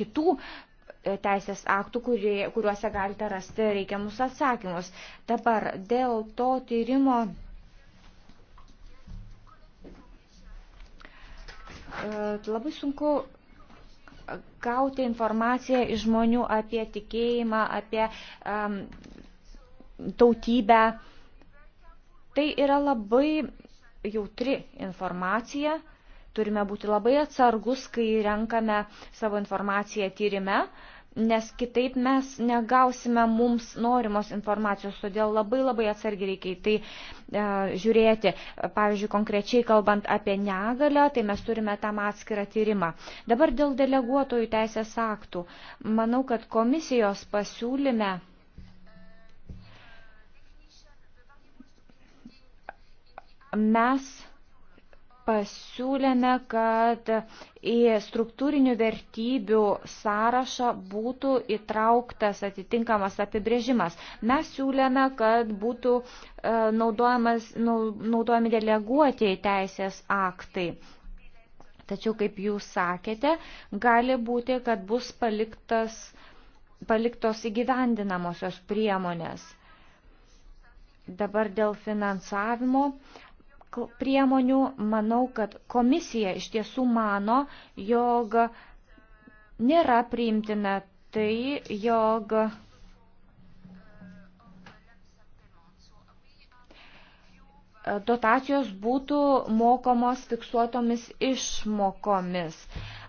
kitų e, teisės aktų, kurie, kuriuose galite rasti reikiamus atsakymus. Dabar dėl to tyrimo E, labai sunku gauti informaciją iš žmonių apie tikėjimą, apie um, tautybę. Tai yra labai jautri informacija. Turime būti labai atsargus, kai renkame savo informaciją tyrime. Uh, nes kitaip mes negausime mums norimos informacijos, todėl labai labai atsargiai reikia į tai e, žiūrėti. Pavyzdžiui, konkrečiai kalbant apie negalę, tai mes turime tam atskirą tyrimą. Dabar dėl deleguotojų teisės aktų. Manau, kad komisijos pasiūlyme. Mes pasiūlėme, kad į struktūrinių vertybių sąrašą būtų įtrauktas atitinkamas apibrėžimas. Mes siūlėme, kad būtų e, naudojami deleguotieji teisės aktai. Tačiau, kaip jūs sakėte, gali būti, kad bus paliktas, paliktos įgyvendinamosios priemonės. Dabar dėl finansavimo. Uh, priemonių. Manau, kad komisija iš tiesų mano, jog nėra priimtina tai, jog dotacijos būtų mokomos fiksuotomis išmokomis.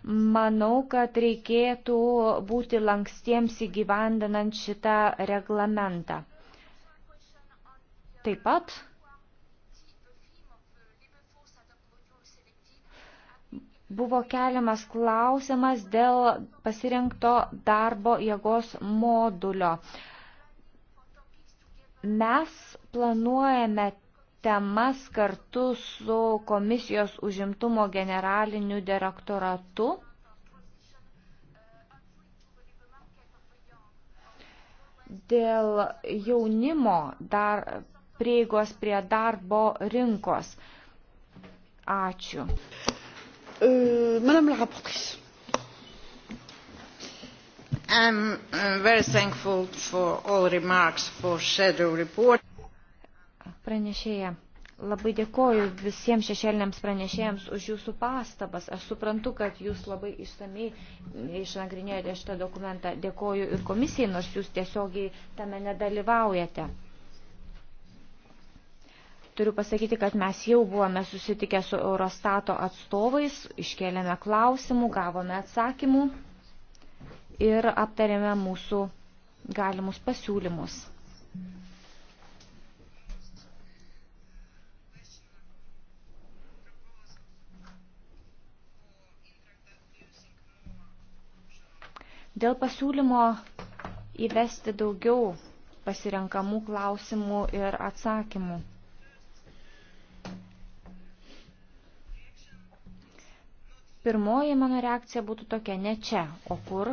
Manau, kad reikėtų būti lankstiems įgyvendinant šitą reglamentą. Taip pat buvo keliamas klausimas dėl pasirinkto darbo jėgos modulio. Mes planuojame temas kartu su komisijos užimtumo generaliniu direktoratu. Dėl jaunimo dar prieigos prie darbo rinkos. Ačiū. Euh, Madame la rapporteure. I'm very thankful for all remarks for shadow report. Pranešėja, labai dėkoju visiems šešėliniams pranešėjams už jūsų pastabas. Aš suprantu, kad jūs labai išsamei išnagrinėjote šitą dokumentą. Dėkoju ir komisijai, nors jūs tiesiogiai tame nedalyvaujate. Turiu pasakyti, kad mes jau buvome susitikę su Eurostato atstovais, iškėlėme klausimų, gavome atsakymų ir aptarėme mūsų galimus pasiūlymus. Dėl pasiūlymo įvesti daugiau pasirenkamų klausimų ir atsakymų. Pirmoji mano reakcija būtų tokia, ne čia, o kur?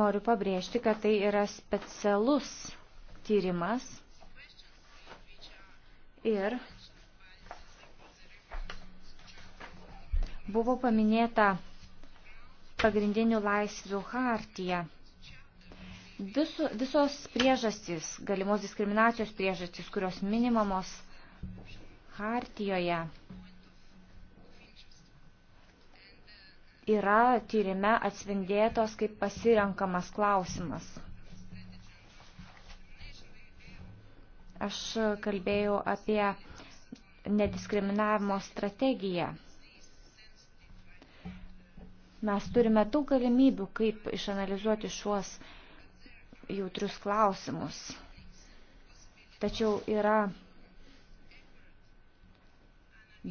Noriu pabrėžti, kad tai yra specialus tyrimas ir buvo paminėta pagrindinių laisvių hartija. Visu, visos priežastys, galimos diskriminacijos priežastys, kurios minimamos hartijoje, yra tyrime atspindėtos kaip pasirenkamas klausimas. Aš kalbėjau apie nediskriminavimo strategiją mes turime daug galimybių, kaip išanalizuoti šiuos jautrius klausimus. Tačiau yra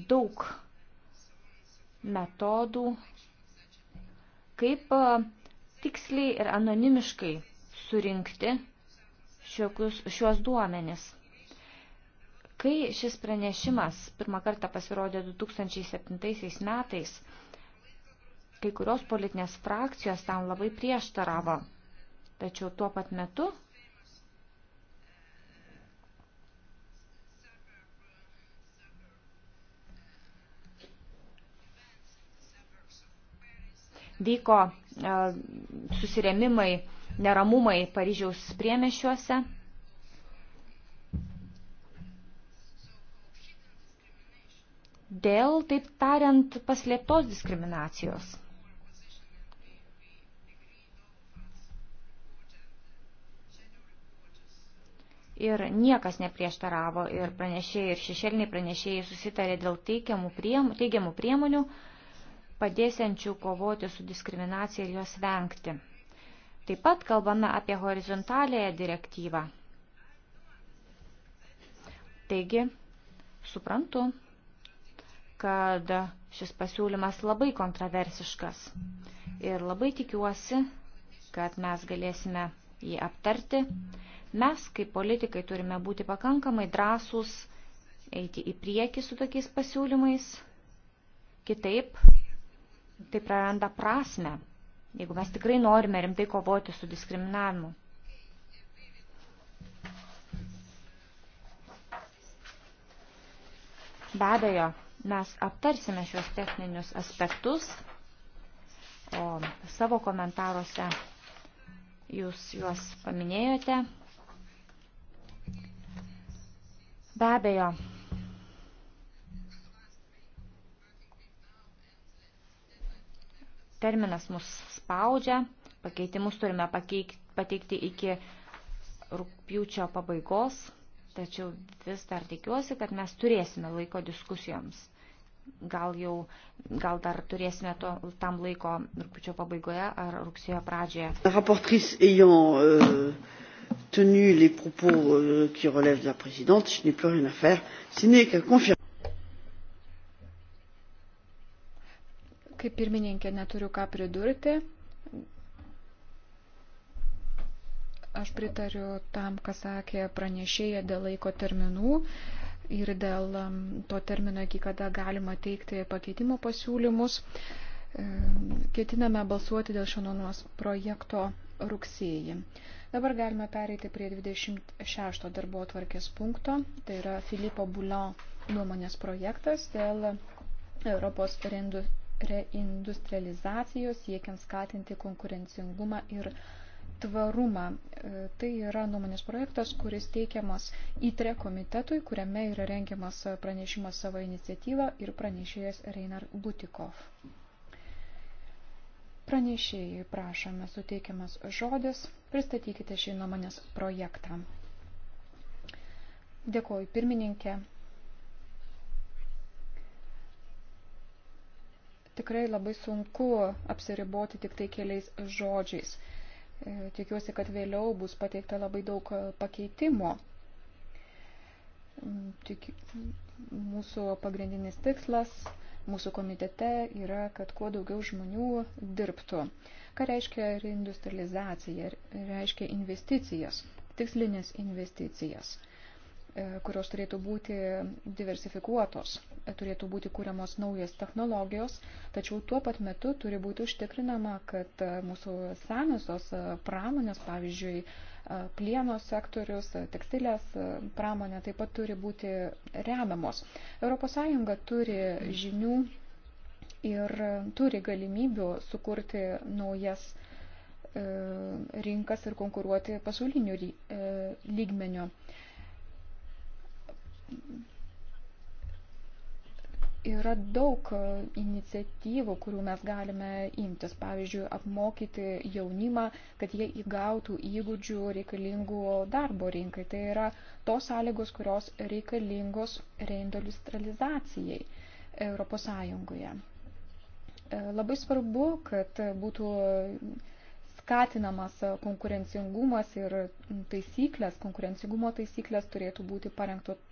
daug metodų, kaip tiksliai ir anonimiškai surinkti šiokius, šios duomenis. Kai šis pranešimas pirmą kartą pasirodė 2007 metais, kai kurios politinės frakcijos tam labai prieštaravo. Tačiau tuo pat metu vyko e, susiremimai, neramumai Paryžiaus priemešiuose. Dėl, taip tariant, paslėptos diskriminacijos. ir niekas neprieštaravo ir pranešėjai ir šešėliniai pranešėjai susitarė dėl priemonių, teigiamų priemonių padėsiančių kovoti su diskriminacija ir jos vengti. Taip pat kalbame apie horizontalėją direktyvą. Taigi, suprantu, kad šis pasiūlymas labai kontroversiškas ir labai tikiuosi, kad mes galėsime jį aptarti Mes, kaip politikai, turime būti pakankamai drąsūs, eiti į priekį su tokiais pasiūlymais. Kitaip, tai praranda prasme, jeigu mes tikrai norime rimtai kovoti su diskriminavimu. Be abejo, mes aptarsime šios techninius aspektus, o savo komentaruose jūs juos paminėjote. Be abejo. Terminas mus spaudžia, pakeitimus turime pateikti iki rūpjūčio pabaigos, tačiau vis dar tikiuosi, kad mes turėsime laiko diskusijoms gal jau, gal dar turėsime to, tam laiko rūpiučio pabaigoje ar rugsėjo pradžioje tenu les propos euh, qui relèvent de la présidente je n'ai plus rien à faire ce n'est qu'à confirmer Kaip pirmininkė neturiu ką pridurti. Aš pritariu tam, ką sakė pranešėja dėl laiko terminų ir dėl um, to termino, iki kada galima teikti pakeitimo pasiūlymus. Ehm, ketiname balsuoti dėl šiandienos projekto rugsėjį. Dabar galime pereiti prie 26 darbo atvarkės punkto, tai yra Filipo Bulan nuomonės projektas dėl Europos reindustrializacijos siekiant skatinti konkurencingumą ir tvarumą. E, tai yra nuomonės projektas, kuris teikiamas ITRE komitetui, kuriame yra rengiamas pranešimas savo iniciatyvą ir pranešėjas Reinar Butikov. Pranešėjai prašome suteikiamas žodis, pristatykite šį nuomonės projektą. Dėkoju pirmininkė. Tikrai labai sunku apsiriboti tik tai keliais žodžiais. E, tikiuosi, kad vėliau bus pateikta labai daug e, pakeitimo. Mm, tik mūsų pagrindinis tikslas – mūsų komitete yra, kad kuo daugiau žmonių dirbtų. Ką reiškia reindustrializacija? Reiškia investicijas, tikslinės investicijas e, kurios turėtų būti diversifikuotos, e, turėtų būti kūriamos naujas technologijos, tačiau tuo pat metu turi būti užtikrinama, kad e, mūsų senosios pramonės, pavyzdžiui, plieno sektorius, tekstilės pramonė taip pat turi būti remiamos. ES turi žinių ir turi galimybių sukurti naujas rinkas ir konkuruoti pasauliniu lygmeniu Yra daug e, iniciatyvų, kurių mes galime imtis. Pavyzdžiui, apmokyti jaunimą, kad jie įgautų įgūdžių reikalingų darbo rinkai. Tai yra tos sąlygos, kurios reikalingos reindustrializacijai ES. E, labai svarbu, kad būtų skatinamas konkurencingumas ir taisyklės, konkurencingumo taisyklės turėtų būti parengtos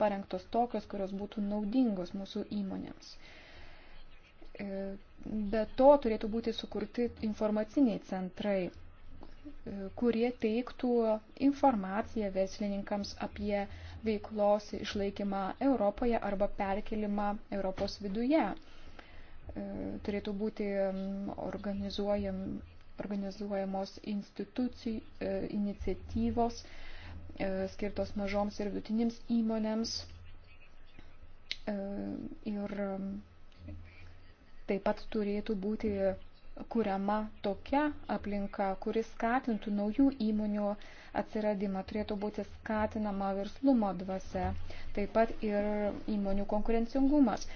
parengtos tokios, kurios būtų naudingos mūsų įmonėms. E, be to turėtų būti sukurti informaciniai centrai, e, kurie teiktų informaciją verslininkams apie veiklos išlaikymą Europoje arba perkelimą Europos viduje. E, turėtų būti organizuojam, organizuojamos institucijų iniciatyvos, E, skirtos mažoms ir vidutinėms įmonėms. E, ir e, taip pat turėtų būti kuriama tokia aplinka, kuris skatintų naujų įmonių atsiradimą, turėtų būti skatinama verslumo dvasia, taip pat ir įmonių konkurencingumas.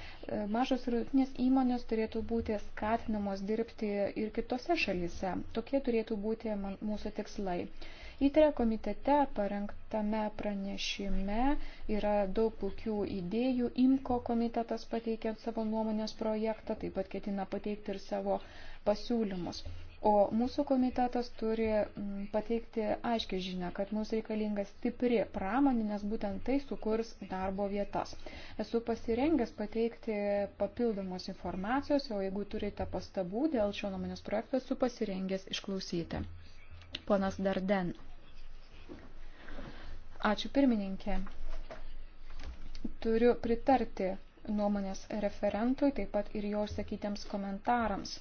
Mažos ir vidutinės įmonės turėtų būti skatinamos dirbti ir kitose šalyse. Tokie turėtų būti mūsų tikslai. Įtrė komitete parengtame pranešime yra daug puikių idėjų. IMKO komitetas pateikė savo nuomonės projektą, taip pat ketina pateikti ir savo pasiūlymus. O mūsų komitetas turi mm, pateikti aiškiai žinę, kad mums reikalinga stipri pramonė, nes būtent tai sukurs darbo vietas. Esu pasirengęs pateikti papildomos informacijos, o jeigu turite pastabų dėl šio nuomonės projekto, esu pasirengęs išklausyti. Ponas Darden. Ačiū pirmininkė. Turiu pritarti nuomonės referentui, taip pat ir jo išsakytiems komentarams e,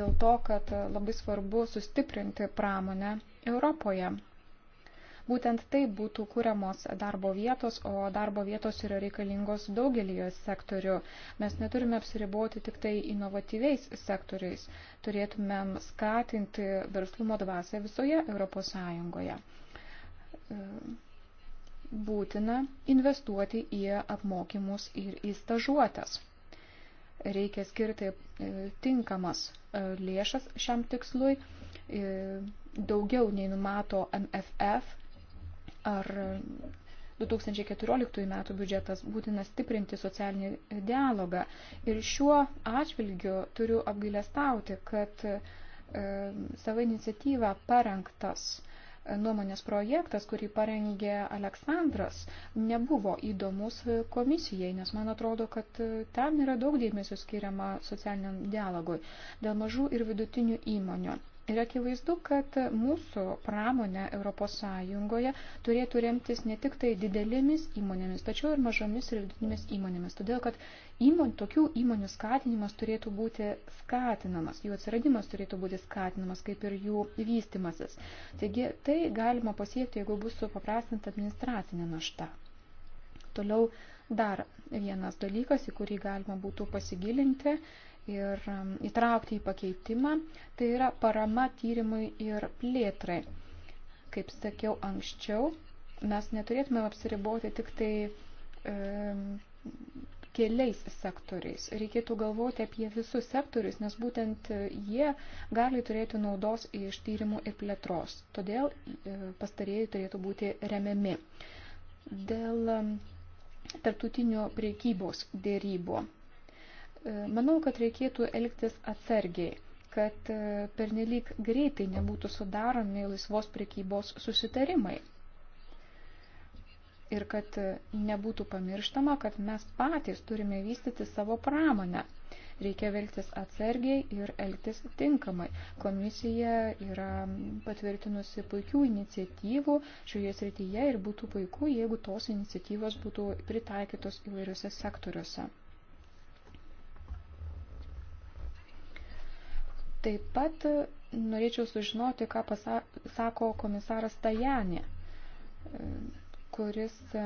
dėl to, kad labai svarbu sustiprinti pramonę Europoje. Būtent taip būtų kūriamos darbo vietos, o darbo vietos yra reikalingos daugelį sektorių. Mes neturime apsiriboti tik tai inovatyviais sektoriais, turėtumėm skatinti verslumo dvasę visoje ES. Būtina investuoti į apmokymus ir į stažuotas. Reikia skirti e, tinkamas e, lėšas šiam tikslui, e, daugiau nei numato MFF ar 2014 metų biudžetas būtina stiprinti socialinį dialogą. Ir šiuo atžvilgiu turiu apgailestauti, kad e, savo iniciatyvą parengtas e, nuomonės projektas, kurį parengė Aleksandras, nebuvo įdomus komisijai, nes man atrodo, kad e, ten yra daug dėmesio skiriama socialiniam dialogui dėl mažų ir vidutinių įmonių. Ir akivaizdu, kad mūsų pramonė ES turėtų remtis ne tik tai didelėmis įmonėmis, tačiau ir mažomis ir vidutinėmis įmonėmis. Todėl, kad įmon, tokių įmonių skatinimas turėtų būti skatinamas, jų atsiradimas turėtų būti skatinamas, kaip ir jų vystimasis. Taigi tai galima pasiekti, jeigu bus supaprastinta administracinė našta. Toliau dar vienas dalykas, į kurį galima būtų pasigilinti ir um, įtraukti į pakeitimą, tai yra parama tyrimui ir plėtrai. Kaip sakiau anksčiau, mes neturėtume apsiriboti tik tai e, keliais sektoriais. Reikėtų galvoti apie visus sektorius, nes būtent uh, jie gali turėti naudos iš tyrimų ir plėtros. Todėl uh, pastarėjai turėtų būti remiami. Dėl um, tarptautinio priekybos dėrybo E, manau, kad reikėtų elgtis atsargiai, kad e, pernelyg greitai nebūtų sudaromi laisvos prekybos susitarimai. Ir kad e, nebūtų pamirštama, kad mes patys turime vystyti savo pramonę. Reikia elgtis atsargiai ir elgtis tinkamai. Komisija yra patvirtinusi puikių iniciatyvų šioje srityje ir būtų puiku, jeigu tos iniciatyvos būtų pritaikytos įvairiuose sektoriuose. Taip pat e, norėčiau sužinoti, ką pasako komisaras Tajanė, e, kuris e,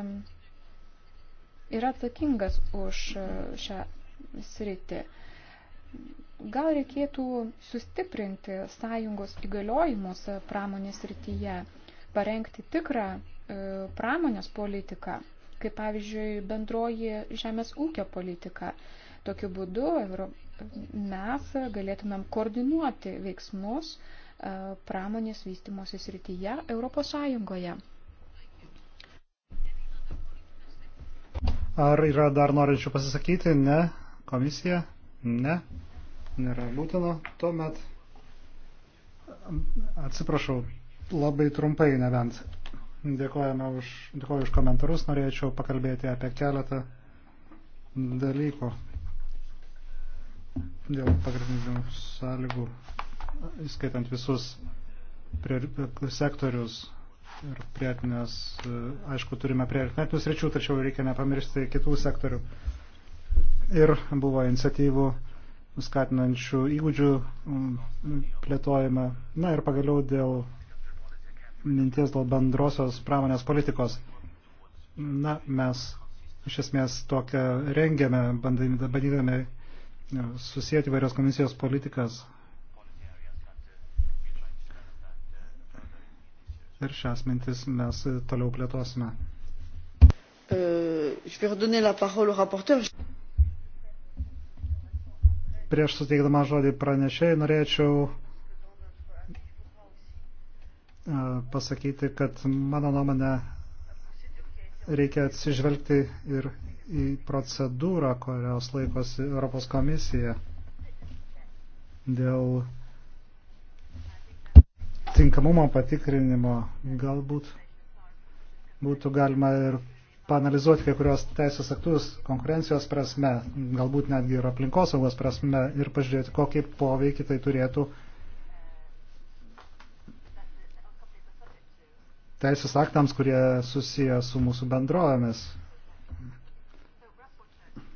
yra atsakingas už šią sritį. Gal reikėtų sustiprinti sąjungos įgaliojimus pramonės srityje, parengti tikrą pramonės politiką, kaip pavyzdžiui bendroji žemės ūkio politika. Tokiu būdu mes galėtumėm koordinuoti veiksmus e, pramonės vystimosi srityje Europos Sąjungoje. Ar yra dar norinčių pasisakyti? Ne. Komisija? Ne. Nėra būtino. Tuomet atsiprašau, labai trumpai nebent. Dėkojame už, dėkoju už komentarus. Norėčiau pakalbėti apie keletą dalykų dėl pagrindinių sąlygų, įskaitant visus sektorius ir prietinės, aišku, turime prietinetinių sričių, tačiau reikia nepamiršti kitų sektorių. Ir buvo iniciatyvų skatinančių įgūdžių mm, plėtojimą. Na ir pagaliau dėl minties dėl bendrosios pramonės politikos. Na, mes iš esmės tokią rengiame, bandydami susijęti vairios komisijos politikas ir šias mintis mes toliau plėtosime. E, Prieš suteikdama žodį pranešėjai norėčiau e, pasakyti, kad mano nuomonė reikia atsižvelgti ir į procedūrą, kurios laikosi Europos komisija dėl tinkamumo patikrinimo. Galbūt būtų galima ir panalizuoti kai kurios teisės aktus konkurencijos prasme, galbūt netgi ir aplinkosaugos prasme ir pažiūrėti, kokį poveikį tai turėtų teisės aktams, kurie susiję su mūsų bendrovėmis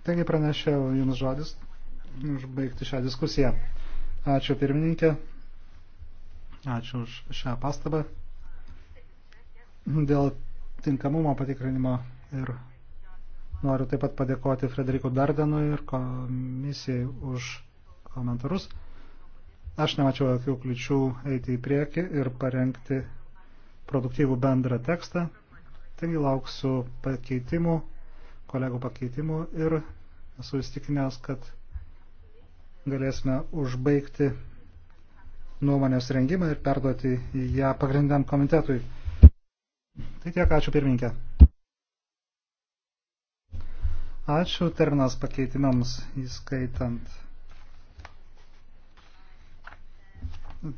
Taigi pranešiau Jums žodis užbaigti šią diskusiją. Ačiū pirmininkė, ačiū už šią pastabą. Dėl tinkamumo patikrinimo ir noriu taip pat padėkoti Frederiku Dardenui ir komisijai už komentarus. Aš nemačiau jokių kliučių eiti į priekį ir parengti produktyvų bendrą tekstą. Taigi lauksiu pakeitimų, kolegų pakeitimų ir esu įstikinęs, kad galėsime užbaigti nuomonės rengimą ir perduoti ją pagrindiniam komitetui. Tai tiek, ačiū pirminkė. Ačiū terminas pakeitimams įskaitant.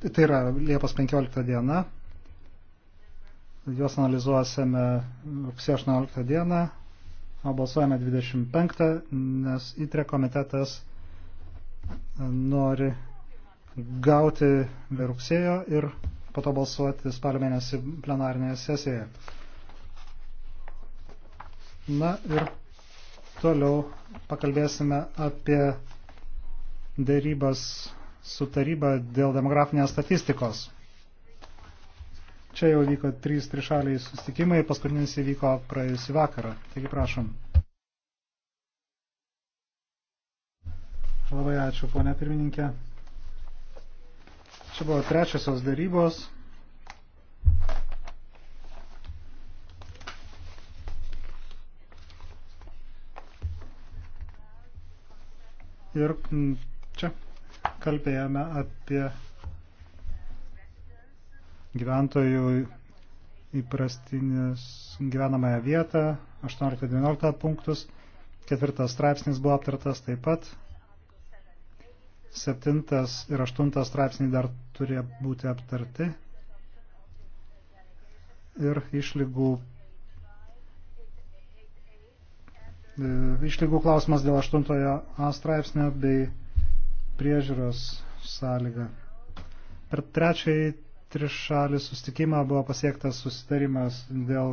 Tai yra Liepos 15 diena. Juos analizuosime rugsėjo 18 dieną o balsuojame 25, nes įtre komitetas nori gauti rugsėjo ir po to balsuoti spalio mėnesį plenarinėje sesijoje. Na ir toliau pakalbėsime apie dėrybas su taryba dėl demografinės statistikos. Čia jau vyko trys trišaliai susitikimai, paskutinis įvyko praėjusį vakarą. Taigi prašom. Labai ačiū, ponia pirmininkė. Čia buvo trečiosios darybos. Ir mm, čia kalbėjome apie gyventojų įprastinės gyvenamąją vietą, 18-19 punktus, ketvirtas straipsnis buvo aptartas taip pat, septintas ir aštuntas straipsniai dar turėjo būti aptarti ir išlygų e, Išlygų klausimas dėl 8 A straipsnio bei priežiūros sąlyga. Per trečiąjį trišalį sustikimą buvo pasiektas susitarimas dėl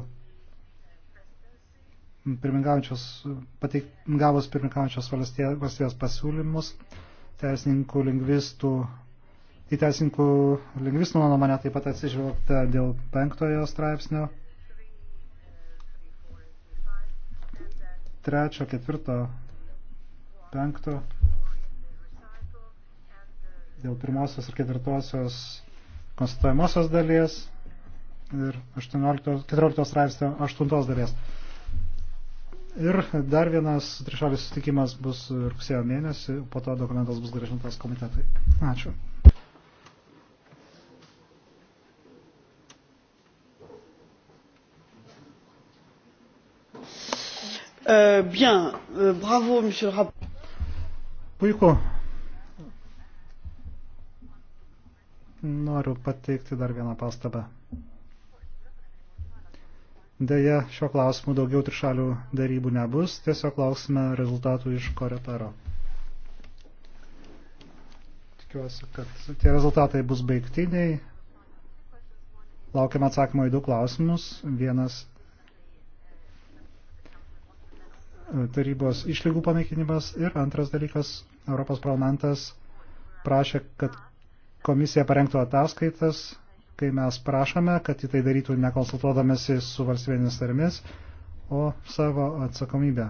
pirmingaujančios, pateik, gavus pirmingaujančios valstybės pasiūlymus, teisininkų, lingvistų, į teisininkų lingvistų nuomonę taip pat atsižvelgta dėl penktojo straipsnio, trečio, ketvirto, penkto, dėl pirmosios ir ketvirtosios konstatuojamosios dalies ir 18, 14 straipsnio 8 dalies. Ir dar vienas trišalis susitikimas bus rugsėjo mėnesį, po to dokumentas bus grąžintas komitetui. Ačiū. Euh, bien euh, bravo monsieur le rapporteur. Puiku, Noriu pateikti dar vieną pastabą. Deja, šio klausimu daugiau trišalių darybų nebus, tiesiog lauksime rezultatų iš koretaro. Tikiuosi, kad tie rezultatai bus baigtiniai. Laukiam atsakymo į du klausimus. Vienas e, tarybos išlygų panaikinimas ir antras dalykas, Europos parlamentas prašė, kad komisija parengtų ataskaitas, kai mes prašome, kad į tai darytų nekonsultuodamėsi su valstybėmis tarimis, o savo atsakomybę.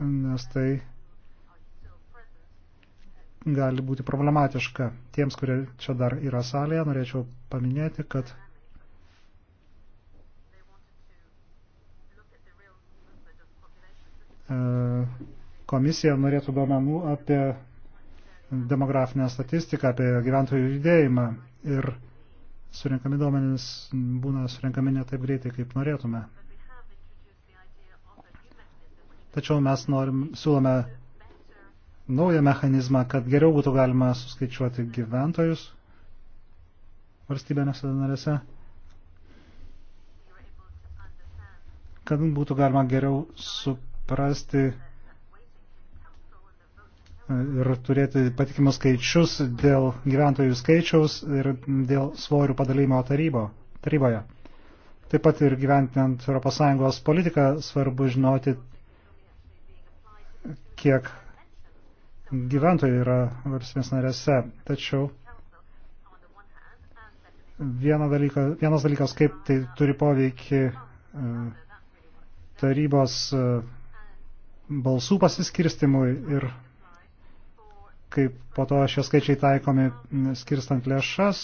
Nes tai gali būti problematiška. Tiems, kurie čia dar yra salėje, norėčiau paminėti, kad e, komisija norėtų duomenų apie demografinę statistiką, apie gyventojų judėjimą ir surinkami duomenys būna surinkami ne taip greitai, kaip norėtume. Tačiau mes norim, siūlome naują mechanizmą, kad geriau būtų galima suskaičiuoti gyventojus valstybėse narėse, kad būtų galima geriau suprasti ir turėti patikimus skaičius dėl gyventojų skaičiaus ir dėl svorių padalymo tarybo, taryboje. Taip pat ir gyventinant ES politiką svarbu žinoti, kiek gyventojų yra valstybės narėse. Tačiau viena dalyka, vienas dalykas, kaip tai turi poveikį e, tarybos e, balsų pasiskirstimui ir kaip po to šie skaičiai taikomi skirstant lėšas.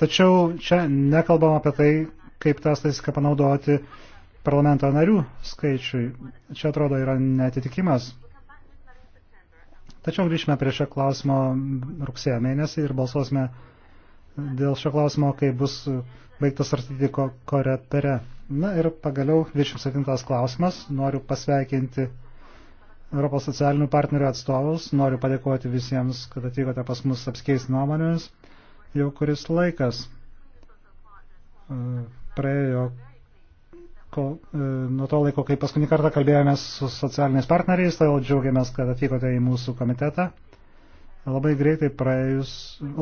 Tačiau čia nekalbam apie tai, kaip tą statistiką panaudoti parlamento narių skaičiui. Čia atrodo yra netitikimas. Tačiau grįžime prie šio klausimo rugsėjo mėnesį ir balsuosime dėl šio klausimo, kai bus baigtas svarstyti korepere. Na ir pagaliau 27 klausimas. Noriu pasveikinti Europos socialinių partnerių atstovus. Noriu padėkoti visiems, kad atvykote pas mus apskeisti nuomonėmis. Jau kuris laikas e, praėjo ko, e, nuo to laiko, kai paskutinį kartą kalbėjome su socialiniais partneriais, tai džiaugiamės, kad atvykote į mūsų komitetą. Labai greitai praėjus,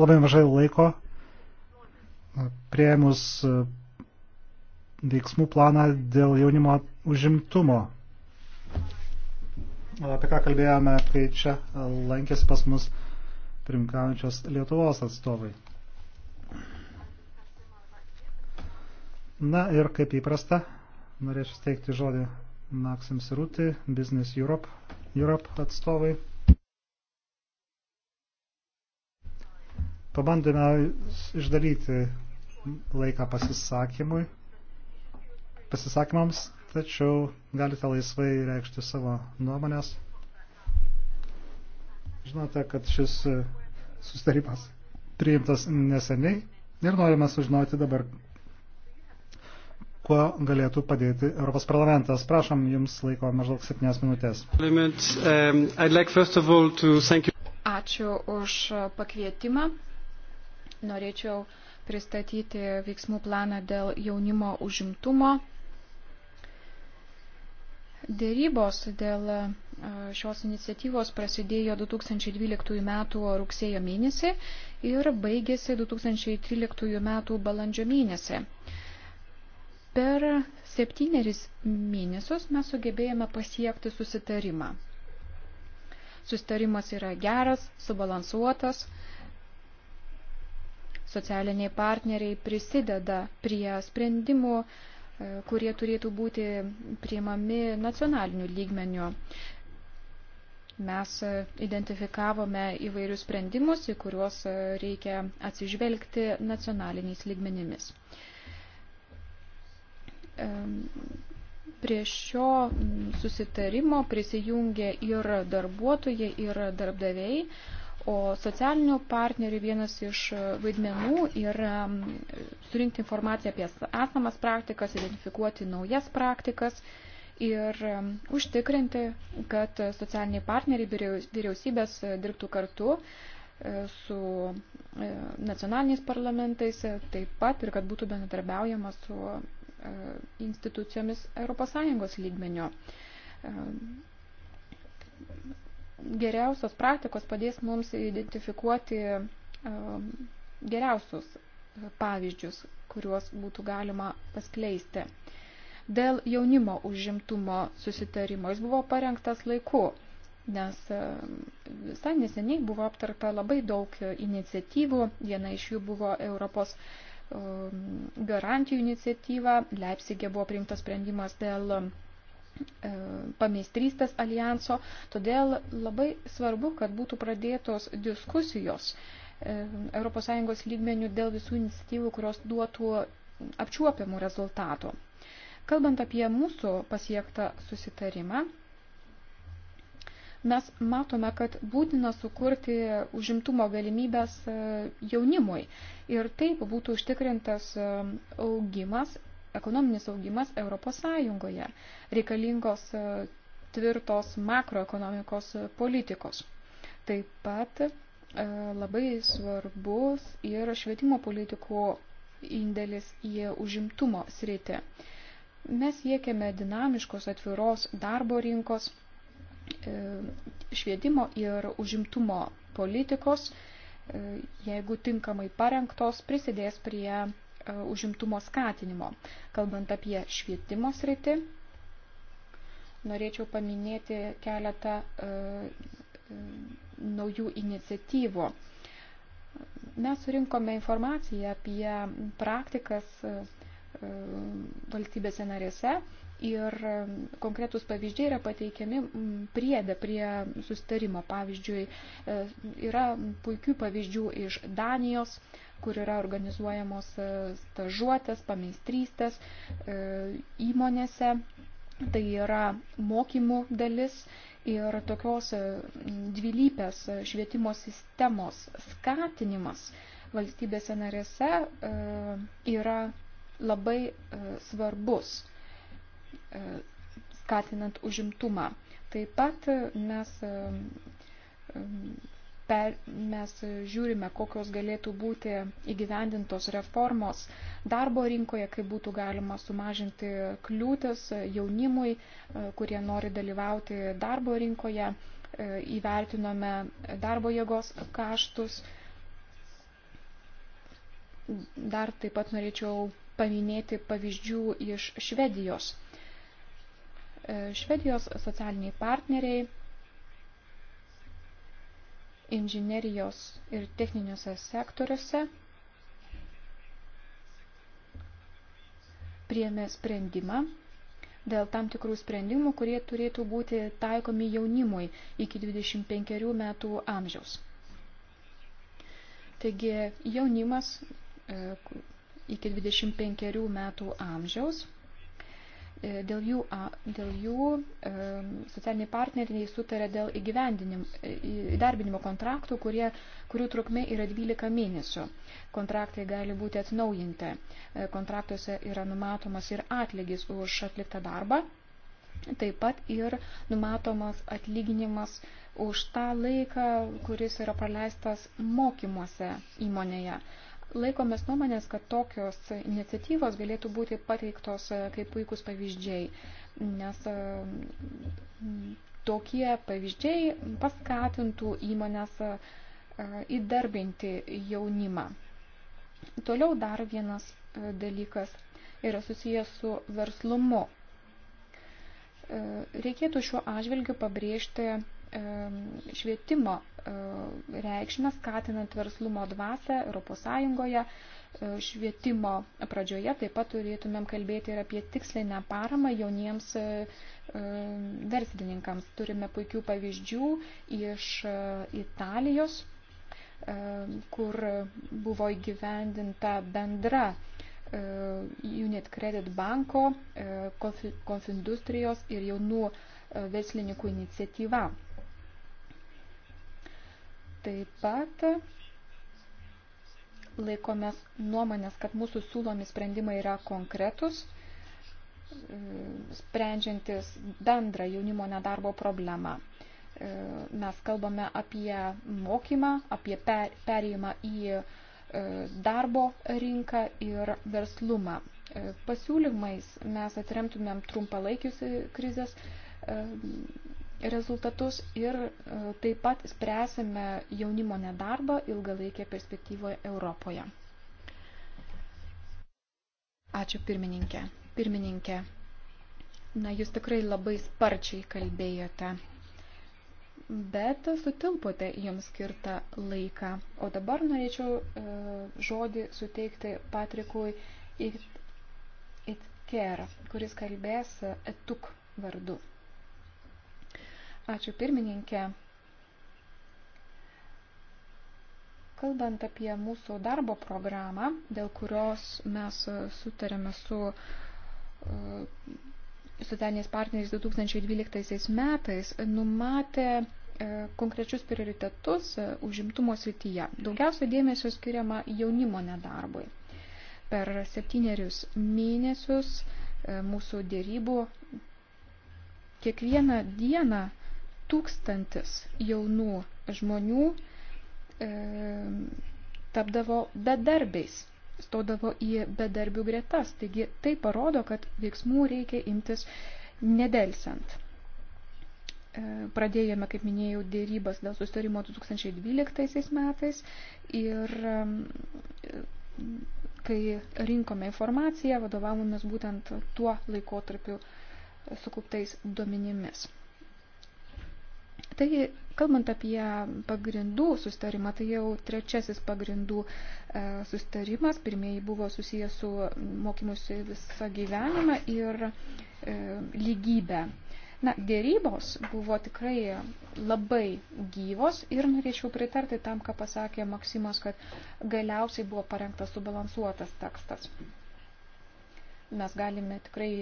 labai mažai laiko e, prieimus veiksmų planą dėl jaunimo užimtumo apie ką kalbėjome, kai čia lankėsi pas mus primkaujančios Lietuvos atstovai. Na ir kaip įprasta, norėčiau steigti žodį Maksim Sirutį, Business Europe, Europe atstovai. Pabandėme išdalyti laiką pasisakymui, pasisakymams tačiau galite laisvai reikšti savo nuomonės. Žinote, kad šis sustarimas priimtas neseniai ir norime sužinoti dabar, kuo galėtų padėti Europos parlamentas. Prašom, jums laiko maždaug 7 minutės. Um, Ačiū už pakvietimą. Norėčiau pristatyti veiksmų planą dėl jaunimo užimtumo. Dėrybos dėl e, šios iniciatyvos prasidėjo 2012 m. rugsėjo mėnesį ir baigėsi 2013 m. balandžio mėnesį. Per septyneris mėnesius mes sugebėjome pasiekti susitarimą. Susitarimas yra geras, subalansuotas, socialiniai partneriai prisideda prie sprendimų, E, kurie turėtų būti priimami nacionaliniu lygmeniu. Mes e, identifikavome įvairius sprendimus, į kuriuos e, reikia atsižvelgti nacionaliniais lygmenimis. Prie šio susitarimo prisijungė ir darbuotojai, ir darbdaviai, O socialinių partnerių vienas iš e, vaidmenų yra surinkti informaciją apie esamas praktikas, identifikuoti naujas praktikas ir užtikrinti, kad socialiniai partneriai vyriausybės e, dirbtų kartu e, su nacionaliniais parlamentais, taip pat ir kad būtų bendradarbiaujama su institucijomis ES lygmenio geriausios praktikos padės mums identifikuoti e, geriausius e, pavyzdžius, kuriuos būtų galima paskleisti. Dėl jaunimo užimtumo susitarimo jis buvo parengtas laiku, nes e, visai neseniai buvo aptarta labai daug iniciatyvų, viena iš jų buvo Europos garantijų iniciatyva, Leipzigė buvo priimtas sprendimas dėl E, pameistrystės alijanso. Todėl labai svarbu, kad būtų pradėtos diskusijos ES lygmenių dėl visų iniciatyvų, kurios duotų apčiuopiamų rezultatų. Kalbant apie mūsų pasiektą susitarimą, mes matome, kad būtina sukurti užimtumo galimybės e, jaunimui ir taip būtų užtikrintas e, augimas ekonominis augimas Europos Sąjungoje. Reikalingos e, tvirtos makroekonomikos e, politikos. Taip pat e, labai svarbus ir švietimo politikų indėlis į užimtumo sritį. Mes siekiame dinamiškos atviros darbo rinkos, švietimo ir užimtumo politikos, jeigu tinkamai parengtos, prisidės prie E, užimtumo skatinimo. Kalbant apie švietimo sritį, norėčiau paminėti keletą e, e, naujų iniciatyvų. Mes surinkome informaciją apie praktikas valstybėse narėse ir konkretus pavyzdžiai yra pateikiami priedę prie sustarimo. Pavyzdžiui, yra puikių pavyzdžių iš Danijos, kur yra organizuojamos e, stažuotės, pameistrystės e, įmonėse. Tai yra mokymų dalis ir tokios e, dvilypės švietimo sistemos skatinimas valstybėse narėse yra labai svarbus skatinant užimtumą. Taip pat mes per, mes žiūrime, kokios galėtų būti įgyvendintos reformos darbo rinkoje, kaip būtų galima sumažinti kliūtis jaunimui, e, kurie nori dalyvauti darbo rinkoje, e, įvertinome darbo jėgos kaštus. Dar taip pat norėčiau paminėti pavyzdžių iš Švedijos. E, Švedijos socialiniai partneriai inžinerijos ir techniniuose sektoriuose priėmė sprendimą dėl tam tikrų sprendimų, kurie turėtų būti taikomi jaunimui iki 25 metų amžiaus. Taigi jaunimas e, iki 25 metų amžiaus E, dėl jų, dėl jų e, socialiniai partneriai sutarė dėl e, įdarbinimo kontraktų, kurie, kurių trukmė yra 12 mėnesių. Kontraktai gali būti atnaujinti. Kontraktuose yra numatomas ir atlygis už atliktą darbą, taip pat ir numatomas atlyginimas už tą laiką, kuris yra praleistas mokymuose įmonėje. Laikomės nuomonės, kad tokios iniciatyvos galėtų būti pateiktos e, kaip puikus pavyzdžiai, nes e, tokie pavyzdžiai paskatintų įmonės e, įdarbinti jaunimą. Toliau dar vienas dalykas yra susijęs su verslumu. Reikėtų šiuo atžvilgiu pabrėžti švietimo e, reikšmę, skatinant verslumo dvasę Europos Sąjungoje. E, švietimo pradžioje taip pat turėtumėm kalbėti ir apie tikslinę paramą jauniems e, verslininkams. Turime puikių pavyzdžių iš Italijos, kur buvo įgyvendinta bendra Unit Credit banko, konfindustrijos ir jaunų verslininkų iniciatyva. Taip pat laikomės nuomonės, kad mūsų siūlomi sprendimai yra konkretus, sprendžiantis bendrą jaunimo nedarbo problemą. Mes kalbame apie mokymą, apie perėjimą į e, darbo rinką ir verslumą. E, pasiūlymais mes atremtumėm trumpalaikius krizės e, rezultatus ir e, taip pat spręsime jaunimo nedarbą ilgalaikėje perspektyvoje Europoje. Ačiū pirmininkė. Pirmininkė, na jūs tikrai labai sparčiai kalbėjote, bet sutilpote jums skirtą laiką. O dabar norėčiau e, žodį suteikti Patrikui Itker, it kuris kalbės etuk vardu. Ačiū pirmininkė. Kalbant apie mūsų darbo programą, dėl kurios mes sutarėme su e, socialiniais partneriais 2012 metais, numatė e, konkrečius prioritetus e, užimtumo srityje. Daugiausia dėmesio skiriama jaunimo nedarbui. Per septynerius mėnesius mūsų dėrybų kiekvieną dieną tūkstantis jaunų žmonių e, tapdavo bedarbiais, stodavo į bedarbių gretas. Taigi tai parodo, kad veiksmų reikia imtis nedelsiant. E, pradėjome, kaip minėjau, dėrybas dėl sustarimo 2012 metais ir e, kai rinkome informaciją, vadovavomės būtent tuo laikotarpiu sukauptais duomenimis. Tai kalbant apie pagrindų sustarimą, tai jau trečiasis pagrindų e, sustarimas, pirmieji buvo susijęs su mokymusi visą gyvenimą ir e, lygybę. Na, dėrybos buvo tikrai labai gyvos ir norėčiau pritarti tam, ką pasakė Maksimas, kad galiausiai buvo parengtas subalansuotas tekstas. Mes galime tikrai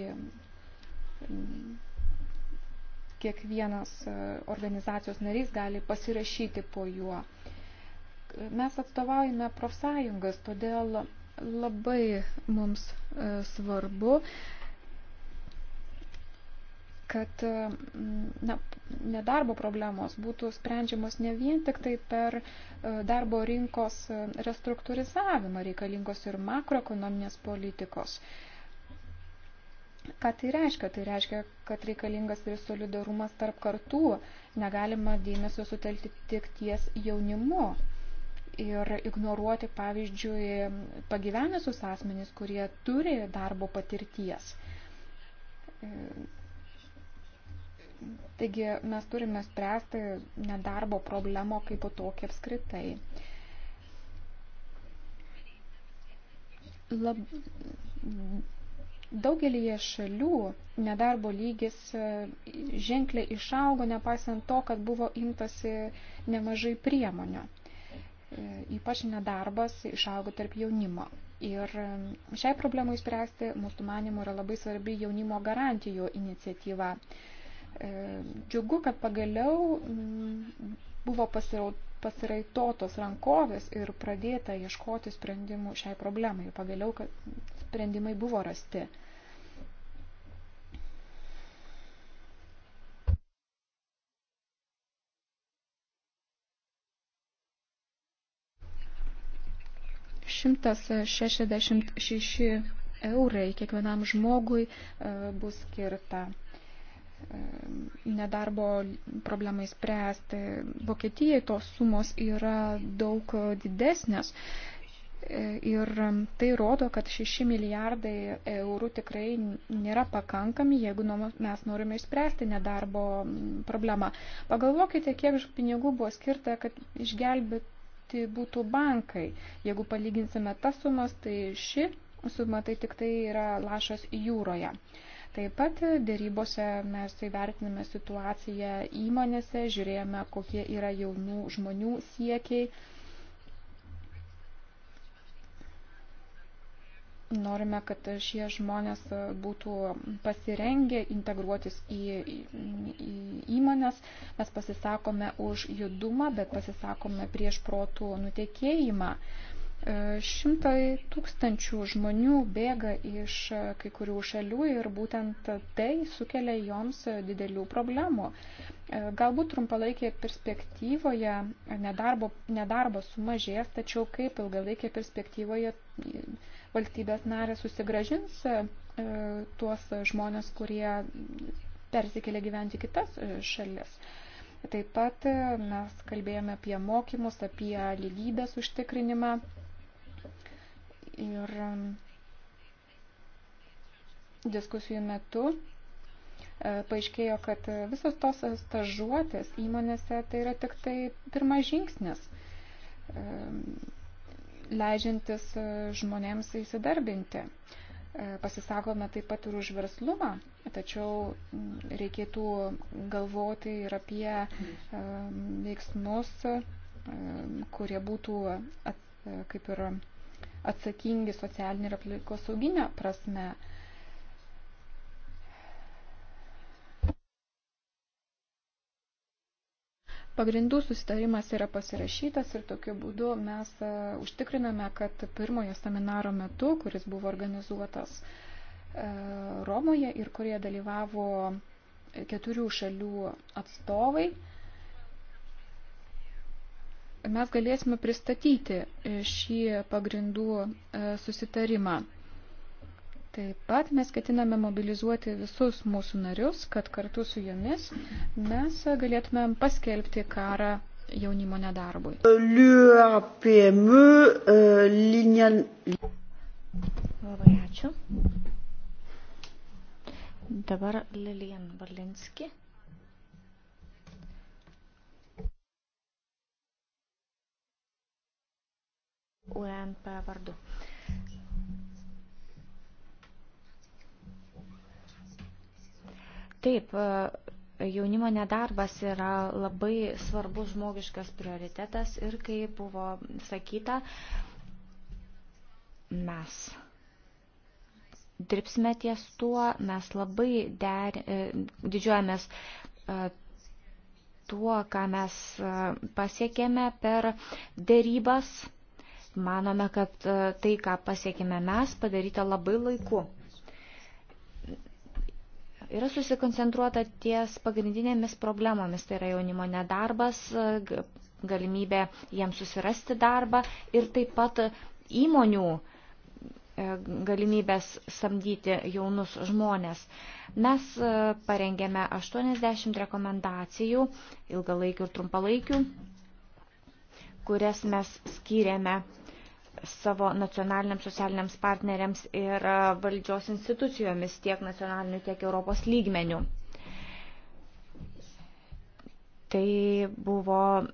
kiekvienas e, organizacijos narys gali pasirašyti po juo. Mes atstovaujame profsąjungas, todėl labai mums e, svarbu, kad e, na, nedarbo problemos būtų sprendžiamos ne vien tik tai per darbo rinkos restruktūrizavimą reikalingos ir makroekonominės politikos. Uh, Ką tai reiškia? Tai reiškia, kad reikalingas ir solidarumas tarp kartų. Negalima dėmesio sutelti tik ties jaunimu ir ignoruoti, pavyzdžiui, pagyvenusius asmenys, kurie turi darbo patirties. Taigi mes turime spręsti nedarbo problemo kaip po tokį apskritai. Lab, Daugelį šalių nedarbo lygis e, ženkliai išaugo, nepaisant to, kad buvo imtasi nemažai priemonių. E, ypač nedarbas išaugo tarp jaunimo. Ir e, šiai problemai spręsti mūsų manimų yra labai svarbi jaunimo garantijų iniciatyva. Džiugu, kad pagaliau buvo pasiraut, pasiraitotos rankovės ir pradėta ieškoti sprendimų šiai problemai. Pagaliau, kad sprendimai buvo rasti. Šimtas šešiasdešimt šeši eurai kiekvienam žmogui e, bus skirta nedarbo problemai spręsti. Vokietijai tos sumos yra daug didesnės. Ir tai rodo, kad 6 milijardai eurų tikrai nėra pakankami, jeigu mes norime išspręsti nedarbo problemą. Pagalvokite, kiek pinigų buvo skirta, kad išgelbėti būtų bankai. Jeigu palyginsime tas sumas, tai ši suma tai tik tai yra lašas jūroje. Uh, Taip pat dėrybose mes įvertiname situaciją įmonėse, žiūrėjome, kokie yra jaunų žmonių siekiai. Norime, kad šie žmonės būtų pasirengę integruotis į, į įmonės. Mes pasisakome už judumą, bet pasisakome prieš protų nutekėjimą. Uh, E, šimtai tūkstančių žmonių bėga iš e, kai kurių šalių ir būtent tai sukelia joms e, didelių problemų. Galbūt trumpalaikėje perspektyvoje nedarbo, nedarbo sumažės, tačiau kaip ilgalaikėje perspektyvoje valstybės narė susigražins tuos žmonės, kurie persikėlė gyventi kitas šalis. Taip pat mes kalbėjome apie mokymus, apie lygybės užtikrinimą Ir um, diskusijų metu e, paaiškėjo, kad visos tos stažuotės įmonėse tai yra tik tai pirmas žingsnis, e, leidžiantis e, žmonėms įsidarbinti. Pasisakome taip pat ir už verslumą, tačiau mm, reikėtų galvoti ir apie veiksmus, kurie būtų kaip ir atsakingi socialinė ir aplinkos sauginė prasme. Pagrindų susitarimas yra pasirašytas ir tokiu būdu mes e, užtikriname, kad pirmojo seminaro metu, kuris buvo organizuotas e, Romoje ir kurioje dalyvavo keturių šalių atstovai, mes galėsime pristatyti e, šį pagrindų e, susitarimą. Taip pat mes ketiname mobilizuoti visus mūsų narius, kad kartu su jomis mes galėtumėm paskelbti karą jaunimo nedarbui. E, Labai ačiū. Dabar Lilian Valinski. UNP vardu. Taip, e, jaunimo nedarbas yra labai svarbus žmogiškas prioritetas ir kaip buvo sakyta, mes dirbsime ties tuo, mes labai der, e, didžiuojamės e, tuo, ką mes pasiekėme per dėrybas manome, kad e, tai, ką pasiekime mes, padaryta labai laiku. Yra susikoncentruota ties pagrindinėmis problemomis, tai yra jaunimo nedarbas, e, galimybė jiems susirasti darbą ir taip pat įmonių e, galimybės samdyti jaunus žmonės. Mes parengėme 80 rekomendacijų, ilgalaikių ir trumpalaikių, kurias mes skiriame savo nacionaliniams socialiniams partneriams ir e, valdžios institucijomis tiek nacionaliniu, tiek Europos lygmeniu. Tai buvo e,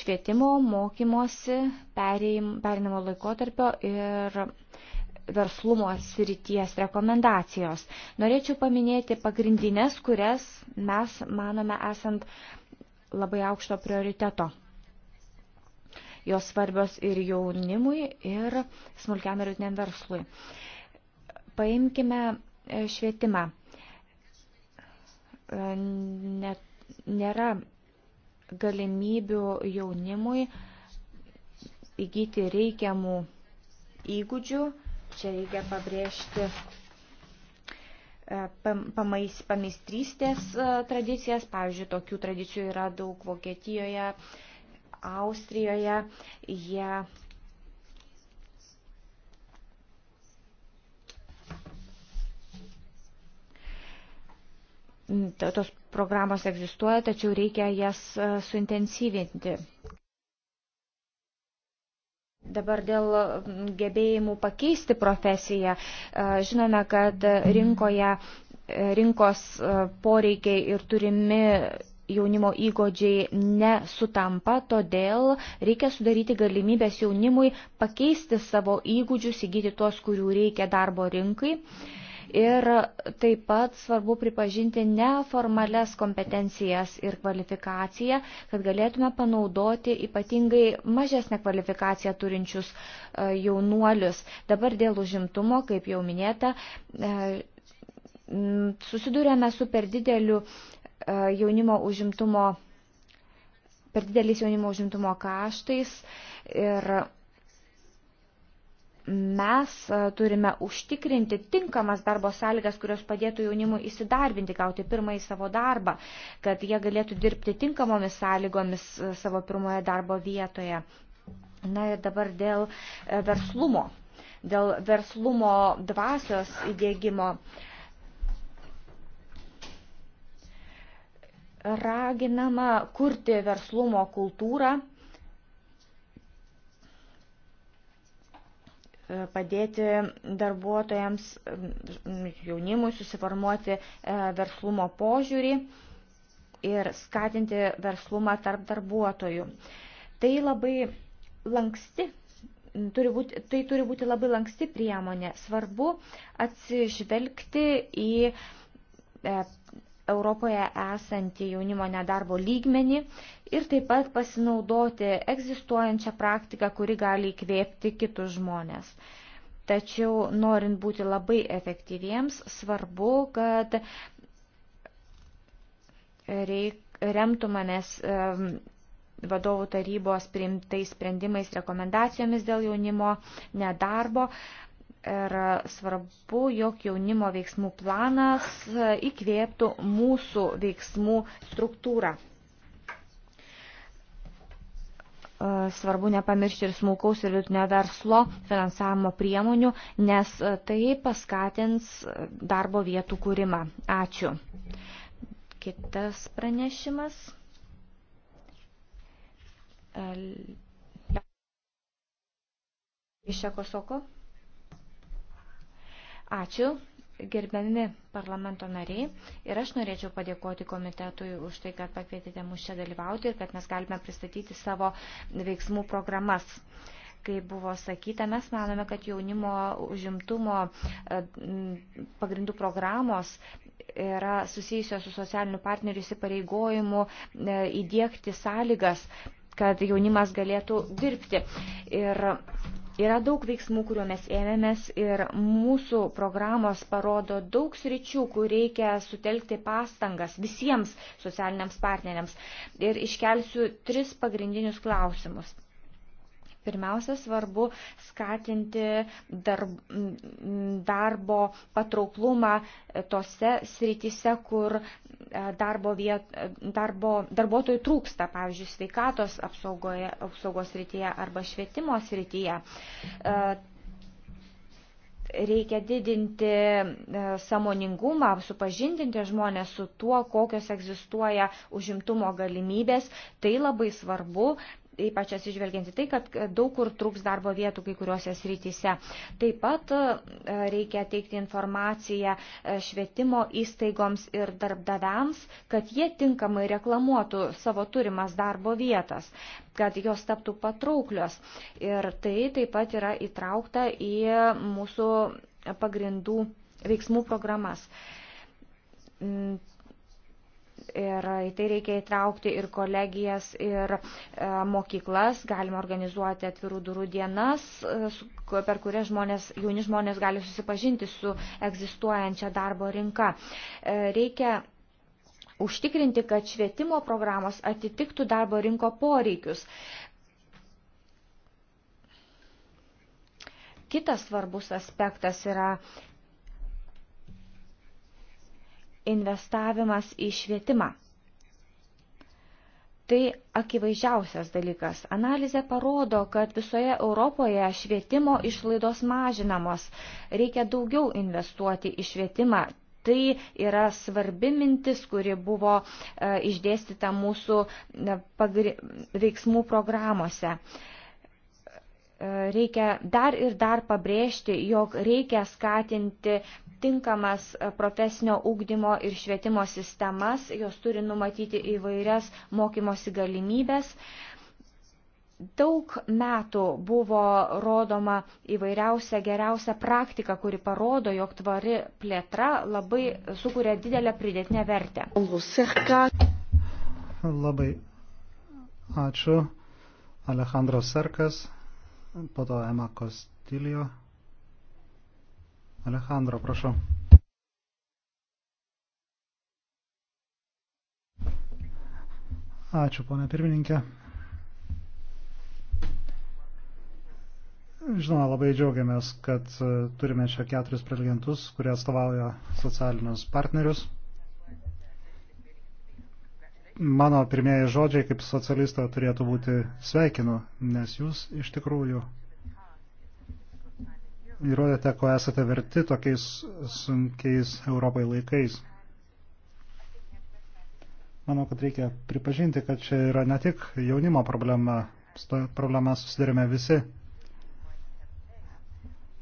švietimo, mokymosi, perinimo laikotarpio ir verslumo srities rekomendacijos. Norėčiau paminėti pagrindinės, kurias mes manome esant labai aukšto prioriteto jos svarbios ir jaunimui, ir smulkiam ir rytiniam verslui. Paimkime e, švietimą. E, Net nėra galimybių jaunimui įgyti reikiamų įgūdžių. Čia reikia pabrėžti e, pameistrystės tradicijas. Pavyzdžiui, tokių tradicijų yra daug Vokietijoje, Austrijoje jie tos programos egzistuoja, tačiau reikia jas e, suintensyvinti. Dabar dėl gebėjimų pakeisti profesiją. E, žinome, kad rinkoje, e, rinkos poreikiai ir turimi jaunimo įgūdžiai nesutampa, todėl reikia sudaryti galimybės jaunimui pakeisti savo įgūdžius, įgyti tuos, kurių reikia darbo rinkai. Ir taip pat svarbu pripažinti neformales kompetencijas ir kvalifikaciją, kad galėtume panaudoti ypatingai mažesnę kvalifikaciją turinčius e, jaunuolius. Dabar dėl užimtumo, kaip jau minėta, e, susidurėme su per dideliu E, jaunimo užimtumo, per didelis jaunimo užimtumo kaštais ir mes e, turime užtikrinti tinkamas darbo sąlygas, kurios padėtų jaunimui įsidarbinti, gauti pirmąjį savo darbą, kad jie galėtų dirbti tinkamomis sąlygomis e, savo pirmoje darbo vietoje. Na ir dabar dėl verslumo, dėl verslumo dvasios įdėgymo. Uh, raginama kurti verslumo kultūrą, e, padėti darbuotojams, jaunimui susiformuoti e, verslumo požiūrį ir skatinti verslumą tarp darbuotojų. Tai labai lanksti, turi būti, tai turi būti labai lanksti priemonė. Svarbu atsižvelgti į e, Europoje esantį jaunimo nedarbo lygmenį ir taip pat pasinaudoti egzistuojančią praktiką, kuri gali įkvėpti kitus žmonės. Tačiau norint būti labai efektyviems, svarbu, kad reik, remtumėmės vadovų tarybos priimtais sprendimais, rekomendacijomis dėl jaunimo nedarbo, Ir svarbu, jog jaunimo veiksmų planas e, įkvėptų mūsų veiksmų struktūrą. E, svarbu nepamiršti ir smulkaus ir vidutinio verslo finansavimo priemonių, nes e, tai paskatins darbo vietų kūrimą. Ačiū. Kitas pranešimas. Iš Ekosoko. Ačiū, gerbiami parlamento nariai. Ir aš norėčiau padėkoti komitetui už tai, kad pakvietėte mus čia dalyvauti ir kad mes galime pristatyti savo veiksmų programas kaip buvo sakyta, mes manome, kad jaunimo užimtumo e, pagrindų programos yra susijusios su socialiniu partneriu įsipareigojimu e, įdėkti sąlygas, kad jaunimas galėtų dirbti. Ir Yra daug veiksmų, kuriuo mes ėmėmės ir mūsų programos parodo daug sričių, kur reikia sutelkti pastangas visiems socialiniams partneriams. Ir iškelsiu tris pagrindinius klausimus. Pirmiausia, svarbu skatinti darb, darbo patrauklumą tose srityse, kur e, darbo, viet, darbo darbuotojų trūksta, pavyzdžiui, sveikatos apsaugoje, apsaugos srityje arba švietimo srityje. E, reikia didinti e, samoningumą, supažindinti žmonės su tuo, kokios egzistuoja užimtumo galimybės. Tai labai svarbu ypač atsižvelgiant į tai, kad daug kur trūks darbo vietų kai kuriuose srityse. Taip pat e, reikia teikti informaciją e, švietimo įstaigoms ir darbdaviams, kad jie tinkamai reklamuotų savo turimas darbo vietas, kad jos taptų patrauklios. Ir tai taip pat yra įtraukta į mūsų pagrindų veiksmų programas mm, ir į tai reikia įtraukti ir kolegijas, ir e, mokyklas, galima organizuoti atvirų durų dienas, e, per kurias žmonės, jauni žmonės gali susipažinti su egzistuojančia darbo rinka. E, reikia užtikrinti, kad švietimo programos atitiktų darbo rinko poreikius. Kitas svarbus aspektas yra uh, investavimas į švietimą. Tai akivaizdžiausias dalykas. Analizė parodo, kad visoje Europoje švietimo išlaidos mažinamos. Reikia daugiau investuoti į švietimą. Tai yra svarbi mintis, kuri buvo e, išdėstyta mūsų e, pagri, veiksmų programuose. E, reikia dar ir dar pabrėžti, jog reikia skatinti tinkamas e, profesinio ūkdymo ir švietimo sistemas, jos turi numatyti įvairias mokymosi galimybės. Daug metų buvo rodoma įvairiausia geriausia praktika, kuri parodo, jog tvari plėtra labai sukuria didelę pridėtinę vertę. Labai ačiū. Alejandro Serkas, po to Ema Kostilijo. Alejandro, prašau. Ačiū, ponė pirmininkė. Žinoma, labai džiaugiamės, kad e, turime čia keturis prelegentus, kurie atstovauja socialinius partnerius. Mano pirmieji žodžiai kaip socialisto turėtų būti sveikinu, nes jūs iš tikrųjų įrodėte, ko esate verti tokiais sunkiais Europai laikais. Manau, kad reikia pripažinti, kad čia yra ne tik jaunimo problema, problema susidarėme visi.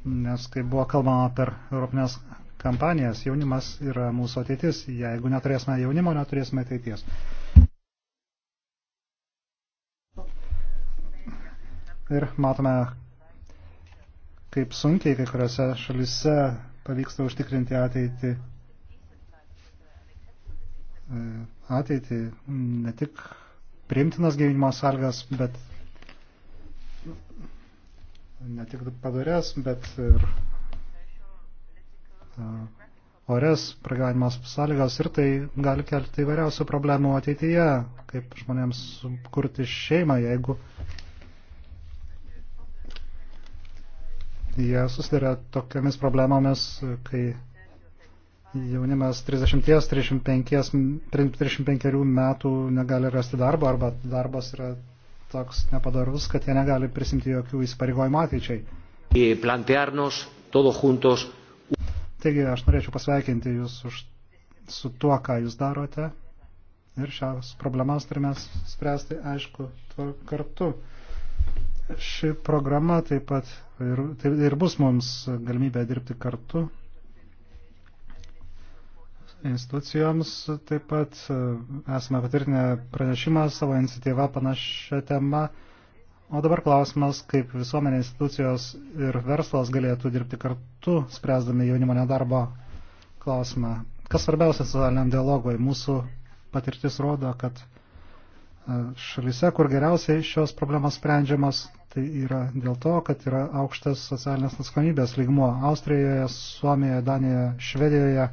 Nes kai buvo kalbama per Europinės kampanijas, jaunimas yra mūsų ateitis. Jeigu neturėsime jaunimo, neturėsime ateities. Ir matome, kaip sunkiai kai kuriuose šalise pavyksta užtikrinti ateitį e, ateitį, ne tik priimtinas gyvenimo sąlygas, bet ne tik padarės, bet ir e, ores pragyvenimas sąlygas ir tai gali kelti įvairiausių problemų ateityje, kaip žmonėms kurti šeimą, jeigu jie susiduria tokiamis problemomis, kai jaunimas 30-35 metų negali rasti darbo arba darbas yra toks nepadarus, kad jie negali prisimti jokių įsipareigojimų ateičiai. Taigi aš norėčiau pasveikinti Jūs už, su tuo, ką Jūs darote ir šias problemas turime spręsti, aišku, kartu. Ši programa taip pat ir, tai ir bus mums galimybė dirbti kartu institucijoms. Taip pat e, esame patvirtinę pranešimą savo iniciatyvą panašią temą. O dabar klausimas, kaip visuomenė institucijos ir verslas galėtų dirbti kartu, spręsdami jaunimo nedarbo klausimą. Kas svarbiausia socialiniam dialogui? Mūsų patirtis rodo, kad šalise, kur geriausiai šios problemos sprendžiamas, tai yra dėl to, kad yra aukštas socialinės atsakomybės lygmo Austrijoje, Suomijoje, Danijoje, Švedijoje.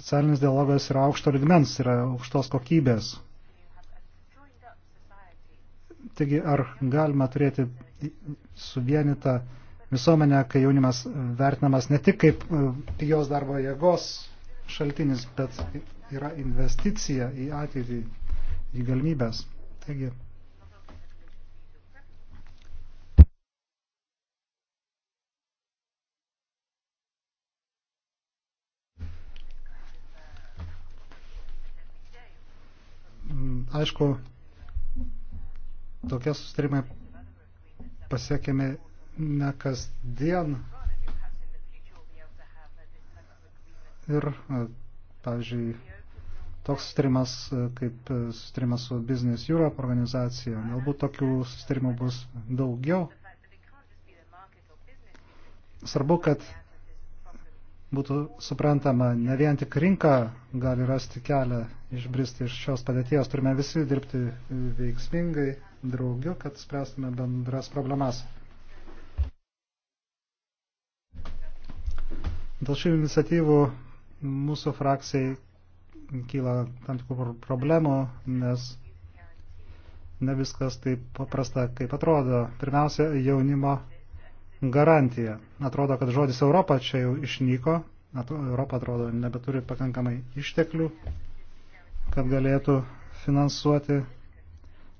Socialinis dialogas yra aukšto lygmens, yra aukštos kokybės. Taigi, ar galima turėti suvienytą visuomenę, kai jaunimas vertinamas ne tik kaip e, pigios darbo jėgos šaltinis, bet yra investicija į ateitį, į galimybės. Taigi, aišku, tokie sustarimai pasiekiami ne kasdien. Ir, pavyzdžiui, toks sustarimas e, kaip e, sustarimas su Business Europe organizacija. Galbūt tokių sustarimų bus daugiau. Svarbu, kad būtų suprantama, ne vien tik rinka gali rasti kelią išbristi iš šios padėties. Turime visi dirbti e, veiksmingai, draugiu, kad spręstume bendras problemas. Dėl šių iniciatyvų mūsų frakcijai kyla tam tikrų problemų, nes ne viskas taip paprasta, kaip atrodo. Pirmiausia, jaunimo garantija. Atrodo, kad žodis Europa čia jau išnyko. Europa atrodo nebeturi pakankamai išteklių, kad galėtų finansuoti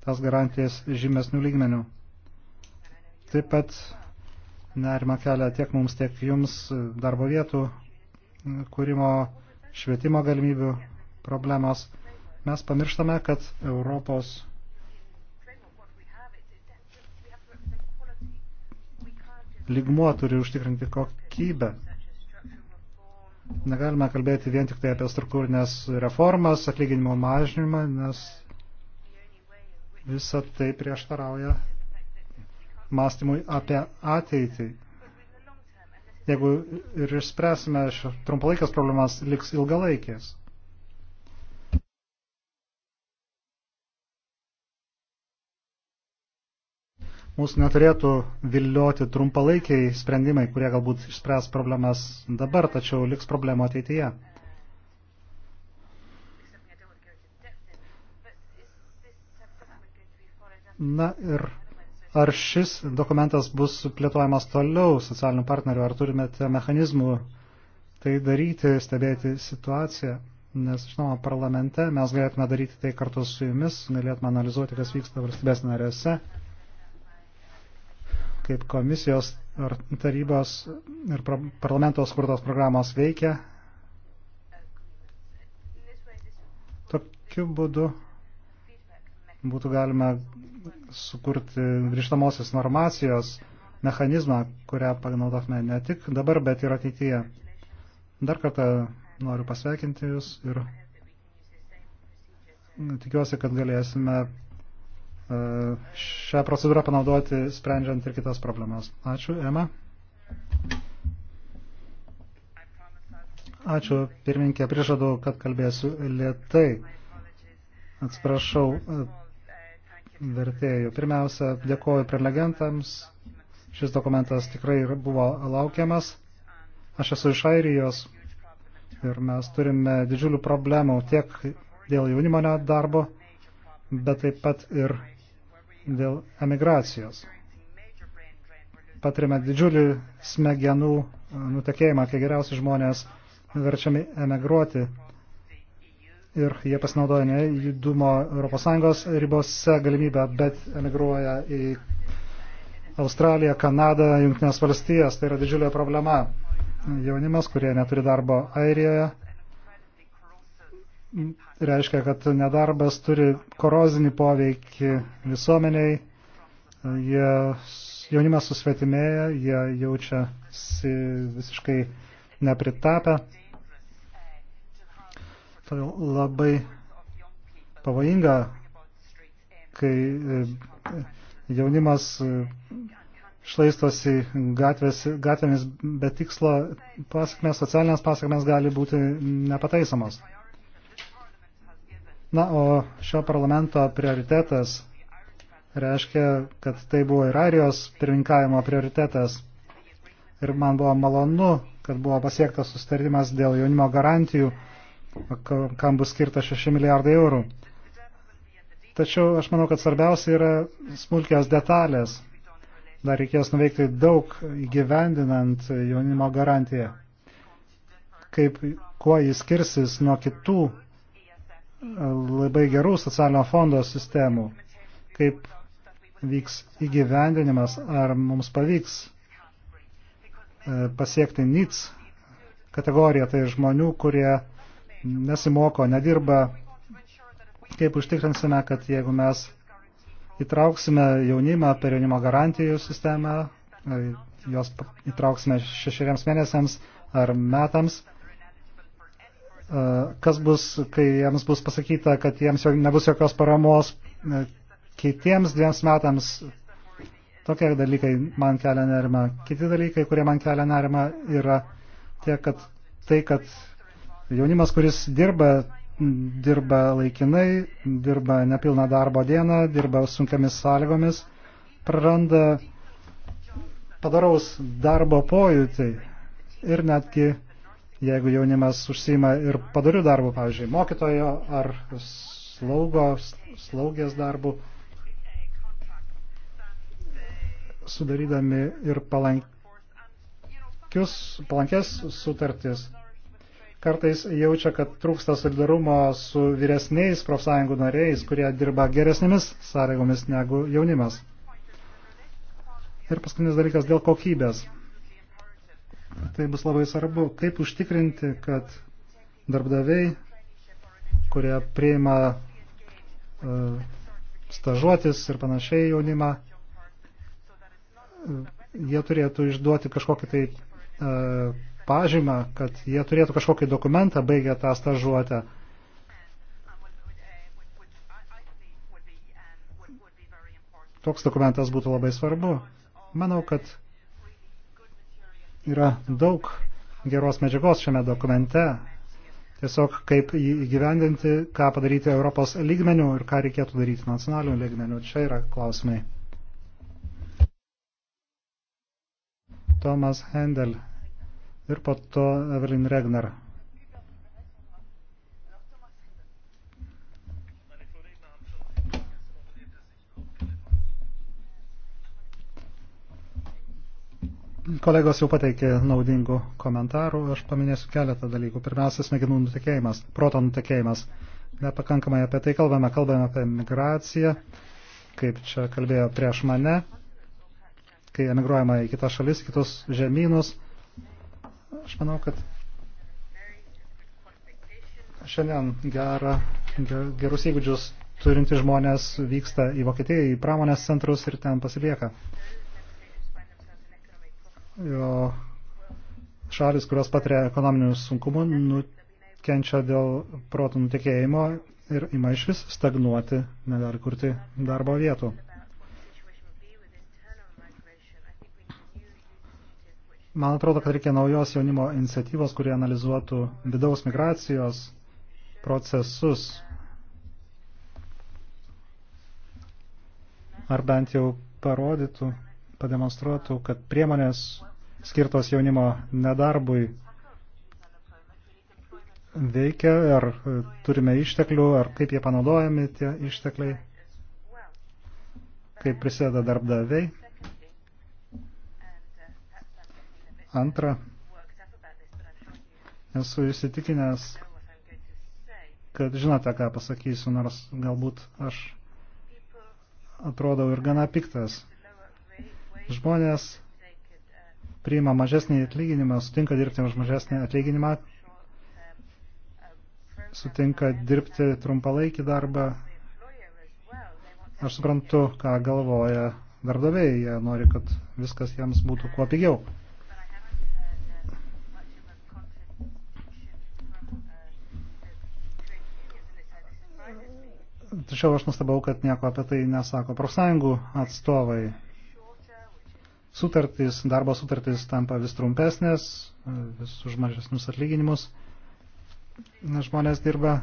tas garantijas žymesnių lygmenių. Taip pat nerima kelia tiek mums, tiek jums darbo vietų kūrimo, švietimo galimybių problemos, mes pamirštame, kad Europos lygmuo turi užtikrinti kokybę. Negalime kalbėti vien tik tai apie struktūrinės reformas, atlyginimo mažinimą, nes visa tai prieštarauja mąstymui apie ateitį. Jeigu ir išspręsime trumpalaikės problemas, liks ilgalaikės. mūsų neturėtų vilioti trumpalaikiai sprendimai, kurie galbūt išspręs problemas dabar, tačiau liks problemo ateityje. Na ir ar šis dokumentas bus plėtojamas toliau socialinių partnerių, ar turime mechanizmų tai daryti, stebėti situaciją, nes, žinoma, parlamente mes galėtume daryti tai kartu su jumis, galėtume analizuoti, kas vyksta valstybės narėse kaip komisijos ar tarybos ir parlamentos kurtos programos veikia. Tokiu būdu būtų galima sukurti grįžtamosios informacijos mechanizmą, kurią panaudotume ne tik dabar, bet ir ateityje. Dar kartą noriu pasveikinti Jūs ir tikiuosi, kad galėsime E, šią procedūrą panaudoti, sprendžiant ir kitas problemas. Ačiū, Ema. Ačiū, pirminkė, prižadau, kad kalbėsiu lietai. Atsiprašau e, vertėjų. Pirmiausia, dėkoju prelegentams. Šis dokumentas tikrai buvo laukiamas. Aš esu iš Airijos ir mes turime didžiulių problemų tiek dėl jaunimo nedarbo, bet taip pat ir dėl emigracijos. Patirime didžiulį smegenų e, nutekėjimą, kai geriausi žmonės verčiami emigruoti ir jie pasinaudoja ne judumo ES ribose galimybę, bet emigruoja į Australiją, Kanadą, Junktinės valstijas. Tai yra didžiulė problema. Jaunimas, kurie neturi darbo Airijoje, reiškia, kad nedarbas turi korozinį poveikį visuomeniai, jie, jaunimas susvetimėja, jie jaučiasi visiškai nepritapę. Todėl labai pavojinga, kai e, jaunimas e, šlaistosi gatvės, gatvėmis be tikslo, pasakmės, socialinės pasakmės gali būti nepataisomos. Na, o šio parlamento prioritetas reiškia, kad tai buvo ir Airijos pirminkavimo prioritetas. Ir man buvo malonu, kad buvo pasiektas sustarimas dėl jaunimo garantijų, kam bus skirta 6 milijardai eurų. Tačiau aš manau, kad svarbiausia yra smulkios detalės. Dar reikės nuveikti daug įgyvendinant jaunimo garantiją. Kaip, kuo jis skirsis nuo kitų labai gerų socialinio fondo sistemų, kaip vyks įgyvendinimas, ar mums pavyks e, pasiekti NITS kategoriją, tai žmonių, kurie nesimoko, nedirba, kaip užtikrinsime, kad jeigu mes įtrauksime jaunimą per jaunimo garantijų sistemą, e, jos įtrauksime šešeriams mėnesiams ar metams, kas bus, kai jiems bus pasakyta, kad jiems nebus jokios paramos e, kitiems dviems metams. Tokie dalykai man kelia nerima. Kiti dalykai, kurie man kelia nerima, yra tie, kad, tai, kad jaunimas, kuris dirba, dirba laikinai, dirba nepilną darbo dieną, dirba sunkiamis sąlygomis, praranda padaraus darbo pojūtį ir netgi jeigu jaunimas užsima ir padarių darbų, pavyzdžiui, mokytojo ar slaugo, slaugės darbų, sudarydami ir palankius, palankės sutartis. Kartais jaučia, kad trūksta solidarumo su vyresniais profsąjungų nariais, kurie dirba geresnėmis sąlygomis negu jaunimas. Ir paskutinis dalykas dėl kokybės tai bus labai svarbu, kaip užtikrinti, kad darbdaviai, kurie priima e, stažuotis ir panašiai jaunimą, e, jie turėtų išduoti kažkokį tai e, pažymą, kad jie turėtų kažkokį dokumentą baigę tą stažuotę. Toks dokumentas būtų labai svarbu. Manau, kad Yra daug geros medžiagos šiame dokumente. Tiesiog kaip įgyvendinti, ką padaryti Europos lygmenių ir ką reikėtų daryti nacionalinių lygmenių. Čia yra klausimai. Tomas Hendel ir po to Evelyn Regner. Kolegos jau pateikė naudingų komentarų, aš paminėsiu keletą dalykų. Pirmiausia, smegenų nutekėjimas, proto nutekėjimas. Nepakankamai apie tai kalbame, kalbame apie migraciją, kaip čia kalbėjo prieš mane, kai emigruojama į kitas šalis, į kitus žemynus. Aš manau, kad šiandien gerą, gerus įgūdžius turinti žmonės vyksta į Vokietiją, į pramonės centrus ir ten pasilieka jo šalis, kurios patiria ekonominių sunkumų, nukenčia dėl protų nutikėjimo ir ima iš vis stagnuoti, negali kurti darbo vietų. Man atrodo, kad reikia naujos jaunimo iniciatyvos, kurie analizuotų vidaus migracijos procesus. Ar bent jau parodytų, pademonstruotų, kad priemonės skirtos jaunimo nedarbui veikia, ar e, turime išteklių, ar kaip jie panaudojami tie ištekliai, kaip prisideda darbdaviai. Antra, esu įsitikinęs, kad žinote, ką pasakysiu, nors galbūt aš atrodau ir gana piktas. Žmonės priima mažesnį atlyginimą, sutinka dirbti už mažesnį atlyginimą, sutinka dirbti trumpalaikį darbą. Aš suprantu, ką galvoja darbdaviai, jie nori, kad viskas jiems būtų kuo pigiau. Tačiau aš nustebau, kad nieko apie tai nesako profsąjungų atstovai sutartys, darbo sutartys tampa vis trumpesnės, vis už mažesnius atlyginimus žmonės dirba.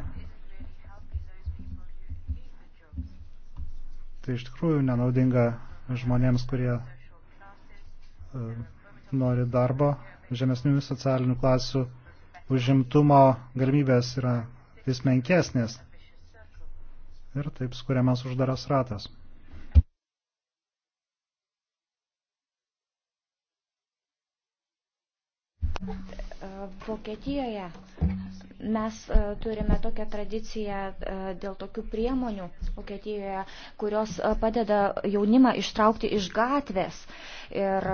Tai iš tikrųjų nenaudinga žmonėms, kurie e, nori darbo, žemesnių socialinių klasių užimtumo galimybės yra vis menkesnės. Ir taip skuriamas uždaras ratas. Vokietijoje mes e, turime tokią tradiciją e, dėl tokių priemonių Vokietijoje, kurios e, padeda jaunimą ištraukti iš gatvės. Ir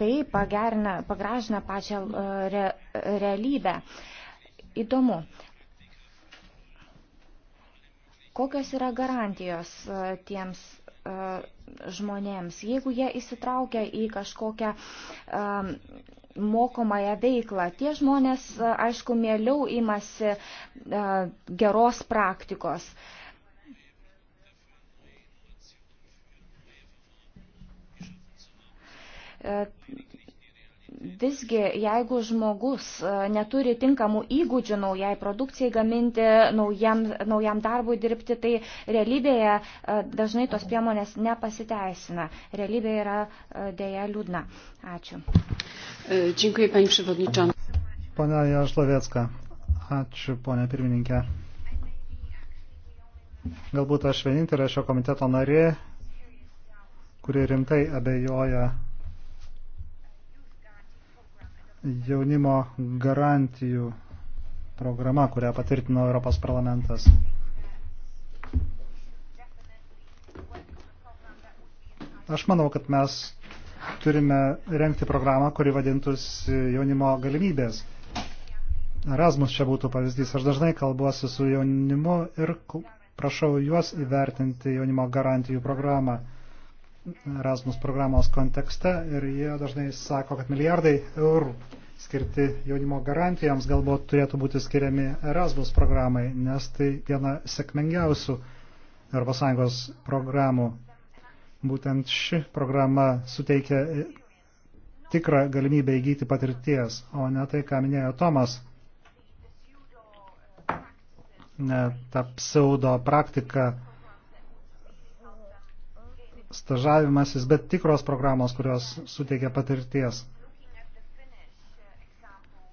tai pagerina, pagražina pačią re, realybę. Įdomu, kokios yra garantijos tiems E, žmonėms. Jeigu jie įsitraukia į kažkokią e, mokomąją veiklą, tie žmonės, e, aišku, mieliau imasi geros praktikos. Visgi, jeigu žmogus e, neturi tinkamų įgūdžių naujai produkcijai gaminti, naujam, naujam darbui dirbti, tai realybėje e, dažnai tos priemonės nepasiteisina. Realybė yra e, dėja liūdna. Ačiū. Dziękuję, pani przewodnicząca. Pana Jašlovecka. Ačiū, ponia pirmininkė. Galbūt aš vienintelė šio komiteto narė, kuri rimtai abejoja jaunimo garantijų programa, kurią patvirtino Europos parlamentas. Aš manau, kad mes turime renkti programą, kuri vadintųsi jaunimo galimybės. Erasmus čia būtų pavyzdys. Aš dažnai kalbuosi su jaunimu ir prašau juos įvertinti jaunimo garantijų programą. Erasmus programos kontekste ir jie dažnai sako, kad milijardai eurų skirti jaunimo garantijoms galbūt turėtų būti skiriami Erasmus programai, nes tai viena sėkmingiausių ES programų. Būtent ši programa suteikia tikrą galimybę įgyti patirties, o ne tai, ką minėjo Tomas, ne ta pseudo praktika stažavimasis, bet tikros programos, kurios suteikia patirties.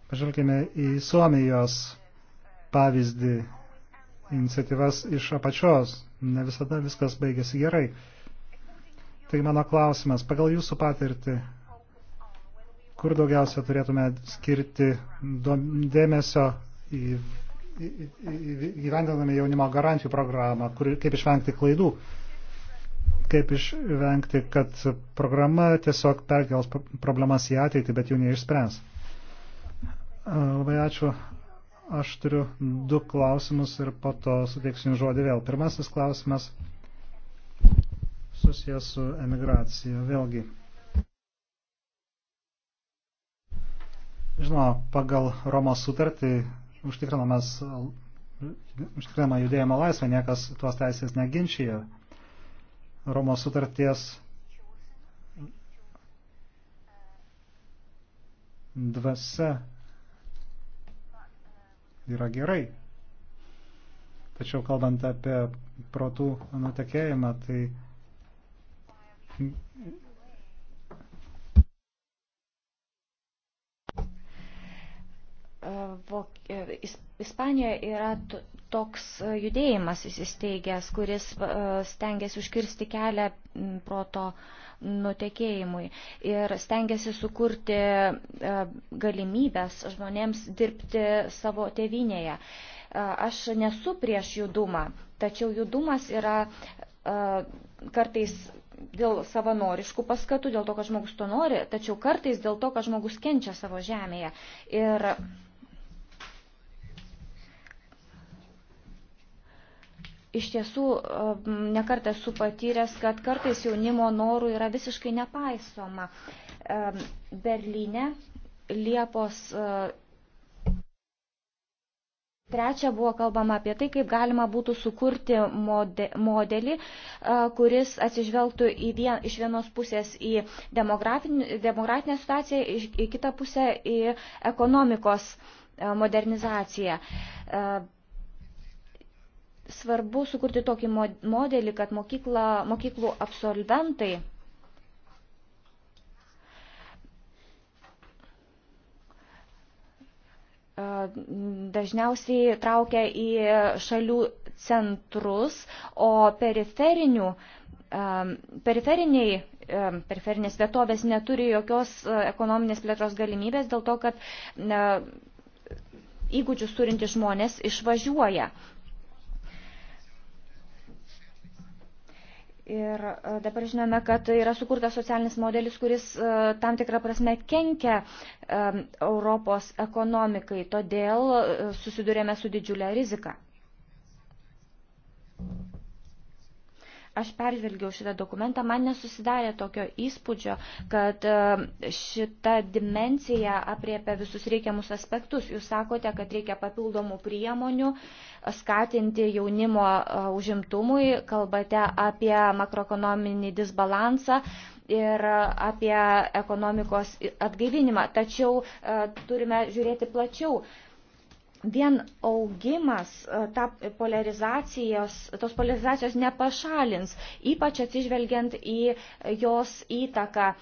Pažvelkime į Suomijos pavyzdį, iniciatyvas iš apačios. Ne visada viskas baigėsi gerai. Tai mano klausimas, pagal jūsų patirtį, kur daugiausia turėtume skirti dėmesio į gyvendinami jaunimo garantijų programą, kur, kaip išvengti klaidų kaip išvengti, kad programa tiesiog perkels problemas į ateitį, bet jų neišspręs. Labai ačiū. Aš turiu du klausimus ir po to suteiksiu žodį vėl. Pirmasis klausimas susijęs su emigracija. Vėlgi. Žinoma, pagal Romos sutartį užtikrinamas užtikrinama judėjimo laisvė, niekas tuos teisės neginčia. Romos sutarties dvasia yra gerai. Tačiau kalbant apie protų nutekėjimą, tai Ispanijoje yra toks e, judėjimas įsisteigęs, kuris e, stengiasi užkirsti kelią proto nutekėjimui ir stengiasi sukurti e, galimybės žmonėms dirbti savo tevinėje. Aš nesu prieš judumą, tačiau judumas yra kartais dėl savanoriškų paskatų, dėl to, kad žmogus to nori, tačiau kartais dėl to, kad žmogus kenčia savo žemėje. Ir iš tiesų e, nekartą esu patyręs, kad kartais jaunimo norų yra visiškai nepaisoma. E, Berlyne Liepos e, Trečia buvo kalbama apie tai, kaip galima būtų sukurti modelį, kuris atsižvelgtų į vien, iš vienos pusės į demografinę situaciją, į kitą pusę į ekonomikos modernizaciją. Svarbu sukurti tokį modelį, kad mokykla, mokyklų absolventai dažniausiai traukia į šalių centrus, o periferinių, periferiniai, periferinės vietovės neturi jokios ekonominės plėtros galimybės dėl to, kad įgūdžius turinti žmonės išvažiuoja. Ir e, dabar žinome, kad yra sukurtas socialinis modelis, kuris e, tam tikrą prasme kenkia e, Europos ekonomikai. Todėl susidurėme su didžiulė rizika aš peržvelgiau šitą dokumentą, man nesusidarė tokio įspūdžio, kad e, šita dimencija apriepia visus reikiamus aspektus. Jūs sakote, kad reikia papildomų priemonių e, skatinti jaunimo e, užimtumui, kalbate apie makroekonominį disbalansą ir apie ekonomikos atgaivinimą. Tačiau turime žiūrėti plačiau vien augimas e, ta polarizacijos, tos polarizacijos nepašalins, ypač atsižvelgiant į jos įtaką e,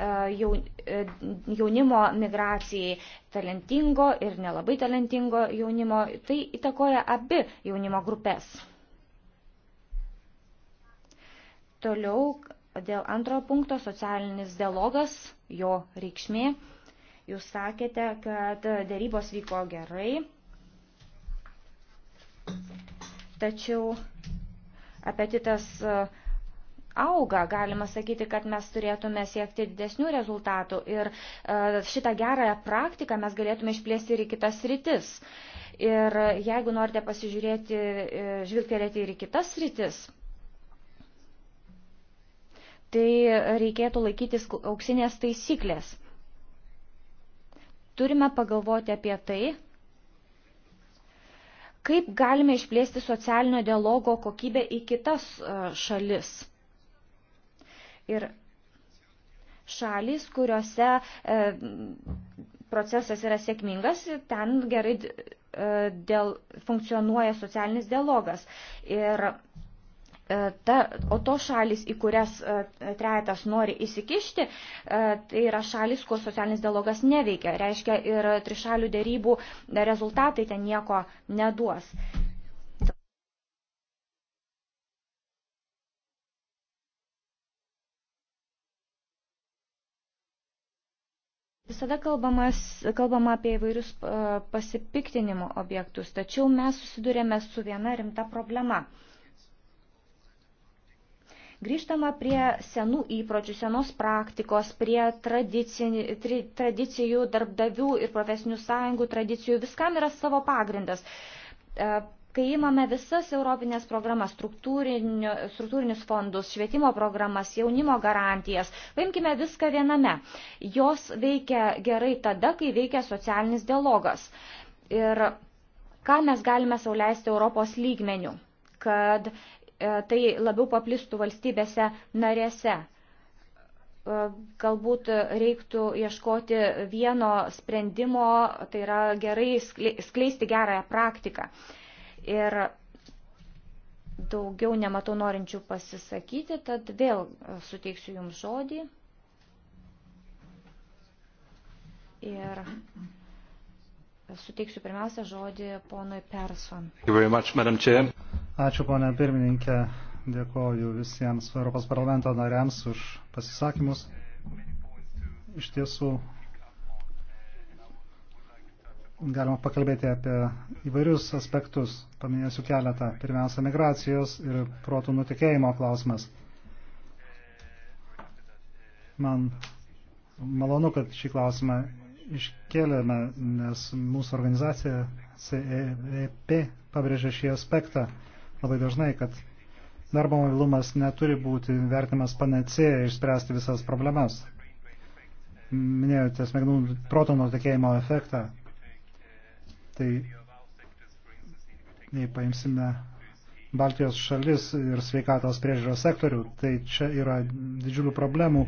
e, jaunimo migracijai, talentingo ir nelabai talentingo jaunimo, tai įtakoja abi jaunimo grupės. Toliau dėl antrojo punkto socialinis dialogas, jo reikšmė. Jūs sakėte, kad dėrybos vyko gerai, tačiau apetitas e, auga, galima sakyti, kad mes turėtume siekti didesnių rezultatų ir e, šitą gerąją praktiką mes galėtume išplėsti ir į kitas rytis. Ir jeigu norite pasižiūrėti, e, žvilgterėti ir į kitas rytis, tai reikėtų laikytis auksinės taisyklės. Turime pagalvoti apie tai, Kaip galime išplėsti socialinio dialogo kokybę į kitas e, šalis? Ir šalis, kuriuose e, procesas yra sėkmingas, ten gerai e, dėl, funkcionuoja socialinis dialogas. Ir E, ta, o to šalis, į kurias e, trejetas nori įsikišti, e, tai yra šalis, kur socialinis dialogas neveikia. Reiškia, ir trišalių dėrybų rezultatai ten nieko neduos. Visada kalbamas, kalbama apie įvairius pasipiktinimo objektus, tačiau mes susidurėme su viena rimta problema. Grįžtama prie senų įpročių, senos praktikos, prie tradicijų, darbdavių ir profesinių sąjungų tradicijų. Viskam yra savo pagrindas e, kai įmame visas europinės programas, struktūrinius fondus, švietimo programas, jaunimo garantijas, paimkime viską viename. Jos veikia gerai tada, kai veikia socialinis dialogas. Ir ką mes galime sauliaisti Europos lygmenių? kad E, tai labiau paplistų valstybėse narėse. E, galbūt reiktų ieškoti vieno sprendimo, tai yra gerai skleisti gerąją praktiką. Ir daugiau nematau norinčių pasisakyti, tad vėl suteiksiu Jums žodį. Ir suteiksiu pirmiausia žodį ponui Person. Much, Ačiū, ponė pirmininkė. Dėkoju visiems Europos parlamento nariams už pasisakymus. Iš tiesų, galima pakalbėti apie įvairius aspektus. Paminėsiu keletą. Pirmiausia, migracijos ir protų nutikėjimo klausimas. Man malonu, kad šį klausimą iškėlėme, nes mūsų organizacija CEP pabrėžė šį aspektą labai dažnai, kad darbo mobilumas neturi būti vertimas panacėja išspręsti visas problemas. Minėjote smegenų proto nutekėjimo efektą. Tai jei paimsime Baltijos šalis ir sveikatos priežiūros sektorių, tai čia yra didžiulių problemų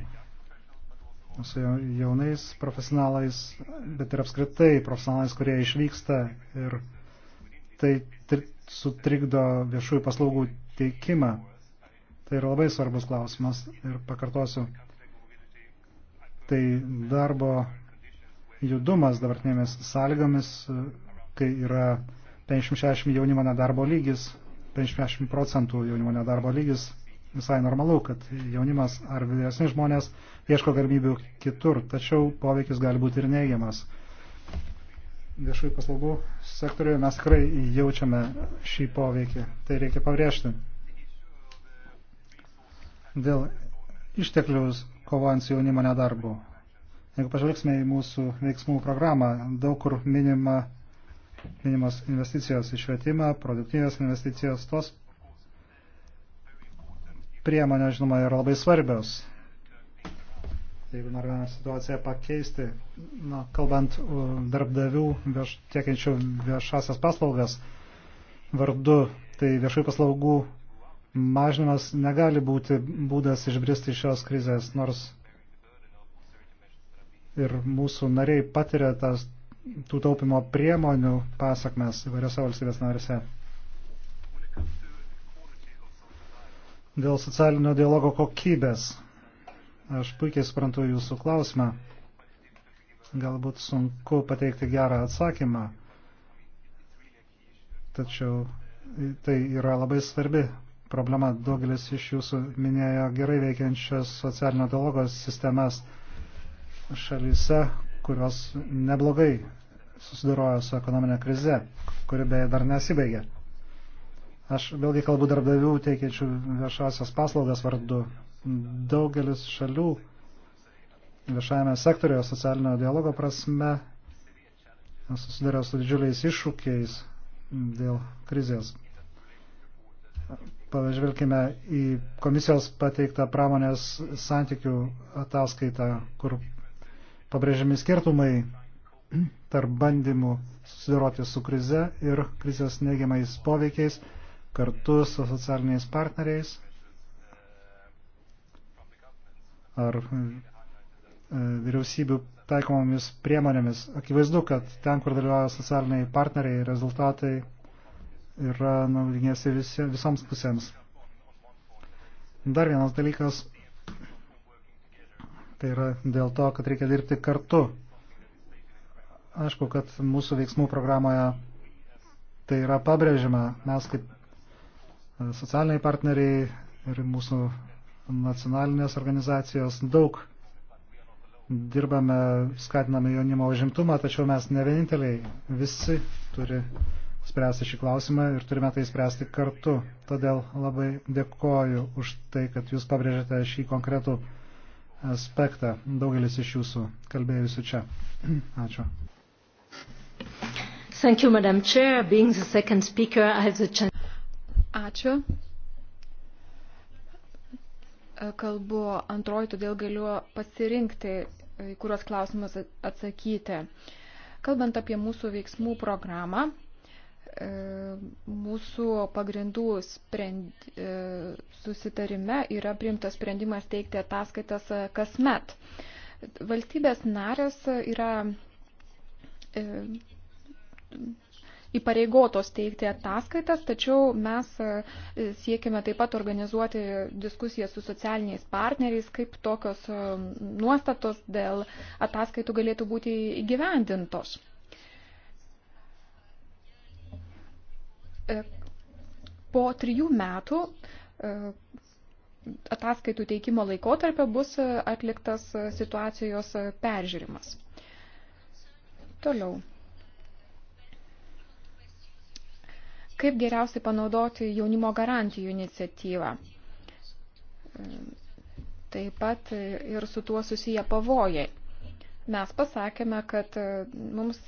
su jaunais profesionalais, bet ir apskritai profesionalais, kurie išvyksta ir tai sutrikdo viešųjų paslaugų teikimą. Tai yra labai svarbus klausimas ir pakartosiu. Tai darbo judumas dabartinėmis sąlygomis, kai yra 50-60 jaunimo nedarbo lygis, 50 procentų jaunimo nedarbo lygis, visai normalu, kad jaunimas ar vyresni žmonės ieško galimybių kitur, tačiau poveikis gali būti ir neigiamas viešųjų paslaugų sektoriuje mes tikrai jaučiame šį poveikį. Tai reikia pabrėžti. Dėl išteklius kovojant su jaunimo nedarbu. Jeigu pažvelgsime į mūsų veiksmų programą, daug kur minima, minimas investicijos į švietimą, produktyvės investicijos, tos priemonės, žinoma, yra labai svarbios Tai jeigu norime situaciją pakeisti, na, kalbant darbdavių vieš, tiekiančių viešasias paslaugas vardu, tai viešųjų paslaugų mažinimas negali būti būdas išbristi iš šios krizės, nors ir mūsų nariai patiria tas tų taupimo priemonių pasakmes įvairiose valstybės narėse. Dėl socialinio dialogo kokybės Aš puikiai suprantu jūsų klausimą. Galbūt sunku pateikti gerą atsakymą, tačiau tai yra labai svarbi problema. Daugelis iš jūsų minėjo gerai veikiančias socialinio dialogo sistemas šalyse, kurios neblogai susidarojo su ekonominė krize, kuri beje dar nesibaigė. Aš vėlgi kalbu darbdavių teikiančių viešasias paslaugas vardu daugelis šalių viešajame sektorioje socialinio dialogo prasme susiduria su didžiuliais iššūkiais dėl krizės. Pažvelkime į komisijos pateiktą pramonės santykių ataskaitą, kur pabrėžiami skirtumai tarp bandymų susidoroti su krize ir krizės neigiamais poveikiais kartu su socialiniais partneriais ar e, vyriausybių taikomomis priemonėmis. Akivaizdu, kad ten, kur dalyvauja socialiniai partneriai, rezultatai yra naudingiesi visoms pusėms. Dar vienas dalykas, tai yra dėl to, kad reikia dirbti kartu. Aišku, kad mūsų veiksmų programoje tai yra pabrėžima. Mes kaip e, socialiniai partneriai ir mūsų nacionalinės organizacijos daug dirbame, skatiname jaunimo užimtumą, tačiau mes ne vieninteliai, visi turi spręsti šį klausimą ir turime tai spręsti kartu. Todėl labai dėkoju už tai, kad jūs pabrėžėte šį konkretų aspektą, daugelis iš jūsų kalbėjusių čia. Ačiū. Thank you, Madam Chair. Being the second speaker, I have the chance. Ačiū kalbu antroji, todėl galiu pasirinkti, į kuriuos klausimus atsakyti. Kalbant apie mūsų veiksmų programą, e, mūsų pagrindų sprend, e, susitarime yra priimtas sprendimas teikti ataskaitas kasmet. Valstybės narės yra e, įpareigotos teikti ataskaitas, tačiau mes e, siekime taip pat organizuoti diskusiją su socialiniais partneriais, kaip tokios e, nuostatos dėl ataskaitų galėtų būti įgyvendintos. E, po trijų metų ataskaitų teikimo laikotarpio bus atliktas situacijos peržiūrimas. Toliau. kaip geriausiai panaudoti jaunimo garantijų iniciatyvą. Taip pat ir su tuo susiję pavojai. Mes pasakėme, kad mums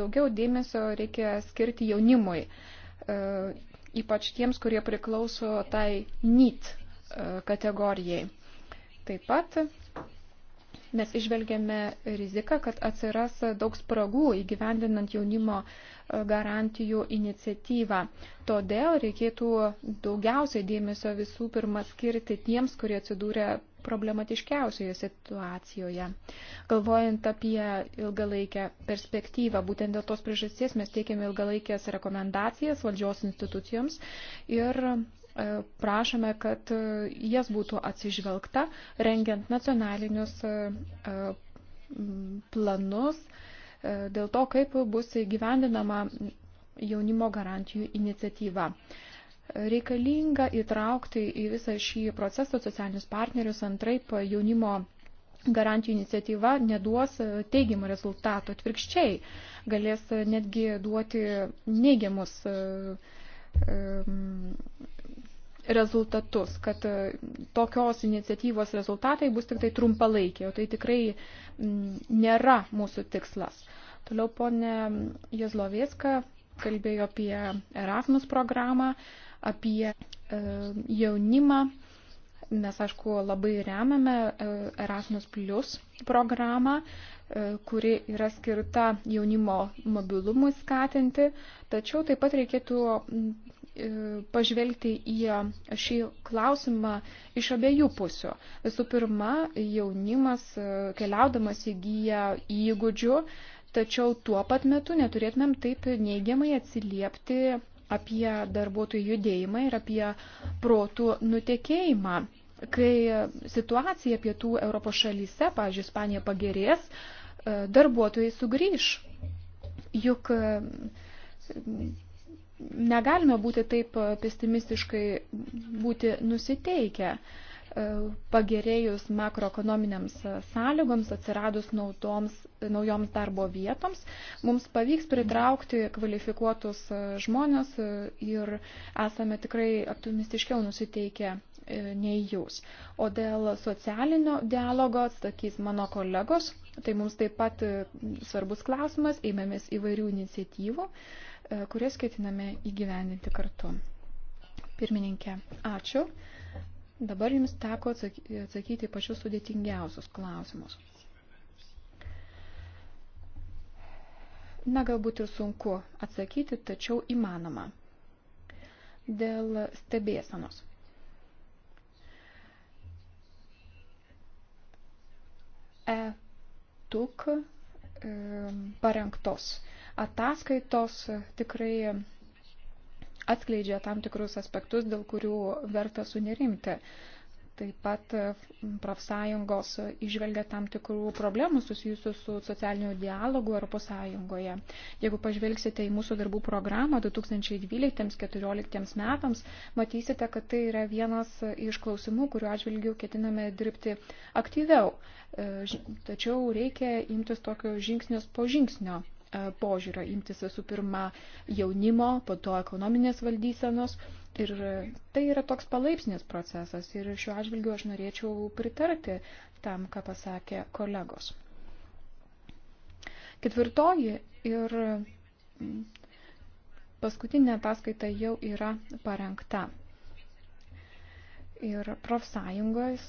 daugiau dėmesio reikia skirti jaunimui, ypač tiems, kurie priklauso tai NEET kategorijai. Taip pat mes išvelgėme riziką, kad atsiras daug spragų įgyvendinant jaunimo e, garantijų iniciatyvą. Todėl reikėtų daugiausiai dėmesio visų pirma skirti tiems, kurie atsidūrė problematiškiausioje situacijoje. Galvojant apie ilgalaikę perspektyvą, būtent dėl tos priežasties mes teikiame ilgalaikės rekomendacijas valdžios institucijoms ir E, prašome, kad e, jas būtų atsižvelgta, rengiant nacionalinius e, planus dėl to, kaip bus įgyvendinama jaunimo garantijų iniciatyva. Reikalinga įtraukti į visą šį procesą socialinius partnerius, antraip jaunimo garantijų iniciatyva neduos teigiamų rezultatų, atvirkščiai galės netgi duoti neigiamus rezultatus, kad e, tokios iniciatyvos rezultatai bus tik tai trumpalaikiai, o tai tikrai nėra mūsų tikslas. Toliau ponė Jezlovėska kalbėjo apie Erasmus programą, apie e, jaunimą. Mes, aišku, labai remiame e, Erasmus Plus programą, e, kuri yra skirta jaunimo mobilumui skatinti, tačiau taip pat reikėtų E, pažvelgti į šį klausimą iš abiejų pusių. Visų pirma, jaunimas e, keliaudamas įgyja įgūdžių, tačiau tuo pat metu neturėtumėm taip neigiamai atsiliepti apie darbuotojų judėjimą ir apie protų nutekėjimą. Kai situacija pietų Europos šalyse, pavyzdžiui, Ispanija pagerės, e, darbuotojai sugrįž. Juk negalime būti taip e, pesimistiškai būti nusiteikę. E, pagerėjus makroekonominiams e, sąlygoms, atsiradus naudoms, naujoms darbo vietoms, mums pavyks pritraukti kvalifikuotus žmonės ir esame tikrai optimistiškiau nusiteikę nei jūs. O dėl socialinio dialogo atsakys mano kolegos, tai mums taip pat svarbus klausimas, ėmėmės įvairių iniciatyvų. Uh, E, kurias ketiname įgyvendinti kartu. Pirmininkė, ačiū. Dabar jums teko atsakyti pačius sudėtingiausius klausimus. Na, galbūt ir sunku atsakyti, tačiau įmanoma. Dėl stebėsanos. E tuk parengtos ataskaitos tikrai atskleidžia tam tikrus aspektus, dėl kurių verta sunerimti. Taip pat mm, profsąjungos išvelgia tam tikrų problemų susijusių su socialiniu dialogu Europos Sąjungoje. Jeigu pažvelgsite į mūsų darbų programą 2012-2014 metams, matysite, kad tai yra vienas iš klausimų, kuriuo atžvilgiu ketiname dirbti aktyviau. E, tačiau reikia imtis tokius žingsnius po žingsnio. E, požiūrio, imtis visų pirma jaunimo, po to ekonominės valdysenos. Ir tai yra toks palaipsnis procesas ir šiuo atžvilgiu aš norėčiau pritarti tam, ką pasakė kolegos. Ketvirtoji ir paskutinė ataskaita jau yra parengta. Ir profsąjungos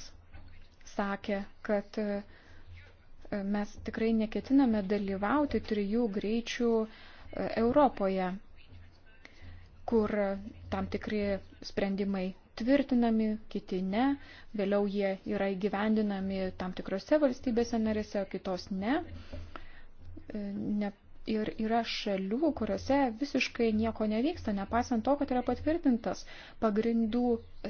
sakė, kad uh, Mes tikrai neketiname dalyvauti trijų greičių e, Europoje, kur tam tikri sprendimai tvirtinami, kiti ne, vėliau jie yra įgyvendinami tam tikrose valstybėse narėse, o kitos ne. E, ne Ir yra šalių, kuriuose visiškai nieko nevyksta, nepaisant to, kad yra patvirtintas pagrindų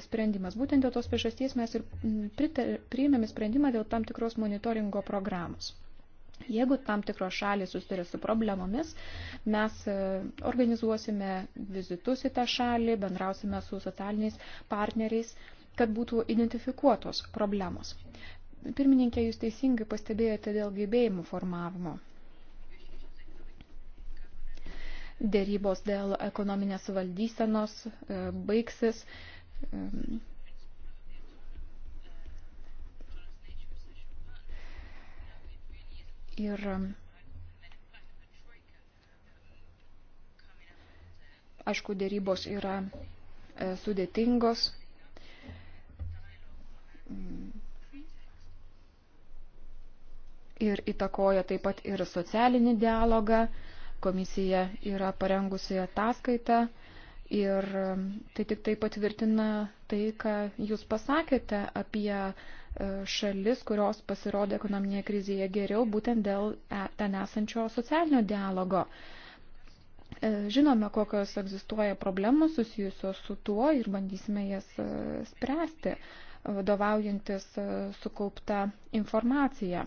sprendimas. Būtent dėl tos priežasties mes ir mm, priėmėme sprendimą dėl tam tikros monitoringo programos. Jeigu tam tikros šalis susiduria su problemomis, mes e, organizuosime vizitus į tą šalį, bendrausime su socialiniais partneriais, kad būtų identifikuotos problemos. Pirmininkė, jūs teisingai pastebėjote dėl gebėjimų formavimo dėrybos dėl ekonominės valdysenos e, baigsis. E, ir aišku, dėrybos yra e, sudėtingos. Ir įtakoja taip pat ir socialinį dialogą. Komisija yra parengusi ataskaitą ir um, tai tik tai patvirtina tai, ką jūs pasakėte apie e, šalis, kurios pasirodė ekonominėje krizėje geriau būtent dėl e, ten esančio socialinio dialogo. E, žinome, kokios egzistuoja problemos susijusios su tuo ir bandysime jas spręsti, vadovaujantis sukaupta informacija.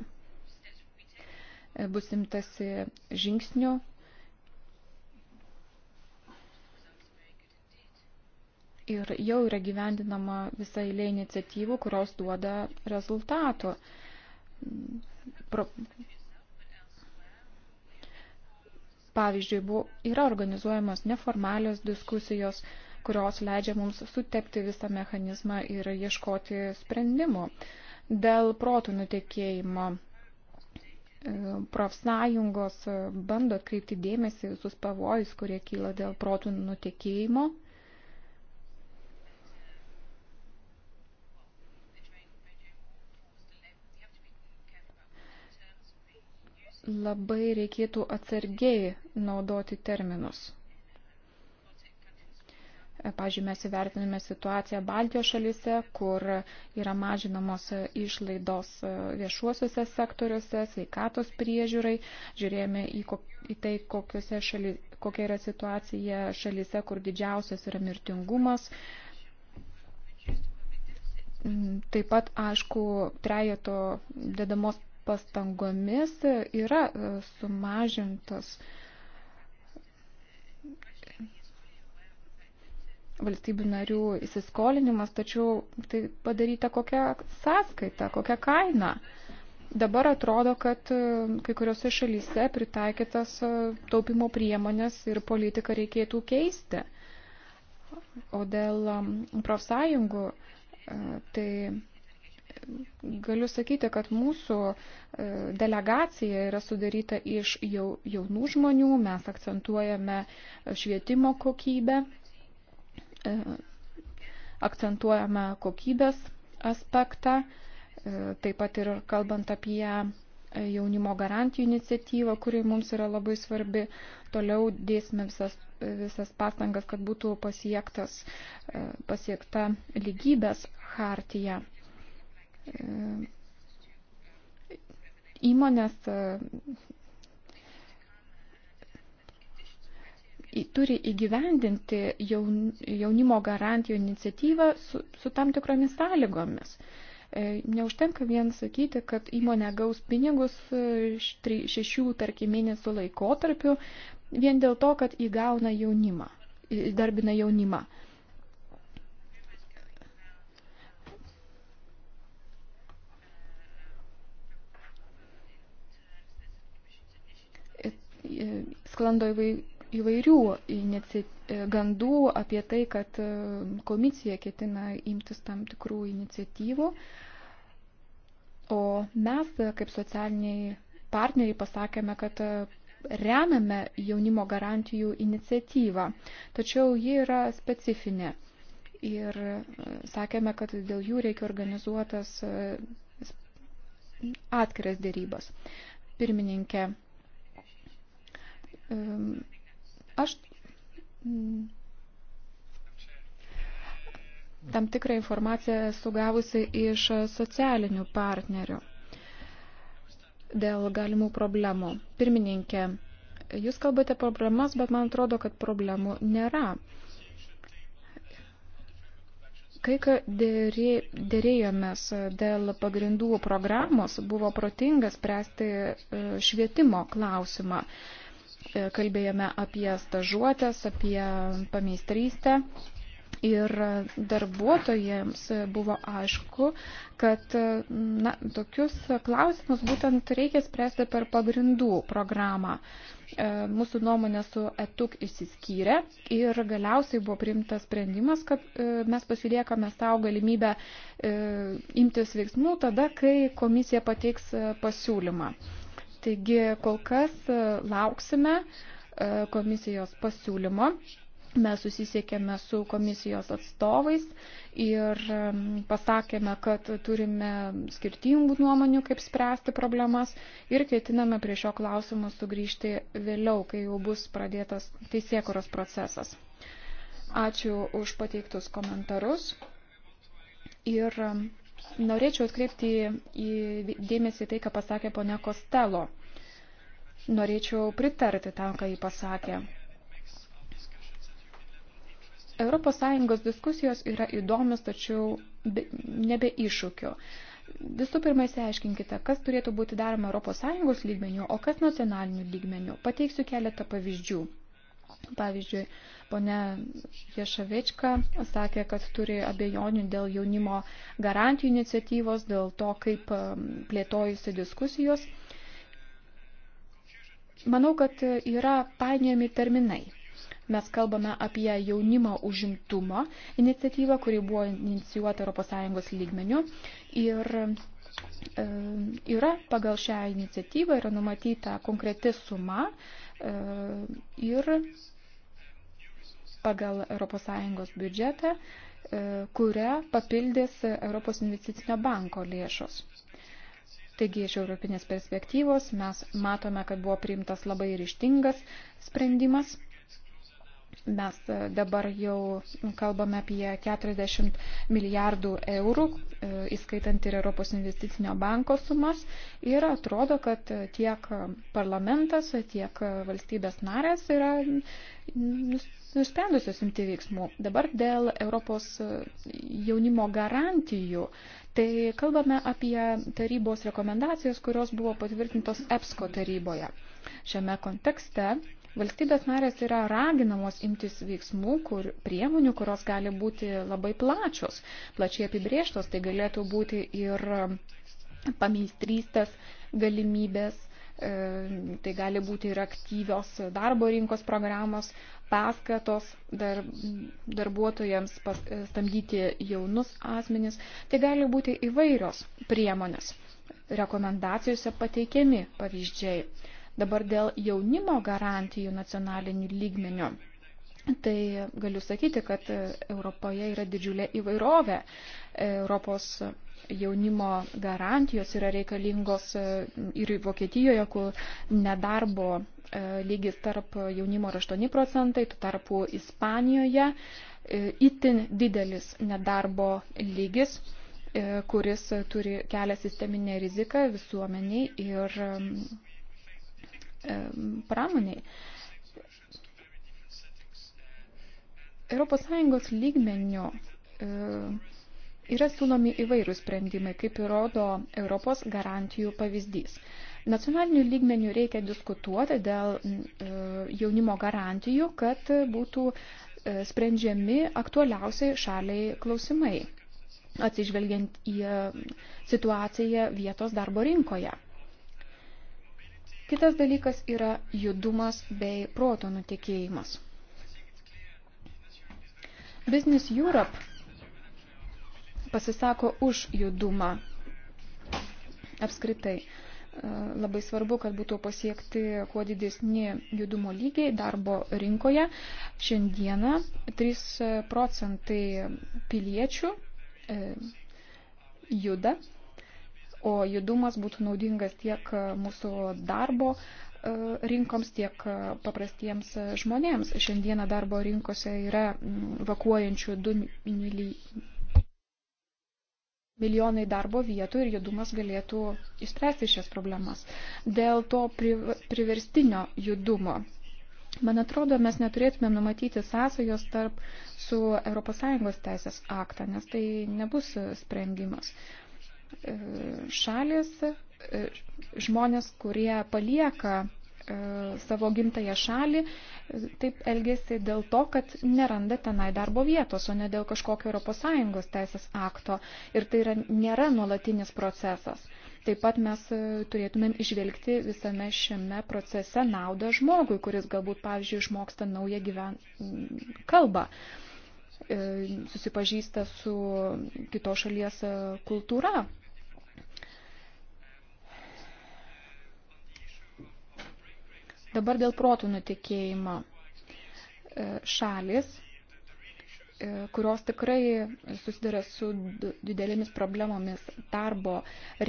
Bus imtasi žingsnių ir jau yra gyvendinama visa eilė iniciatyvų, kurios duoda rezultatų. Pro... Pavyzdžiui, buvo, yra organizuojamos neformalios diskusijos, kurios leidžia mums sutepti visą mechanizmą ir ieškoti sprendimų. Dėl protų nutekėjimo e, profsąjungos e, bando atkreipti dėmesį visus pavojus, kurie kyla dėl protų nutekėjimo. labai reikėtų atsargiai naudoti terminus. Pavyzdžiui, mes įvertiname situaciją Baltijos šalyse, kur yra mažinamos išlaidos viešuosiuose sektoriuose, sveikatos priežiūrai. Žiūrėjome į, kok, į tai, šaly, kokia yra situacija šalyse, kur didžiausias yra mirtingumas. Taip pat, aišku, trejato dedamos pastangomis yra e, sumažintos valstybių narių įsiskolinimas, tačiau tai padaryta kokia sąskaita, kokia kaina. Dabar atrodo, kad e, kai kuriuose šalyse pritaikytas e, taupimo priemonės ir politiką reikėtų keisti. O dėl profsąjungų, tai galiu sakyti, kad mūsų e, delegacija yra sudaryta iš jaunų žmonių, mes akcentuojame švietimo kokybę, e, akcentuojame kokybės aspektą, e, taip pat ir kalbant apie jaunimo garantijų iniciatyvą, kuri mums yra labai svarbi. Toliau dėsime visas, visas pastangas, kad būtų pasiektas, pasiekta lygybės hartija. Įmonės e, turi įgyvendinti jaunimo garantijų iniciatyvą su, su tam tikromis sąlygomis. E, neužtenka vien sakyti, kad įmonė gaus pinigus e, šešių, tarkim, mėnesių laikotarpiu vien dėl to, kad įgauna jaunimą, įdarbina jaunimą. E, sklando įvairių e, gandų apie tai, kad e, komisija ketina imtis tam tikrų iniciatyvų. O mes, kaip socialiniai partneriai, pasakėme, kad remiame jaunimo garantijų iniciatyvą, tačiau ji yra specifinė. Ir sakėme, kad dėl jų reikia organizuotas atskiras dėrybas. Pirmininkė, Aš mm, tam tikrą informaciją sugavusi iš socialinių partnerių dėl galimų problemų. Pirmininkė, jūs kalbate problemas, bet man atrodo, kad problemų nėra. Kai dėrėjomės dėl pagrindų programos, buvo protinga spręsti e, švietimo klausimą. E, kalbėjome apie stažuotės, apie pameistrystę. Ir darbuotojams buvo aišku, kad na, tokius klausimus būtent reikia spręsti per pagrindų programą. E, mūsų nuomonė su ETUK išsiskyrė ir galiausiai buvo priimtas sprendimas, kad e, mes pasiliekame savo galimybę imtis veiksmų tada, kai komisija pateiks pasiūlymą. Taigi kol kas e, lauksime e, komisijos pasiūlymo. Mes susisiekėme su komisijos atstovais ir pasakėme, kad turime skirtingų nuomonių, kaip spręsti problemas ir ketiname prie šio klausimo sugrįžti vėliau, kai jau bus pradėtas teisėkuros procesas. Ačiū už pateiktus komentarus ir Norėčiau atkreipti į dėmesį tai, ką pasakė ponia Kostelo. Norėčiau pritarti tam, ką jį pasakė. ES diskusijos yra įdomios, tačiau nebe iššūkio. Visų pirma, įsiaiškinkite, kas turėtų būti daroma ES lygmeniu, o kas nacionaliniu lygmeniu. Pateiksiu keletą pavyzdžių. Pavyzdžiui, ponia Viešavečka sakė, kad turi abejonių dėl jaunimo garantijų iniciatyvos, dėl to, kaip um, plėtojusi diskusijos. Manau, kad yra painiojami terminai. Mes kalbame apie jaunimo užimtumo iniciatyvą, kuri buvo inicijuota ES lygmeniu. Ir um, yra pagal šią iniciatyvą yra numatyta konkreti suma, E, ir pagal ES biudžetą, e, kurią papildys Europos investicinio banko lėšos. Taigi iš europinės perspektyvos mes matome, kad buvo priimtas labai ryštingas sprendimas Mes e, dabar jau kalbame apie 40 milijardų eurų, e, įskaitant ir Europos investicinio banko sumas. Ir atrodo, kad tiek parlamentas, tiek valstybės narės yra nusprendusios imti veiksmų. Dabar dėl Europos jaunimo garantijų. Tai kalbame apie tarybos rekomendacijas, kurios buvo patvirtintos EPSCO taryboje. Šiame kontekste Valstybės narės yra raginamos imtis veiksmų, kur, priemonių, kurios gali būti labai plačios, plačiai apibrėžtos, tai galėtų būti ir pameistrystės galimybės, e, tai gali būti ir aktyvios darbo rinkos programos, paskatos dar, darbuotojams pas, e, stamdyti jaunus asmenis, tai gali būti įvairios priemonės. Rekomendacijose pateikiami pavyzdžiai. Dabar dėl jaunimo garantijų nacionalinių lygmenių. Tai galiu sakyti, kad Europoje yra didžiulė įvairovė. Europos jaunimo garantijos yra reikalingos e, ir Vokietijoje, kur nedarbo e, lygis tarp jaunimo yra 8 procentai, tu tarpu Ispanijoje e, itin didelis nedarbo lygis, kuris turi kelia sisteminę riziką visuomeniai ir pramoniai. ES lygmenio e, yra siūlomi įvairūs sprendimai, kaip įrodo Europos garantijų pavyzdys. Nacionaliniu lygmeniu reikia diskutuoti dėl e, jaunimo garantijų, kad būtų e, sprendžiami aktualiausiai šaliai klausimai, atsižvelgiant į situaciją vietos darbo rinkoje. Kitas dalykas yra judumas bei proto nutekėjimas. Business Europe pasisako už judumą apskritai. E, labai svarbu, kad būtų pasiekti kuo didesni judumo lygiai darbo rinkoje. Šiandieną 3 procentai piliečių e, juda o judumas būtų naudingas tiek e, mūsų darbo e, rinkoms, tiek e, paprastiems žmonėms. Šiandieną darbo rinkose yra mm, vakuojančių 2 milijonai darbo vietų ir judumas galėtų išspręsti šias problemas. Dėl to priverstinio judumo. Man atrodo, mes neturėtumėm numatyti sąsajos tarp su ES teisės aktą, nes tai nebus sprendimas. E, šalis, e, žmonės, kurie palieka e, savo gimtają šalį, taip elgesi dėl to, kad neranda tenai darbo vietos, o ne dėl kažkokio ES teisės akto. Ir tai yra, nėra nuolatinis procesas. Taip pat mes turėtumėm išvelgti visame šiame procese naudą žmogui, kuris galbūt, pavyzdžiui, išmoksta naują gyven... kalbą susipažįsta su kitos šalies kultūra, Dabar dėl protų nutikėjimo e, šalis, e, kurios tikrai susiduria su didelėmis problemomis darbo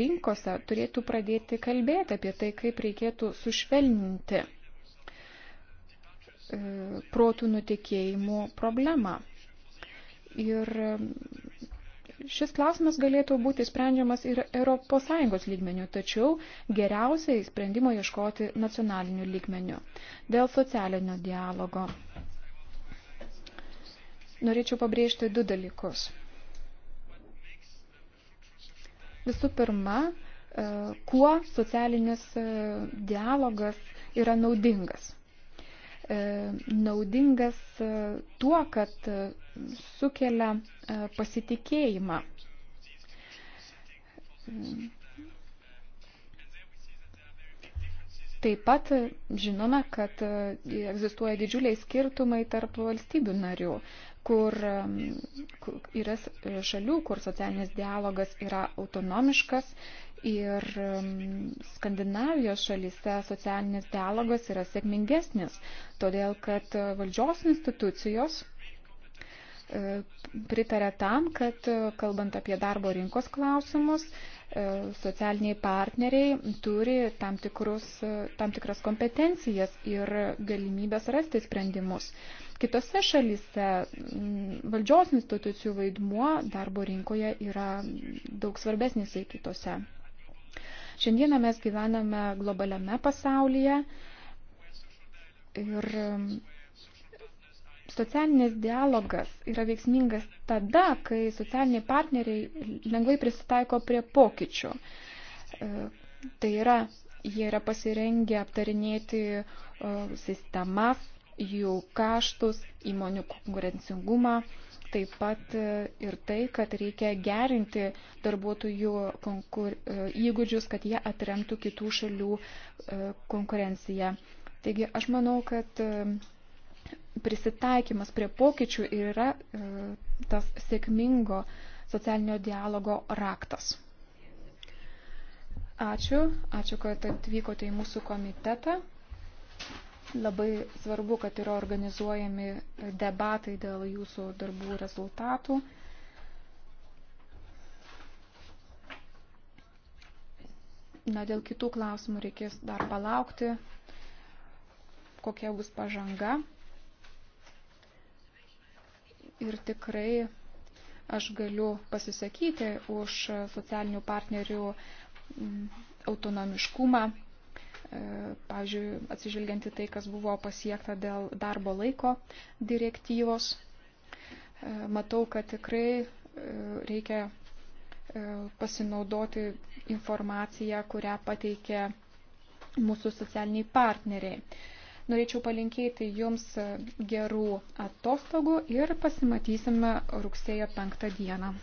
rinkose, turėtų pradėti kalbėti apie tai, kaip reikėtų sušvelninti e, protų nutikėjimų problemą. Ir Šis klausimas galėtų būti sprendžiamas ir ES lygmeniu, tačiau geriausiai sprendimo ieškoti nacionaliniu lygmeniu. Dėl socialinio dialogo norėčiau pabrėžti du dalykus. Visų pirma, e, kuo socialinis e, dialogas yra naudingas. E, naudingas e, tuo, kad e, sukelia pasitikėjimą. Taip pat žinome, kad egzistuoja didžiuliai skirtumai tarp valstybių narių, kur yra šalių, kur socialinis dialogas yra autonomiškas Ir Skandinavijos šalyse socialinis dialogas yra sėkmingesnis, todėl kad e, valdžios institucijos e, pritarė tam, kad e, kalbant apie darbo rinkos klausimus, socialiniai partneriai turi tam, tikrus, tam tikras kompetencijas ir galimybės rasti sprendimus. Kitose šalyse valdžios institucijų vaidmuo darbo rinkoje yra daug svarbesnis nei kitose. Šiandieną mes gyvename globaliame pasaulyje ir um, socialinis dialogas yra veiksmingas tada, kai socialiniai partneriai lengvai prisitaiko prie pokyčių. Uh, tai yra, jie yra pasirengę aptarinėti uh, sistemas, jų kaštus, įmonių konkurencingumą, taip pat e, ir tai, kad reikia gerinti darbuotojų konkur... E, įgūdžius, kad jie atremtų kitų šalių e, konkurenciją. Taigi aš manau, kad prisitaikymas prie pokyčių yra tas sėkmingo socialinio dialogo raktas. Ačiū, ačiū, kad atvykote į mūsų komitetą. Labai svarbu, kad yra organizuojami debatai dėl jūsų darbų rezultatų. Na, dėl kitų klausimų reikės dar palaukti, kokia bus pažanga. Ir tikrai aš galiu pasisakyti už socialinių partnerių mm, autonomiškumą E, pavyzdžiui, atsižvelgiant į tai, kas buvo pasiekta dėl darbo laiko direktyvos. E, matau, kad tikrai e, reikia pasinaudoti informaciją, kurią pateikė mūsų socialiniai partneriai. Norėčiau palinkėti Jums gerų atostogų ir pasimatysime rugsėjo penktą dieną.